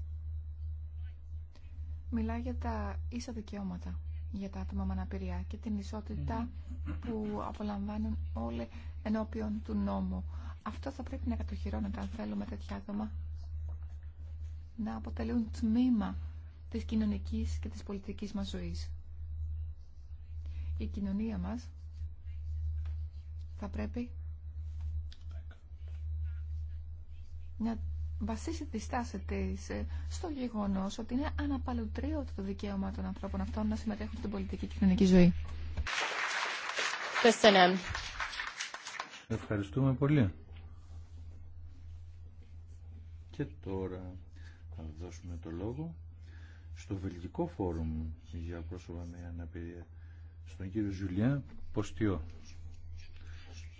S3: μιλάει για τα ίσα δικαιώματα για τα άτομα με αναπηρία και την ισότητα που απολαμβάνουν όλοι ενώπιον του νόμου. Αυτό θα πρέπει να κατοχυρώνεται αν θέλουμε τέτοια άτομα να αποτελούν τμήμα της κοινωνικής και της πολιτικής μας ζωής. Η κοινωνία μας θα πρέπει να βασίσει τη στάση της ε, στο γεγονός ότι είναι αναπαλουτρίωτο το δικαίωμα των ανθρώπων αυτών να συμμετέχουν στην πολιτική και κοινωνική ζωή.
S2: Ευχαριστούμε πολύ. Και τώρα θα δώσουμε το λόγο στο Βελγικό Φόρουμ για πρόσωπα με αναπηρία στον κύριο Ζουλιάν Ποστιό.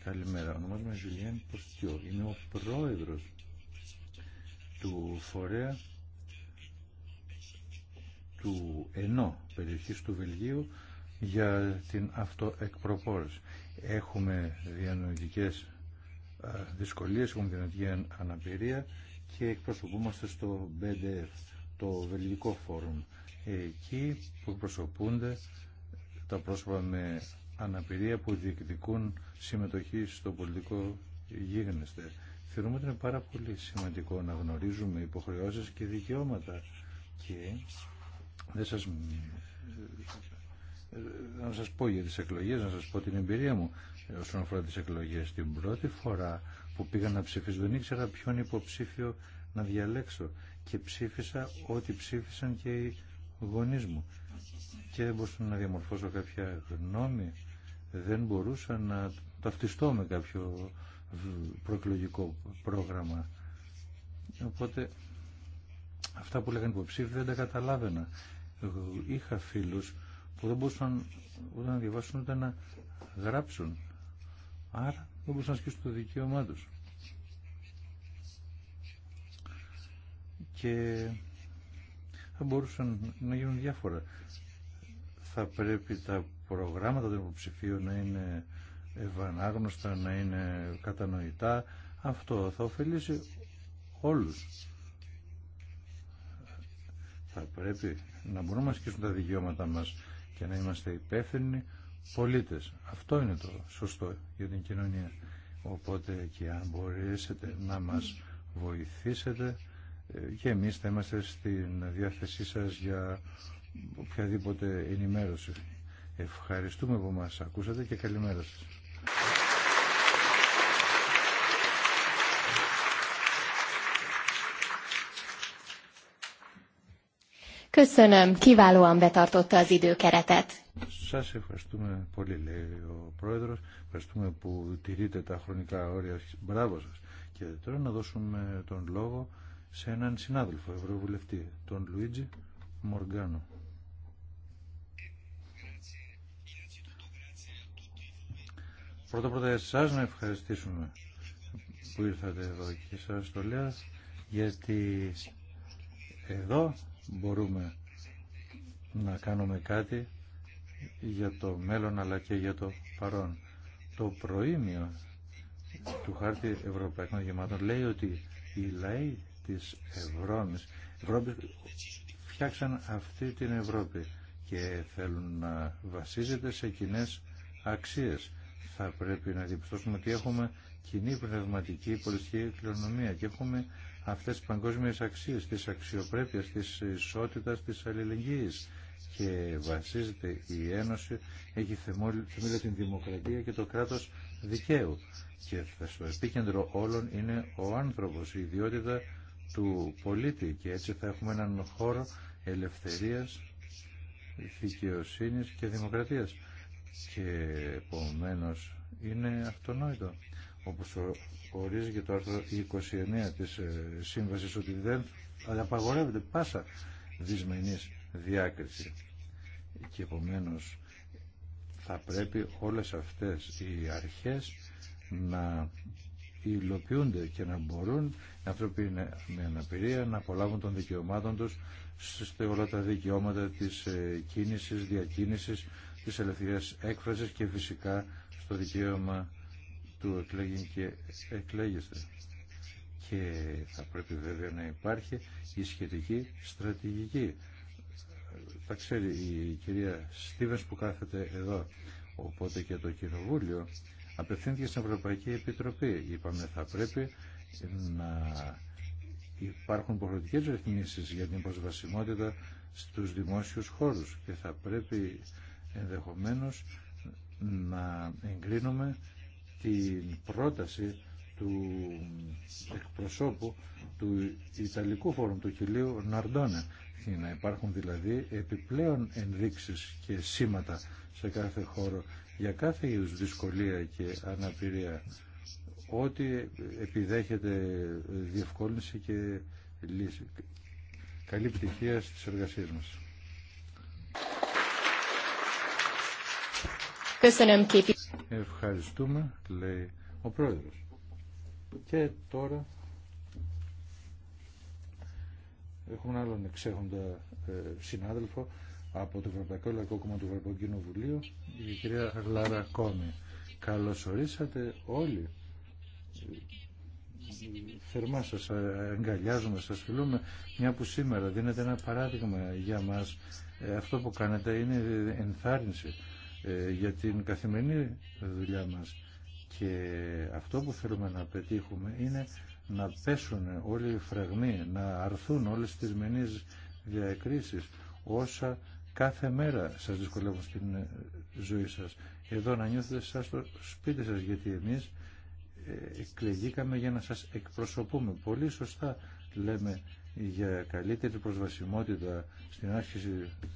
S2: Καλημέρα, ονομάζομαι Ζουλιάν Ποστιό. Είμαι ο πρόεδρος του φορέα του ΕΝΟ, περιοχής του Βελγίου, για την αυτοεκπροπόρηση. Έχουμε διανοητικές ε, δυσκολίες, έχουμε διανοητική αναπηρία και εκπροσωπούμαστε στο BDF το Βελγικό Φόρουμ. Εκεί που προσωπούνται τα πρόσωπα με αναπηρία που διεκδικούν συμμετοχή στο πολιτικό γίγνεσθε. Θεωρούμε ότι είναι πάρα πολύ σημαντικό να γνωρίζουμε υποχρεώσεις και δικαιώματα και δεν σας ε, να σας πω για τις εκλογές, να σας πω την εμπειρία μου όσον αφορά τις εκλογές. Την πρώτη φορά που πήγα να ψηφίσω δεν ήξερα ποιον υποψήφιο να διαλέξω και ψήφισα ό,τι ψήφισαν και οι γονείς μου και δεν μπορούσα να διαμορφώσω κάποια γνώμη δεν μπορούσα να ταυτιστώ με κάποιο προεκλογικό πρόγραμμα οπότε αυτά που λέγανε υποψήφοι δεν τα καταλάβαινα είχα φίλους που δεν μπορούσαν ούτε να διαβάσουν ούτε να γράψουν άρα δεν μπορούσαν να ασκήσουν το δικαίωμά τους και θα μπορούσαν να γίνουν διάφορα. Θα πρέπει τα προγράμματα των υποψηφίων να είναι ευανάγνωστα, να είναι κατανοητά. Αυτό θα ωφελήσει όλους. Θα πρέπει να μπορούμε να ασκήσουμε τα δικαιώματα μας και να είμαστε υπεύθυνοι πολίτες. Αυτό είναι το σωστό για την κοινωνία. Οπότε και αν μπορέσετε να μας βοηθήσετε ε, και εμείς θα είμαστε στην διάθεσή σας για οποιαδήποτε ενημέρωση. Ευχαριστούμε που μας ακούσατε και καλημέρα σας.
S3: Köszönöm, kiválóan betartotta az
S2: Σας ευχαριστούμε πολύ, λέει ο Πρόεδρος. Ευχαριστούμε που τηρείτε τα χρονικά όρια. Μπράβο σας. Και τώρα να δώσουμε τον λόγο σε έναν συνάδελφο ευρωβουλευτή, τον Λουίτζι μοργκανο Πρώτα πρώτα εσάς να ευχαριστήσουμε που ήρθατε εδώ και σας το λέω γιατί εδώ μπορούμε να κάνουμε κάτι για το μέλλον αλλά και για το παρόν. Το προήμιο του χάρτη Ευρωπαϊκών Γεμάτων λέει ότι οι λαοί της Ευρώπης, Ευρώπης φτιάξαν αυτή την Ευρώπη και θέλουν να βασίζεται σε κοινέ αξίες. Θα πρέπει να διαπιστώσουμε ότι έχουμε κοινή πνευματική πολιτική κληρονομία και έχουμε αυτές τις παγκόσμιες αξίες της αξιοπρέπειας, της ισότητας, της αλληλεγγύης και βασίζεται η Ένωση, έχει θεμέλιο την δημοκρατία και το κράτος δικαίου. Και στο επίκεντρο όλων είναι ο άνθρωπος, η ιδιότητα του πολίτη και έτσι θα έχουμε έναν χώρο ελευθερίας, δικαιοσύνη και δημοκρατίας. Και επομένω είναι αυτονόητο, όπως ορίζει και το άρθρο 29 της ε, Σύμβασης, ότι δεν
S1: απαγορεύεται
S2: πάσα δυσμενής διάκριση. Και επομένω, θα πρέπει όλες αυτές οι αρχές να υλοποιούνται και να μπορούν οι άνθρωποι με αναπηρία να απολάβουν των δικαιωμάτων τους σε όλα τα δικαιώματα της ε, κίνησης, διακίνησης, της ελευθερίας έκφρασης και φυσικά στο δικαίωμα του εκλέγει και εκλέγεστε. Και θα πρέπει βέβαια να υπάρχει η σχετική στρατηγική. Τα ξέρει η κυρία Στίβενς που κάθεται εδώ. Οπότε και το Κοινοβούλιο απευθύνθηκε στην Ευρωπαϊκή Επιτροπή. Είπαμε θα πρέπει να υπάρχουν υποχρεωτικές ρυθμίσεις για την προσβασιμότητα στους δημόσιους χώρους και θα πρέπει ενδεχομένως να εγκρίνουμε την πρόταση του εκπροσώπου του Ιταλικού Φόρουμ του Κιλίου Ναρντόνε να υπάρχουν δηλαδή επιπλέον ενδείξεις και σήματα σε κάθε χώρο για κάθε είδους δυσκολία και αναπηρία ό,τι επιδέχεται διευκόλυνση και λύση. Καλή πτυχία στις εργασίες μας. Ευχαριστούμε, λέει ο Πρόεδρος. Και τώρα έχουμε άλλον εξέχοντα ε, συνάδελφο, από το Ευρωπαϊκό Λαϊκό Κόμμα του Ευρωπαϊκού Κοινοβουλίου, η κυρία λάρα Κόμη. Καλώς ορίσατε όλοι. Θερμά σας αγκαλιάζουμε, σας φιλούμε, μια που σήμερα δίνετε ένα παράδειγμα για μας. Ε, αυτό που κάνετε είναι ενθάρρυνση ε, για την καθημερινή δουλειά μας. Και αυτό που θέλουμε να πετύχουμε είναι να πέσουν όλοι οι φραγμοί, να αρθούν όλες τις μενείς διακρίσεις όσα Κάθε μέρα σας δυσκολεύουν στην ε, ζωή σας. Εδώ να νιώθετε σας στο σπίτι σας, γιατί εμείς ε, εκλεγήκαμε για να σας εκπροσωπούμε. Πολύ σωστά λέμε για καλύτερη προσβασιμότητα στην άσκηση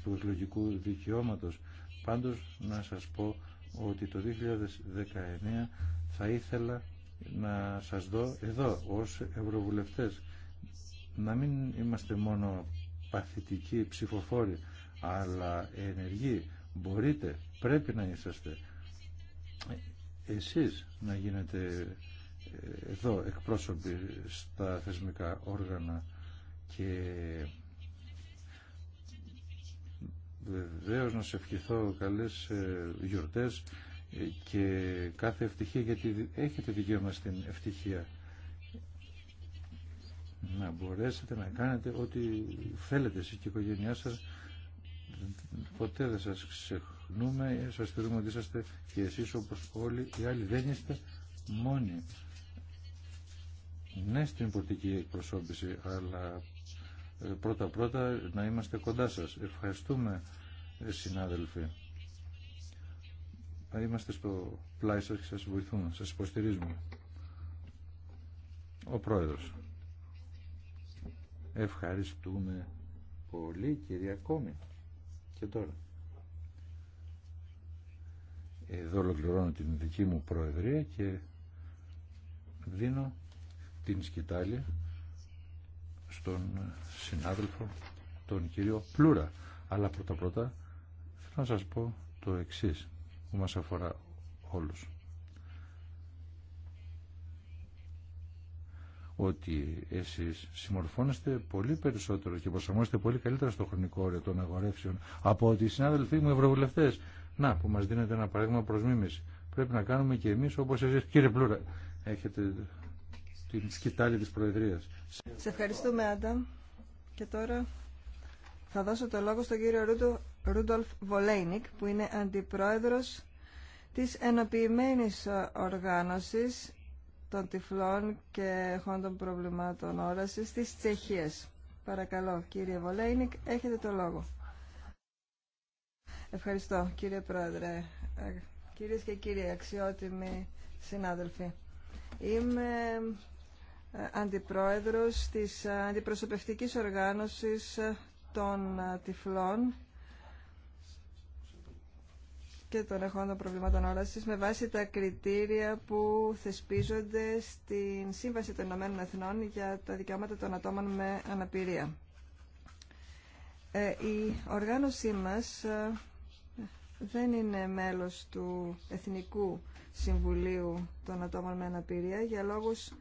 S2: του εκλογικού δικαιώματος. Πάντως να σας πω ότι το 2019 θα ήθελα να σας δω εδώ ως ευρωβουλευτές. Να μην είμαστε μόνο παθητικοί ψηφοφόροι, αλλά ενεργοί μπορείτε, πρέπει να είσαστε εσείς να γίνετε ε, εδώ εκπρόσωποι στα θεσμικά όργανα και βεβαίω να σε ευχηθώ καλές ε, γιορτές ε, και κάθε ευτυχία γιατί έχετε δικαίωμα στην ευτυχία να μπορέσετε να κάνετε ό,τι θέλετε εσείς και η οικογένειά σας ποτέ δεν σας ξεχνούμε, σας θεωρούμε ότι είσαστε και εσείς όπως όλοι οι άλλοι δεν είστε μόνοι. Ναι στην πολιτική εκπροσώπηση, αλλά ε, πρώτα πρώτα να είμαστε κοντά σας. Ευχαριστούμε ε, συνάδελφοι. Είμαστε στο πλάι σας και σας βοηθούμε, σας υποστηρίζουμε. Ο Πρόεδρος. Ευχαριστούμε πολύ κυρία Κόμη και τώρα. Εδώ ολοκληρώνω την δική μου προεδρία και δίνω την σκητάλη στον συνάδελφο τον κύριο Πλούρα. Αλλά πρώτα πρώτα θέλω να σας πω το εξής που μας αφορά όλους. ότι εσείς συμμορφώνεστε πολύ περισσότερο και προσαρμόζεστε πολύ καλύτερα στο χρονικό όριο των αγορεύσεων από ότι οι συνάδελφοί μου ευρωβουλευτέ. Να, που μας δίνετε ένα παράδειγμα προς μίμηση. Πρέπει να κάνουμε και εμείς όπως εσείς. Κύριε Πλούρα, έχετε την σκητάλη της Προεδρίας.
S1: Σε ευχαριστούμε, Άντα. Και τώρα θα δώσω το λόγο στον κύριο Ρούντολφ Βολέινικ, που είναι αντιπρόεδρος της ενοποιημένης οργάνωσης των τυφλών και χόντων προβλημάτων όρασης της Τσεχίας. Παρακαλώ, κύριε Βολέινικ, έχετε το λόγο. Ευχαριστώ, κύριε Πρόεδρε. Ε, κυρίες και κύριοι αξιότιμοι συνάδελφοι, είμαι ε, αντιπρόεδρος της ε, αντιπροσωπευτικής οργάνωσης των τυφλών και των εχόντων προβλημάτων όρασης με βάση τα κριτήρια που θεσπίζονται στην Σύμβαση των Ηνωμένων Εθνών για τα δικαιώματα των ατόμων με αναπηρία. Ε, η οργάνωσή μας ε, δεν είναι μέλος του Εθνικού Συμβουλίου των Ατόμων με Αναπηρία για λόγους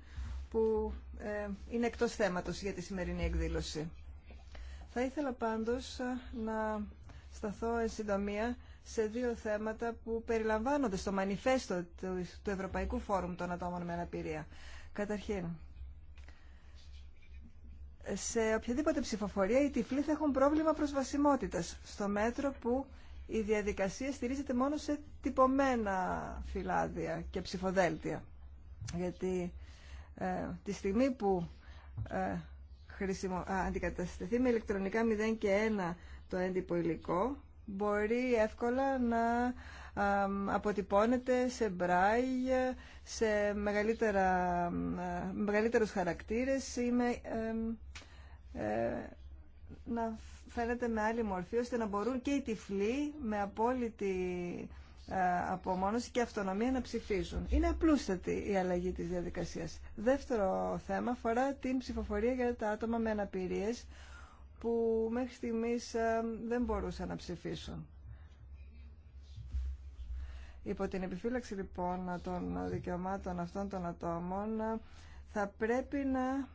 S1: που ε, είναι εκτός θέματος για τη σημερινή εκδήλωση. Θα ήθελα πάντως να σταθώ εν συντομία σε δύο θέματα που περιλαμβάνονται στο μανιφέστο του Ευρωπαϊκού Φόρουμ των Ατόμων με Αναπηρία. Καταρχήν, σε οποιαδήποτε ψηφοφορία οι τυφλοί θα έχουν πρόβλημα προσβασιμότητας στο μέτρο που η διαδικασία στηρίζεται μόνο σε τυπωμένα φυλάδια και ψηφοδέλτια. Γιατί ε, τη στιγμή που ε, χρησιμο, α, με ηλεκτρονικά 0 και 1 το έντυπο υλικό μπορεί εύκολα να αποτυπώνεται σε μπράγια, σε μεγαλύτερα, μεγαλύτερους χαρακτήρες ή με, ε, να φαίνεται με άλλη μορφή ώστε να μπορούν και οι τυφλοί με απόλυτη ε, απομόνωση και αυτονομία να ψηφίζουν. Είναι απλούστατη η αλλαγή της διαδικασίας. Δεύτερο θέμα αφορά την ψηφοφορία για τα άτομα με αναπηρίες που μέχρι στιγμής ε, δεν μπορούσαν να ψηφίσουν. Υπό την επιφύλαξη λοιπόν των δικαιωμάτων αυτών των ατόμων θα πρέπει να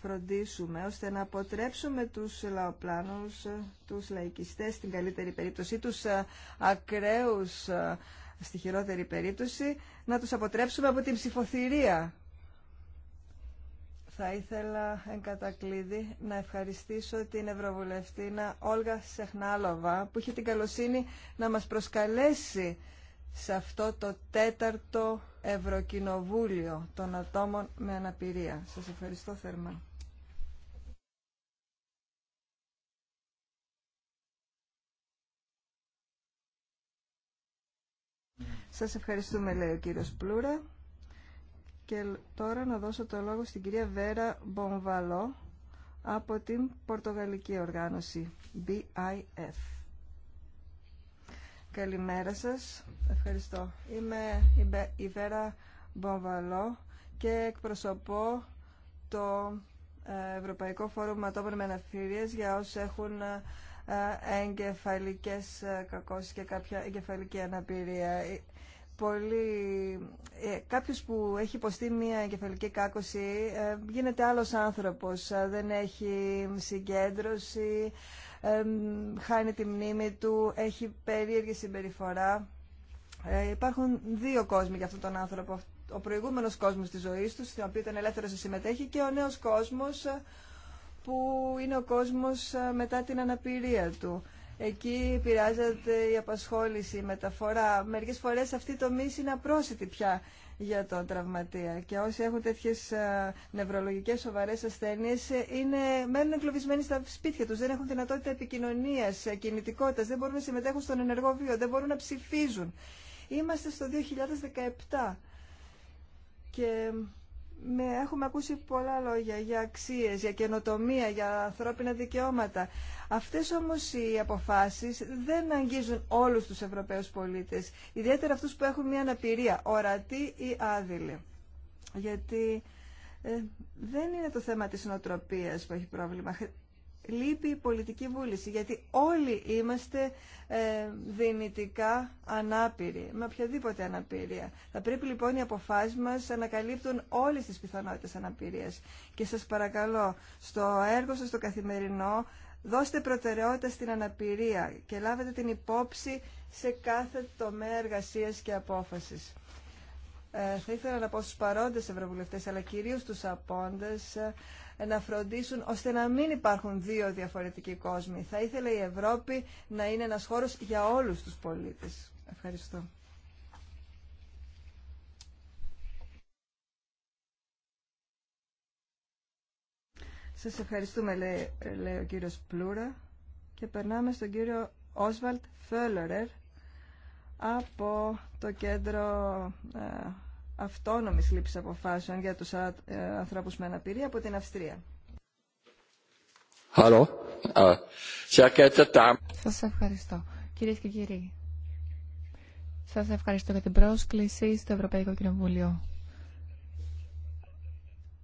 S1: φροντίσουμε ώστε να αποτρέψουμε τους λαοπλάνους, τους λαϊκιστές στην καλύτερη περίπτωση, τους ε, ακραίους ε, στη χειρότερη περίπτωση, να τους αποτρέψουμε από την ψηφοθυρία θα ήθελα εν κατακλείδη να ευχαριστήσω την Ευρωβουλευτήνα Όλγα Σεχνάλοβα που είχε την καλοσύνη να μας προσκαλέσει σε αυτό το τέταρτο Ευρωκοινοβούλιο των ατόμων με αναπηρία. Σας ευχαριστώ θερμά. Σας ευχαριστούμε, λέει ο κύριος Πλούρα. Και τώρα να δώσω το λόγο στην κυρία Βέρα Μπομβαλό από την Πορτογαλική Οργάνωση BIF. Καλημέρα σας. Ευχαριστώ. Είμαι η Βέρα Μπομβαλό και εκπροσωπώ το ε, Ευρωπαϊκό Φόρουμ Ατόμων με Αναφύριες για όσους έχουν ε, εγκεφαλικές ε, κακώσεις και κάποια εγκεφαλική αναπηρία πολύ... Ε, κάποιος που έχει υποστεί μια εγκεφαλική κάκωση ε, γίνεται άλλος άνθρωπος, ε, δεν έχει συγκέντρωση, χάνει τη μνήμη του, έχει περίεργη συμπεριφορά. υπάρχουν δύο κόσμοι για αυτόν τον άνθρωπο. Ο προηγούμενος κόσμος της ζωής του, στον οποίο ήταν ελεύθερος να συμμετέχει, και ο νέος κόσμος που είναι ο κόσμος μετά την αναπηρία του εκεί πειράζεται η απασχόληση, η μεταφορά. Μερικές φορές αυτή η τομή είναι απρόσιτη πια για τον τραυματία και όσοι έχουν τέτοιες ε, νευρολογικές σοβαρές ασθένειες ε, είναι, μένουν εγκλωβισμένοι στα σπίτια τους, δεν έχουν δυνατότητα επικοινωνίας, ε, κινητικότητας, δεν μπορούν να συμμετέχουν στον ενεργό βίο, δεν μπορούν να ψηφίζουν. Είμαστε στο 2017 και με, έχουμε ακούσει πολλά λόγια για αξίες, για καινοτομία, για ανθρώπινα δικαιώματα. Αυτές όμως οι αποφάσεις δεν αγγίζουν όλους τους Ευρωπαίους πολίτες, ιδιαίτερα αυτούς που έχουν μια αναπηρία, ορατή ή άδειλη. Γιατί ε, δεν είναι το θέμα της νοοτροπίας που έχει πρόβλημα λείπει η πολιτική βούληση, γιατί όλοι είμαστε ε, δυνητικά ανάπηροι, με οποιαδήποτε αναπηρία. Θα πρέπει λοιπόν οι αποφάσεις μας να καλύπτουν όλες τις πιθανότητες αναπηρίας. Και σας παρακαλώ, στο έργο σας το καθημερινό, δώστε προτεραιότητα στην αναπηρία και λάβετε την υπόψη σε κάθε τομέα εργασία και απόφαση. Ε, θα ήθελα να πω στους παρόντες ευρωβουλευτές, αλλά κυρίως τους απόντες, να φροντίσουν ώστε να μην υπάρχουν δύο διαφορετικοί κόσμοι. Θα ήθελε η Ευρώπη να είναι ένας χώρος για όλους τους πολίτες. Ευχαριστώ. Σας ευχαριστούμε, λέει, λέει ο κύριος Πλούρα. Και περνάμε στον κύριο Όσβαλτ Φέλερερ από το κέντρο ε, αυτόνομης λήψης αποφάσεων για τους ε, ανθρώπους με αναπηρία από την Αυστρία. Hello. Σας
S3: ευχαριστώ.
S1: Κυρίες και κύριοι,
S3: σας ευχαριστώ για την πρόσκληση στο Ευρωπαϊκό Κοινοβούλιο.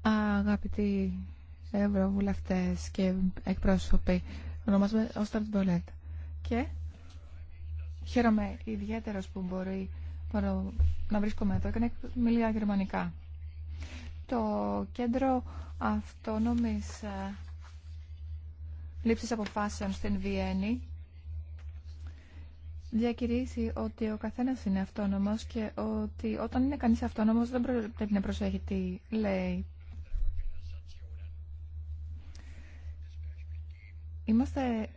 S3: Αγαπητοί ευρωβουλευτές και εκπρόσωποι, ονομάζομαι Όσταρτ Μπολέτ και χαίρομαι ιδιαίτερος που μπορεί παρό... να βρίσκομαι εδώ και να μιλία γερμανικά. Το κέντρο αυτόνομης ε, λήψης αποφάσεων στην Βιέννη διακηρύσει ότι ο καθένας είναι αυτόνομος και ότι όταν είναι κανείς αυτόνομος δεν πρέπει να προσέχει τι λέει. Είμαστε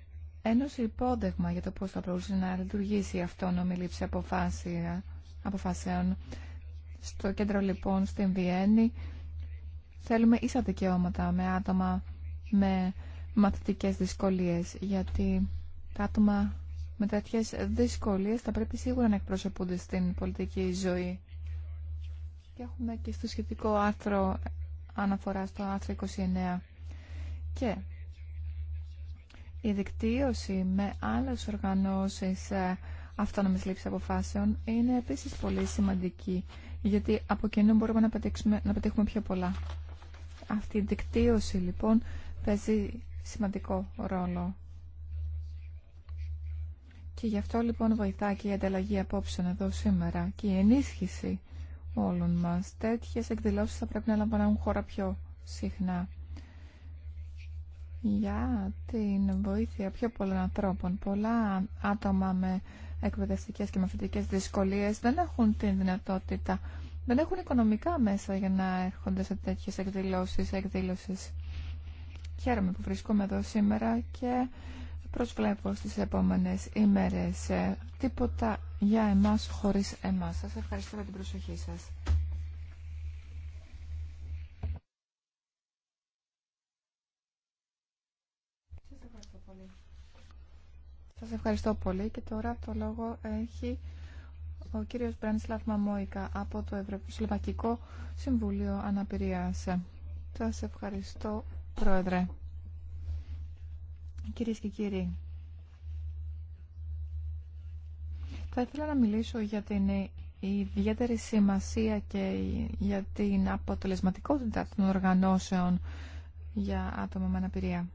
S3: ένωση υπόδεγμα για το πώς θα μπορούσε να λειτουργήσει η αυτόνομη λήψη αποφάσεων αποφάσεων. Στο κέντρο λοιπόν στην Βιέννη θέλουμε ίσα δικαιώματα με άτομα με μαθητικές δυσκολίες γιατί τα άτομα με τέτοιες δυσκολίες θα πρέπει σίγουρα να εκπροσωπούνται στην πολιτική ζωή. Και έχουμε και στο σχετικό άρθρο αναφορά στο άρθρο 29. Και η δικτύωση με άλλες οργανώσεις ε, αυτόνομης λήψη αποφάσεων είναι επίσης πολύ σημαντική, γιατί από κοινού μπορούμε να, να πετύχουμε πιο πολλά. Αυτή η δικτύωση λοιπόν παίζει σημαντικό ρόλο. Και γι' αυτό λοιπόν βοηθά και η ανταλλαγή απόψεων εδώ σήμερα και η ενίσχυση όλων μας. Τέτοιες εκδηλώσεις θα πρέπει να λαμβάνουν χώρα πιο συχνά. Για την βοήθεια πιο πολλών ανθρώπων, πολλά άτομα με Εκπαιδευτικέ και μαθητικές δυσκολίε δεν έχουν την δυνατότητα, δεν έχουν οικονομικά μέσα για να έρχονται σε τέτοιες εκδηλώσεις, εκδήλωσεις. Χαίρομαι που βρίσκομαι εδώ σήμερα και προσβλέπω στις επόμενες ημέρες ε, τίποτα για εμάς χωρίς εμάς. Σας ευχαριστώ για την προσοχή σας. Σας ευχαριστώ πολύ και τώρα το λόγο έχει ο κύριος Μπρενσλάφ Μαμόικα από το Ευρωπαϊκό Συμβούλιο Αναπηρίας. Σας ευχαριστώ, Πρόεδρε. Κυρίες και κύριοι, θα ήθελα να μιλήσω για την ιδιαίτερη σημασία και για την αποτελεσματικότητα των οργανώσεων για άτομα με αναπηρία.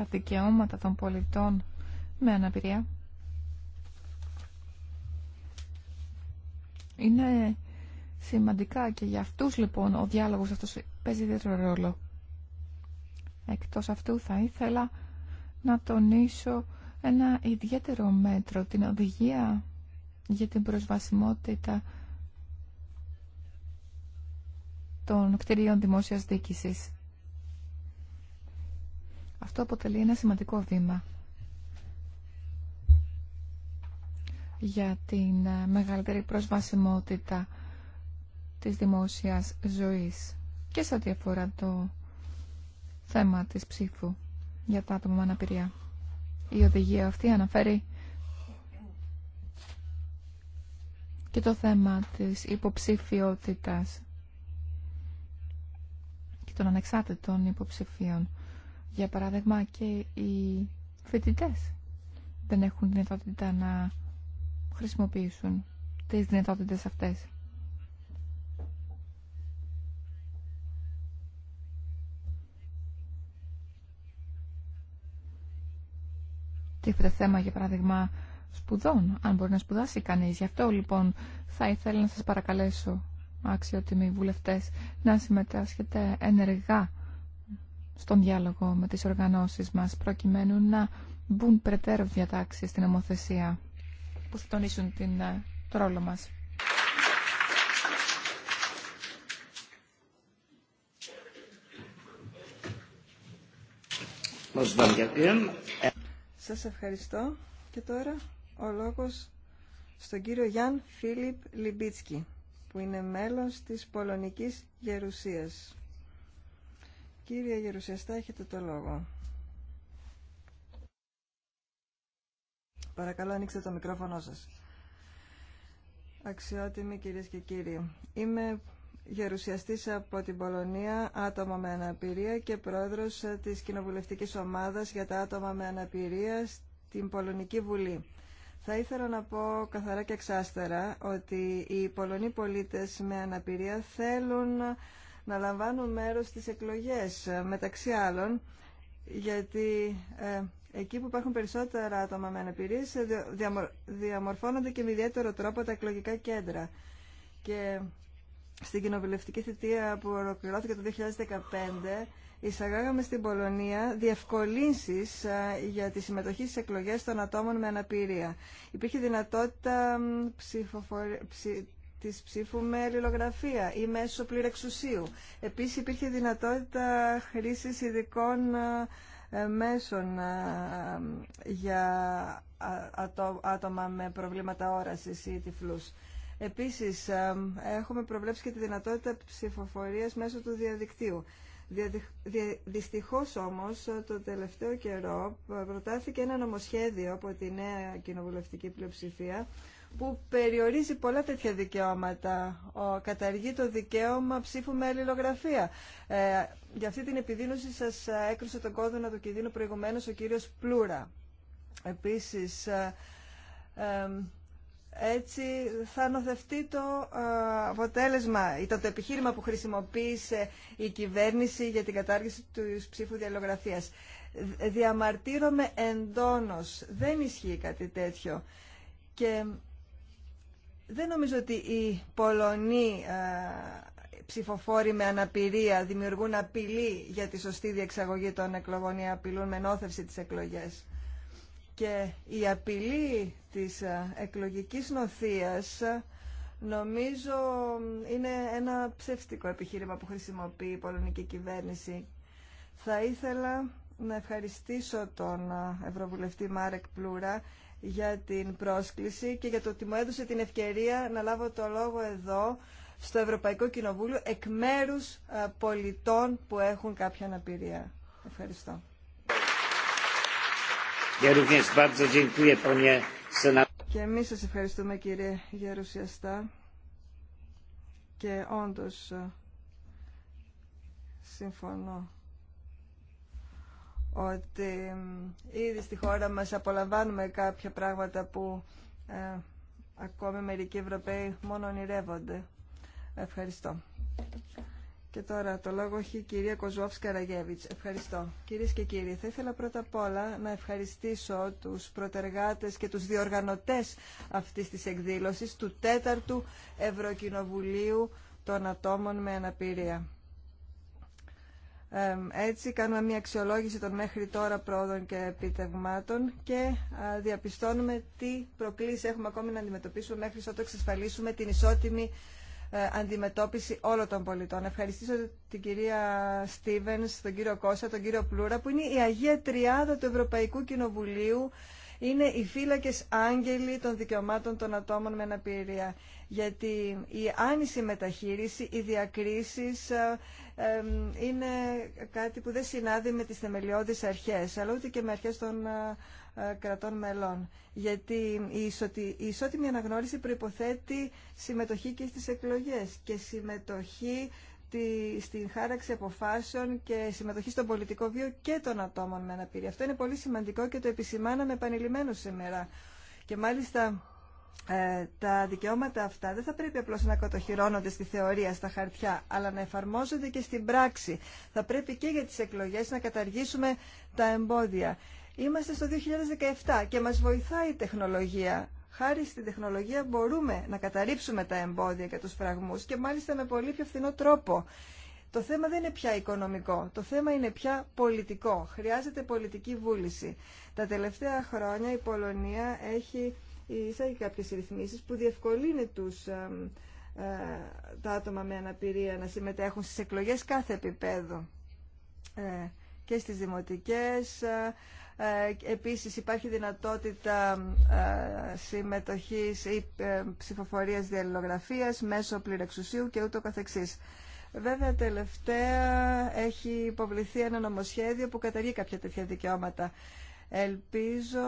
S3: Τα δικαιώματα των πολιτών με αναπηρία είναι σημαντικά και για αυτούς λοιπόν ο διάλογος αυτός παίζει ιδιαίτερο ρόλο. Εκτός αυτού θα ήθελα να τονίσω ένα ιδιαίτερο μέτρο, την οδηγία για την προσβασιμότητα των κτηρίων δημόσιας δίκησης. Αυτό αποτελεί ένα σημαντικό βήμα για την ε, μεγαλύτερη προσβασιμότητα της δημόσιας ζωής και σε ό,τι αφορά το θέμα της ψήφου για τα άτομα με αναπηρία. Η οδηγία αυτή αναφέρει και το θέμα της υποψηφιότητας και των ανεξάρτητων υποψηφίων. Για παράδειγμα και οι φοιτητέ δεν έχουν δυνατότητα να χρησιμοποιήσουν τις δυνατότητες αυτές. Τίθεται θέμα, για παράδειγμα, σπουδών, αν μπορεί να σπουδάσει κανείς. Γι' αυτό, λοιπόν, θα ήθελα να σας παρακαλέσω, άξιοτιμοι βουλευτές, να συμμετάσχετε ενεργά στον διάλογο με τις οργανώσεις μας προκειμένου να μπουν περαιτέρω διατάξεις στην ομοθεσία που θα τονίσουν την, ε, το ρόλο μας.
S1: Σας ευχαριστώ και τώρα ο λόγος στον κύριο Γιάν Φίλιπ Λιμπίτσκι που είναι μέλος της Πολωνικής Γερουσίας. Κύριε Γερουσιαστά, έχετε το λόγο. Παρακαλώ, ανοίξτε το μικρόφωνο σας. Αξιότιμοι κυρίες και κύριοι, είμαι γερουσιαστής από την Πολωνία, άτομα με αναπηρία και πρόεδρος της κοινοβουλευτικής ομάδας για τα άτομα με αναπηρία στην Πολωνική Βουλή. Θα ήθελα να πω καθαρά και εξάστερα ότι οι Πολωνοί πολίτες με αναπηρία θέλουν να λαμβάνουν μέρος στις εκλογές, ε, μεταξύ άλλων, γιατί ε, εκεί που υπάρχουν περισσότερα άτομα με αναπηρίες ε, διαμορφώνονται και με ιδιαίτερο τρόπο τα εκλογικά κέντρα. Και στην κοινοβουλευτική θητεία που ολοκληρώθηκε το 2015, εισαγάγαμε στην Πολωνία διευκολύνσεις ε, για τη συμμετοχή στις εκλογές των ατόμων με αναπηρία. Υπήρχε δυνατότητα ψηφοφορία, της ψήφου με λιλογραφία ή μέσω πληρεξουσίου. Επίσης υπήρχε δυνατότητα χρήσης ειδικών ε, ε, μέσων ε, για άτομα με προβλήματα όρασης ή τυφλούς. Επίσης, έχουμε προβλέψει και τη δυνατότητα ψηφοφορίας μέσω του διαδικτύου. Δυστυχώς όμως, το τελευταίο καιρό προτάθηκε ένα νομοσχέδιο από τη νέα κοινοβουλευτική πλειοψηφία που περιορίζει πολλά τέτοια δικαιώματα. Ο, καταργεί το δικαίωμα ψήφου με αλληλογραφία. Ε, για αυτή την επιδείνωση σας έκρουσε τον κόδωνα του κινδύνου προηγουμένως ο κύριος Πλούρα. Επίσης, ε, έτσι θα νοθευτεί το ε, αποτέλεσμα ή το, επιχείρημα που χρησιμοποίησε η κυβέρνηση για την κατάργηση του ψήφου διαλογραφίας. Διαμαρτύρομαι εντόνως. Δεν ισχύει κάτι τέτοιο. Και δεν νομίζω ότι οι Πολωνοί ε, ψηφοφόροι με αναπηρία δημιουργούν απειλή για τη σωστή διεξαγωγή των εκλογών ή απειλούν με νόθευση τις εκλογές. Και η απειλή της ε, εκλογικής νοθείας ε, νομίζω είναι ένα ψεύτικο επιχείρημα που χρησιμοποιεί η πολωνική κυβέρνηση. Θα ήθελα να ευχαριστήσω τον Ευρωβουλευτή Μάρεκ Πλούρα για την πρόσκληση και για το ότι μου έδωσε την ευκαιρία να λάβω το λόγο εδώ στο Ευρωπαϊκό Κοινοβούλιο εκ μέρους ε, πολιτών που έχουν κάποια αναπηρία. Ευχαριστώ. Και εμείς σας ευχαριστούμε κύριε Γερουσιαστά και όντως ε, συμφωνώ ότι ήδη στη χώρα μας απολαμβάνουμε κάποια πράγματα που ε, ακόμη μερικοί Ευρωπαίοι μόνο ονειρεύονται. Ευχαριστώ. Και τώρα το λόγο έχει η κυρία Κοζουόφ Καραγεύητς. Ευχαριστώ. Κυρίες και κύριοι, θα ήθελα πρώτα απ' όλα να ευχαριστήσω τους προτεργάτες και τους διοργανωτές αυτής της εκδήλωσης του τέταρτου Ευρωκοινοβουλίου των ατόμων με αναπηρία έτσι κάνουμε μια αξιολόγηση των μέχρι τώρα πρόοδων και επιτευγμάτων και διαπιστώνουμε τι προκλήσεις έχουμε ακόμη να αντιμετωπίσουμε μέχρι ότου εξασφαλίσουμε την ισότιμη ε, αντιμετώπιση όλων των πολιτών. Ευχαριστήσω την κυρία Στίβενς, τον κύριο Κώστα, τον κύριο Πλούρα που είναι η Αγία Τριάδα του Ευρωπαϊκού Κοινοβουλίου είναι οι φύλακες άγγελοι των δικαιωμάτων των ατόμων με αναπηρία γιατί η άνηση μεταχείριση, οι διακρίσεις ε, είναι κάτι που δεν συνάδει με τις θεμελιώδεις αρχές, αλλά ούτε και με αρχές των ε, ε, κρατών μελών. Γιατί η ισότιμη αναγνώριση προϋποθέτει συμμετοχή και στις εκλογές και συμμετοχή στην χάραξη αποφάσεων και συμμετοχή στον πολιτικό βίο και των ατόμων με αναπηρία. Αυτό είναι πολύ σημαντικό και το επισημάναμε επανειλημμένο σήμερα. Και μάλιστα ε, τα δικαιώματα αυτά δεν θα πρέπει απλώς να κατοχυρώνονται στη θεωρία, στα χαρτιά, αλλά να εφαρμόζονται και στην πράξη. Θα πρέπει και για τις εκλογές να καταργήσουμε τα εμπόδια. Είμαστε στο 2017 και μας βοηθάει η τεχνολογία. Χάρη στην τεχνολογία μπορούμε να καταρρύψουμε τα εμπόδια και τους φραγμούς και μάλιστα με πολύ πιο φθηνό τρόπο. Το θέμα δεν είναι πια οικονομικό, το θέμα είναι πια πολιτικό. Χρειάζεται πολιτική βούληση. Τα τελευταία χρόνια η Πολωνία έχει εισάγει κάποιες ρυθμίσεις που διευκολύνει τους, ε, ε, τα άτομα με αναπηρία να συμμετέχουν στις εκλογές κάθε επίπεδο ε, και στις δημοτικές. Επίσης υπάρχει δυνατότητα συμμετοχής ή ψηφοφορίας διαλληλογραφίας μέσω πληρεξουσίου και ούτω καθεξής. Βέβαια, τελευταία έχει υποβληθεί ένα νομοσχέδιο που καταργεί κάποια τέτοια δικαιώματα. Ελπίζω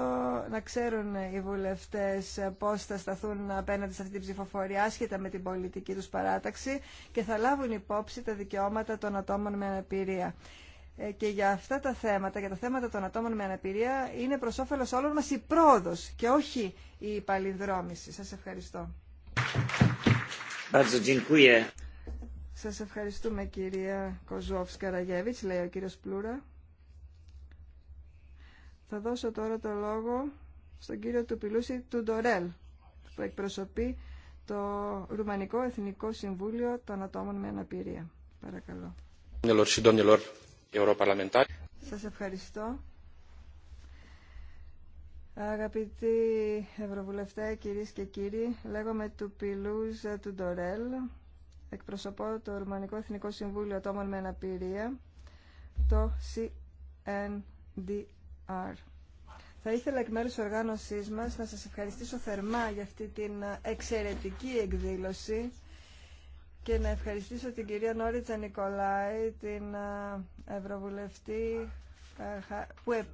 S1: να ξέρουν οι βουλευτές πώς θα σταθούν απέναντι σε αυτή την ψηφοφορία άσχετα με την πολιτική τους παράταξη και θα λάβουν υπόψη τα δικαιώματα των ατόμων με αναπηρία. Ε, και για αυτά τα θέματα, για τα θέματα των ατόμων με αναπηρία, είναι προς όφελος όλων μας η πρόοδος και όχι η παλινδρόμηση. Σας ευχαριστώ. Σας ευχαριστούμε κυρία λέει ο κύριο Πλούρα. Θα δώσω τώρα το λόγο στον κύριο Τουπιλούση Τουντορέλ, που εκπροσωπεί το Ρουμανικό Εθνικό Συμβούλιο των Ατόμων με Αναπηρία. Παρακαλώ. Σας ευχαριστώ. Αγαπητοί Ευρωβουλευτέ, κυρίες και κύριοι, λέγομαι του Τουντορέλ. του Ντορέλ, εκπροσωπώ το Ρουμανικό Εθνικό Συμβούλιο Ατόμων με Αναπηρία, το CNDA. E. Θα ήθελα εκ μέρους οργάνωσής μας να σας ευχαριστήσω θερμά για αυτή την εξαιρετική εκδήλωση και να ευχαριστήσω την κυρία Νόριτσα Νικολάη, την Ευρωβουλευτή που ε,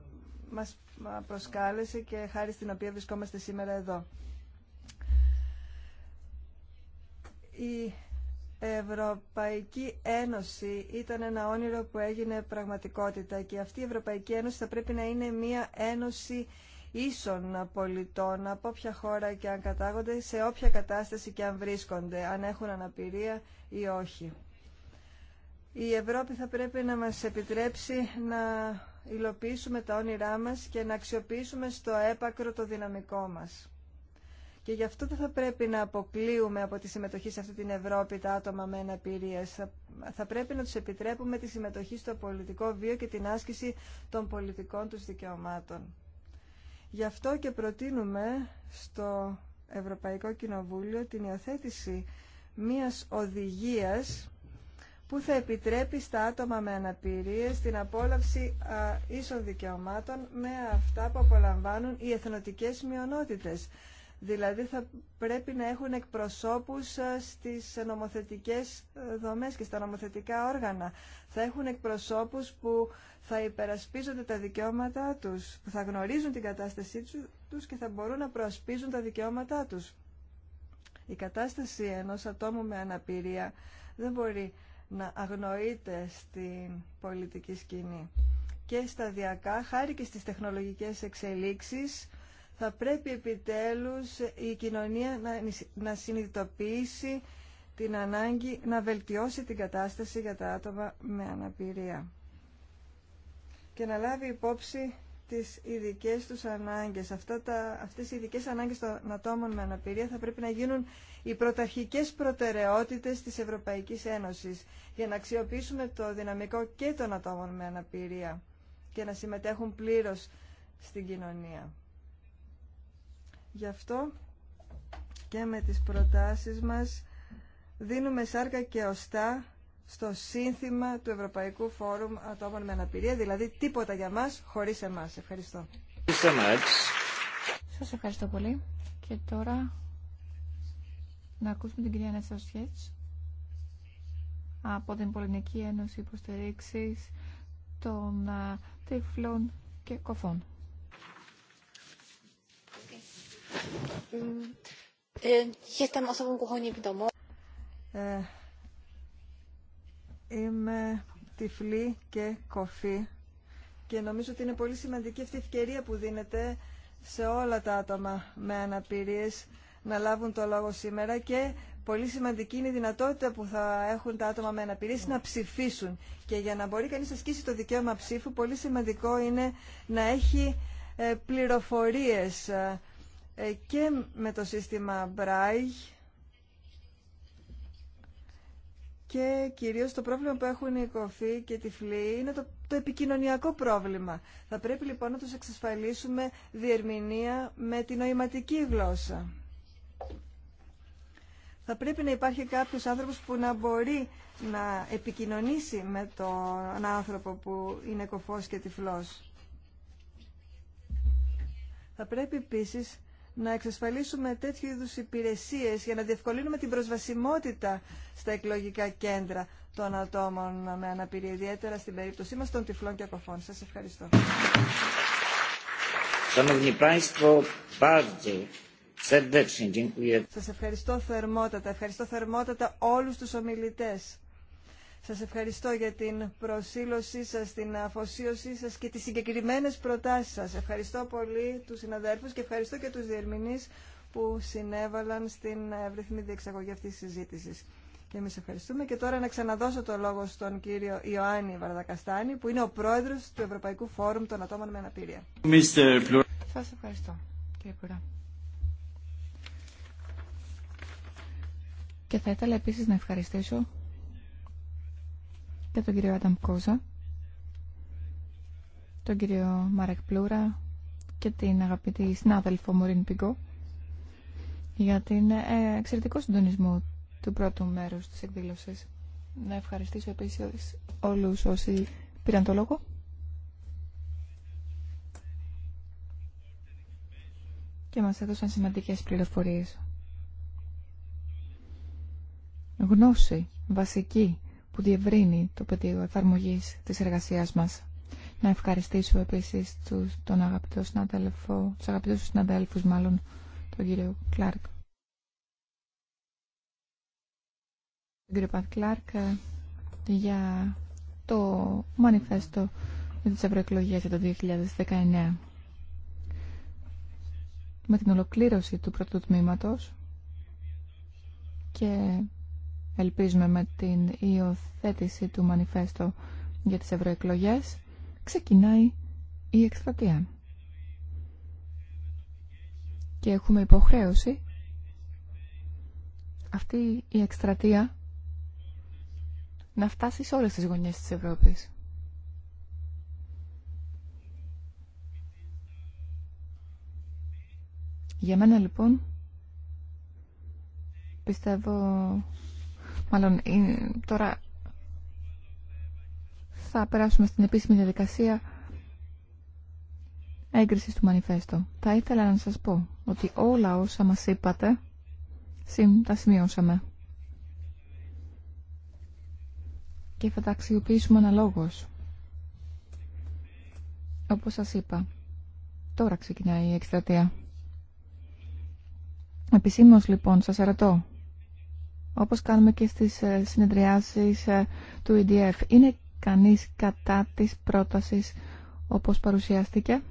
S1: μας προσκάλεσε και χάρη στην οποία βρισκόμαστε σήμερα εδώ. Η Ευρωπαϊκή Ένωση ήταν ένα όνειρο που έγινε πραγματικότητα και αυτή η Ευρωπαϊκή Ένωση θα πρέπει να είναι μια ένωση ίσων πολιτών από όποια χώρα και αν κατάγονται, σε όποια κατάσταση και αν βρίσκονται, αν έχουν αναπηρία ή όχι. Η Ευρώπη θα πρέπει να μας επιτρέψει να υλοποιήσουμε τα όνειρά μας και να αξιοποιήσουμε στο έπακρο το δυναμικό μας. Και γι' αυτό δεν θα πρέπει να αποκλείουμε από τη συμμετοχή σε αυτή την Ευρώπη τα άτομα με αναπηρία. Θα, πρέπει να τους επιτρέπουμε τη συμμετοχή στο πολιτικό βίο και την άσκηση των πολιτικών τους δικαιωμάτων. Γι' αυτό και προτείνουμε στο Ευρωπαϊκό Κοινοβούλιο την υιοθέτηση μιας οδηγίας που θα επιτρέπει στα άτομα με αναπηρίες την απόλαυση ίσων δικαιωμάτων με αυτά που απολαμβάνουν οι εθνοτικές μειονότητες. Δηλαδή θα πρέπει να έχουν εκπροσώπους ε, στις νομοθετικές ε, δομές και στα νομοθετικά όργανα. Θα έχουν εκπροσώπους που θα υπερασπίζονται τα δικαιώματά τους, που θα γνωρίζουν την κατάστασή τους και θα μπορούν να προασπίζουν τα δικαιώματά τους. Η κατάσταση ενός ατόμου με αναπηρία δεν μπορεί να αγνοείται στην πολιτική σκηνή. Και σταδιακά, χάρη και στις τεχνολογικές εξελίξεις, θα πρέπει επιτέλους η κοινωνία να συνειδητοποιήσει την ανάγκη να βελτιώσει την κατάσταση για τα άτομα με αναπηρία και να λάβει υπόψη τις ειδικέ τους ανάγκες. Αυτά αυτές οι ειδικέ ανάγκες των ατόμων με αναπηρία θα πρέπει να γίνουν οι πρωταρχικές προτεραιότητες της Ευρωπαϊκής Ένωσης για να αξιοποιήσουμε το δυναμικό και των ατόμων με αναπηρία και να συμμετέχουν πλήρως στην κοινωνία. Γι' αυτό και με τις προτάσεις μας δίνουμε σάρκα και οστά στο σύνθημα του Ευρωπαϊκού Φόρουμ Ατόμων με Αναπηρία, δηλαδή τίποτα για μας χωρίς εμάς. Ευχαριστώ. Σας ευχαριστώ πολύ. Και τώρα να ακούσουμε την κυρία
S3: Νέστα από την Πολυνική Ένωση Υποστηρίξης των ε, Τυφλών και Κοφών.
S1: Jestem ε, osobą ε, Είμαι τυφλή και κοφή και νομίζω ότι είναι πολύ σημαντική αυτή η ευκαιρία που δίνεται σε όλα τα άτομα με αναπηρίες να λάβουν το λόγο σήμερα και πολύ σημαντική είναι η δυνατότητα που θα έχουν τα άτομα με αναπηρίες να ψηφίσουν και για να μπορεί κανείς να ασκήσει το δικαίωμα ψήφου πολύ σημαντικό είναι να έχει ε, πληροφορίες ε, και με το σύστημα Braille και κυρίως το πρόβλημα που έχουν οι κοφοί και τυφλοί είναι το, το επικοινωνιακό πρόβλημα. Θα πρέπει λοιπόν να τους εξασφαλίσουμε διερμηνία με την νοηματική γλώσσα. Θα πρέπει να υπάρχει κάποιος άνθρωπος που να μπορεί να επικοινωνήσει με τον άνθρωπο που είναι κοφός και τυφλός. Θα πρέπει επίσης να εξασφαλίσουμε τέτοιου είδους υπηρεσίες για να διευκολύνουμε την προσβασιμότητα στα εκλογικά κέντρα των ατόμων με αναπηρία, ιδιαίτερα στην περίπτωσή μας των τυφλών και ακοφών. Σας ευχαριστώ. Σας ευχαριστώ θερμότατα. Ευχαριστώ θερμότατα όλους τους ομιλητές. Σας ευχαριστώ για την προσήλωσή σας, την αφοσίωσή σας και τις συγκεκριμένες προτάσεις σας. Ευχαριστώ πολύ τους συναδέλφους και ευχαριστώ και τους διερμηνείς που συνέβαλαν στην ευρυθμή διεξαγωγή αυτής της συζήτησης. Και εμείς ευχαριστούμε. Και τώρα να ξαναδώσω το λόγο στον κύριο Ιωάννη Βαρδακαστάνη, που είναι ο πρόεδρος του Ευρωπαϊκού Φόρουμ των Ατόμων με Αναπηρία. Σας ευχαριστώ,
S3: κύριε Πουρά. Και θα ήθελα επίσης να ευχαριστήσω το τον κύριο Άνταμ τον κύριο Μάρεκ Πλούρα και την αγαπητή συνάδελφο Μωρίν Πιγκό για την ε, εξαιρετικό συντονισμό του πρώτου μέρους της εκδήλωσης. Να ευχαριστήσω επίσης όλους όσοι πήραν το λόγο. και μας έδωσαν σημαντικές πληροφορίες. Γνώση βασική που διευρύνει το πεδίο εφαρμογή τη εργασία μα. Να ευχαριστήσω επίση τους, τον αγαπητό συναδέλφο, μάλλον, τον κύριο Κλάρκ. Τον κύριο Κλάρκ ε, για το μανιφέστο με τι ευρωεκλογέ για το 2019. Με την ολοκλήρωση του πρώτου τμήματος και ελπίζουμε με την υιοθέτηση του μανιφέστο για τις ευρωεκλογέ, ξεκινάει η εκστρατεία. Και έχουμε υποχρέωση αυτή η εκστρατεία να φτάσει σε όλες τις γωνιές της Ευρώπης. Για μένα λοιπόν πιστεύω Μάλλον ε, τώρα θα περάσουμε στην επίσημη διαδικασία έγκρισης του μανιφέστο. Θα ήθελα να σας πω ότι όλα όσα μας είπατε τα σημειώσαμε. Και θα τα αξιοποιήσουμε αναλόγως. Όπως σας είπα, τώρα ξεκινάει η εκστρατεία. Επισήμως λοιπόν σας ερωτώ όπως κάνουμε και στις ε, συνεδριάσεις ε, του EDF. Είναι κανείς κατά της πρότασης όπως παρουσιάστηκε,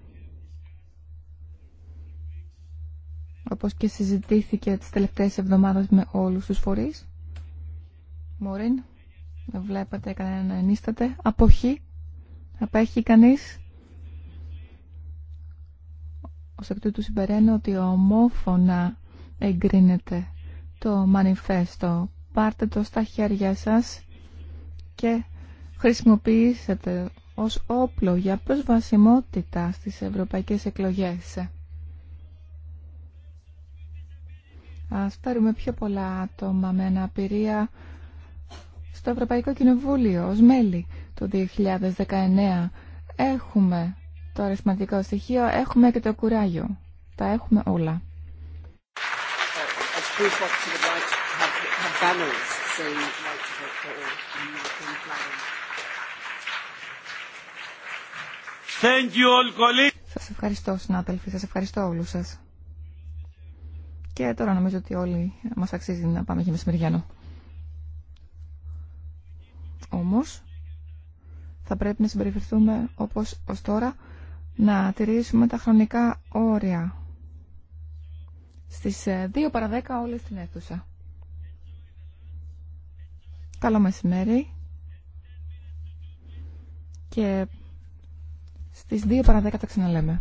S3: όπως και συζητήθηκε τις τελευταίες εβδομάδες με όλους τους φορείς. Μωρήν, δεν βλέπετε κανένα να ενίσταται. Αποχή, απέχει κανείς. Ως εκ τούτου συμπεραίνω ότι ομόφωνα εγκρίνεται το μανιφέστο. Πάρτε το στα χέρια σας και χρησιμοποιήσετε ως όπλο για προσβασιμότητα στις ευρωπαϊκές εκλογές. Ας φέρουμε πιο πολλά άτομα με αναπηρία στο Ευρωπαϊκό Κοινοβούλιο ως μέλη το 2019. Έχουμε το αριθματικό στοιχείο, έχουμε και το κουράγιο. Τα έχουμε όλα
S1: prove what to the right have, have
S2: banners saying right vote for all and European flagging. Thank you all, colleagues.
S3: Σας ευχαριστώ συνάδελφοι, σας ευχαριστώ όλους σας. Και τώρα νομίζω ότι όλοι μας αξίζει να πάμε για μεσημεριανό. Όμως, θα πρέπει να συμπεριφερθούμε όπως ως τώρα, να τηρήσουμε τα χρονικά όρια στις 2 ε, παρα 10 όλες στην αίθουσα. Καλό μεσημέρι και στις 2 παρα 10 τα ξαναλέμε.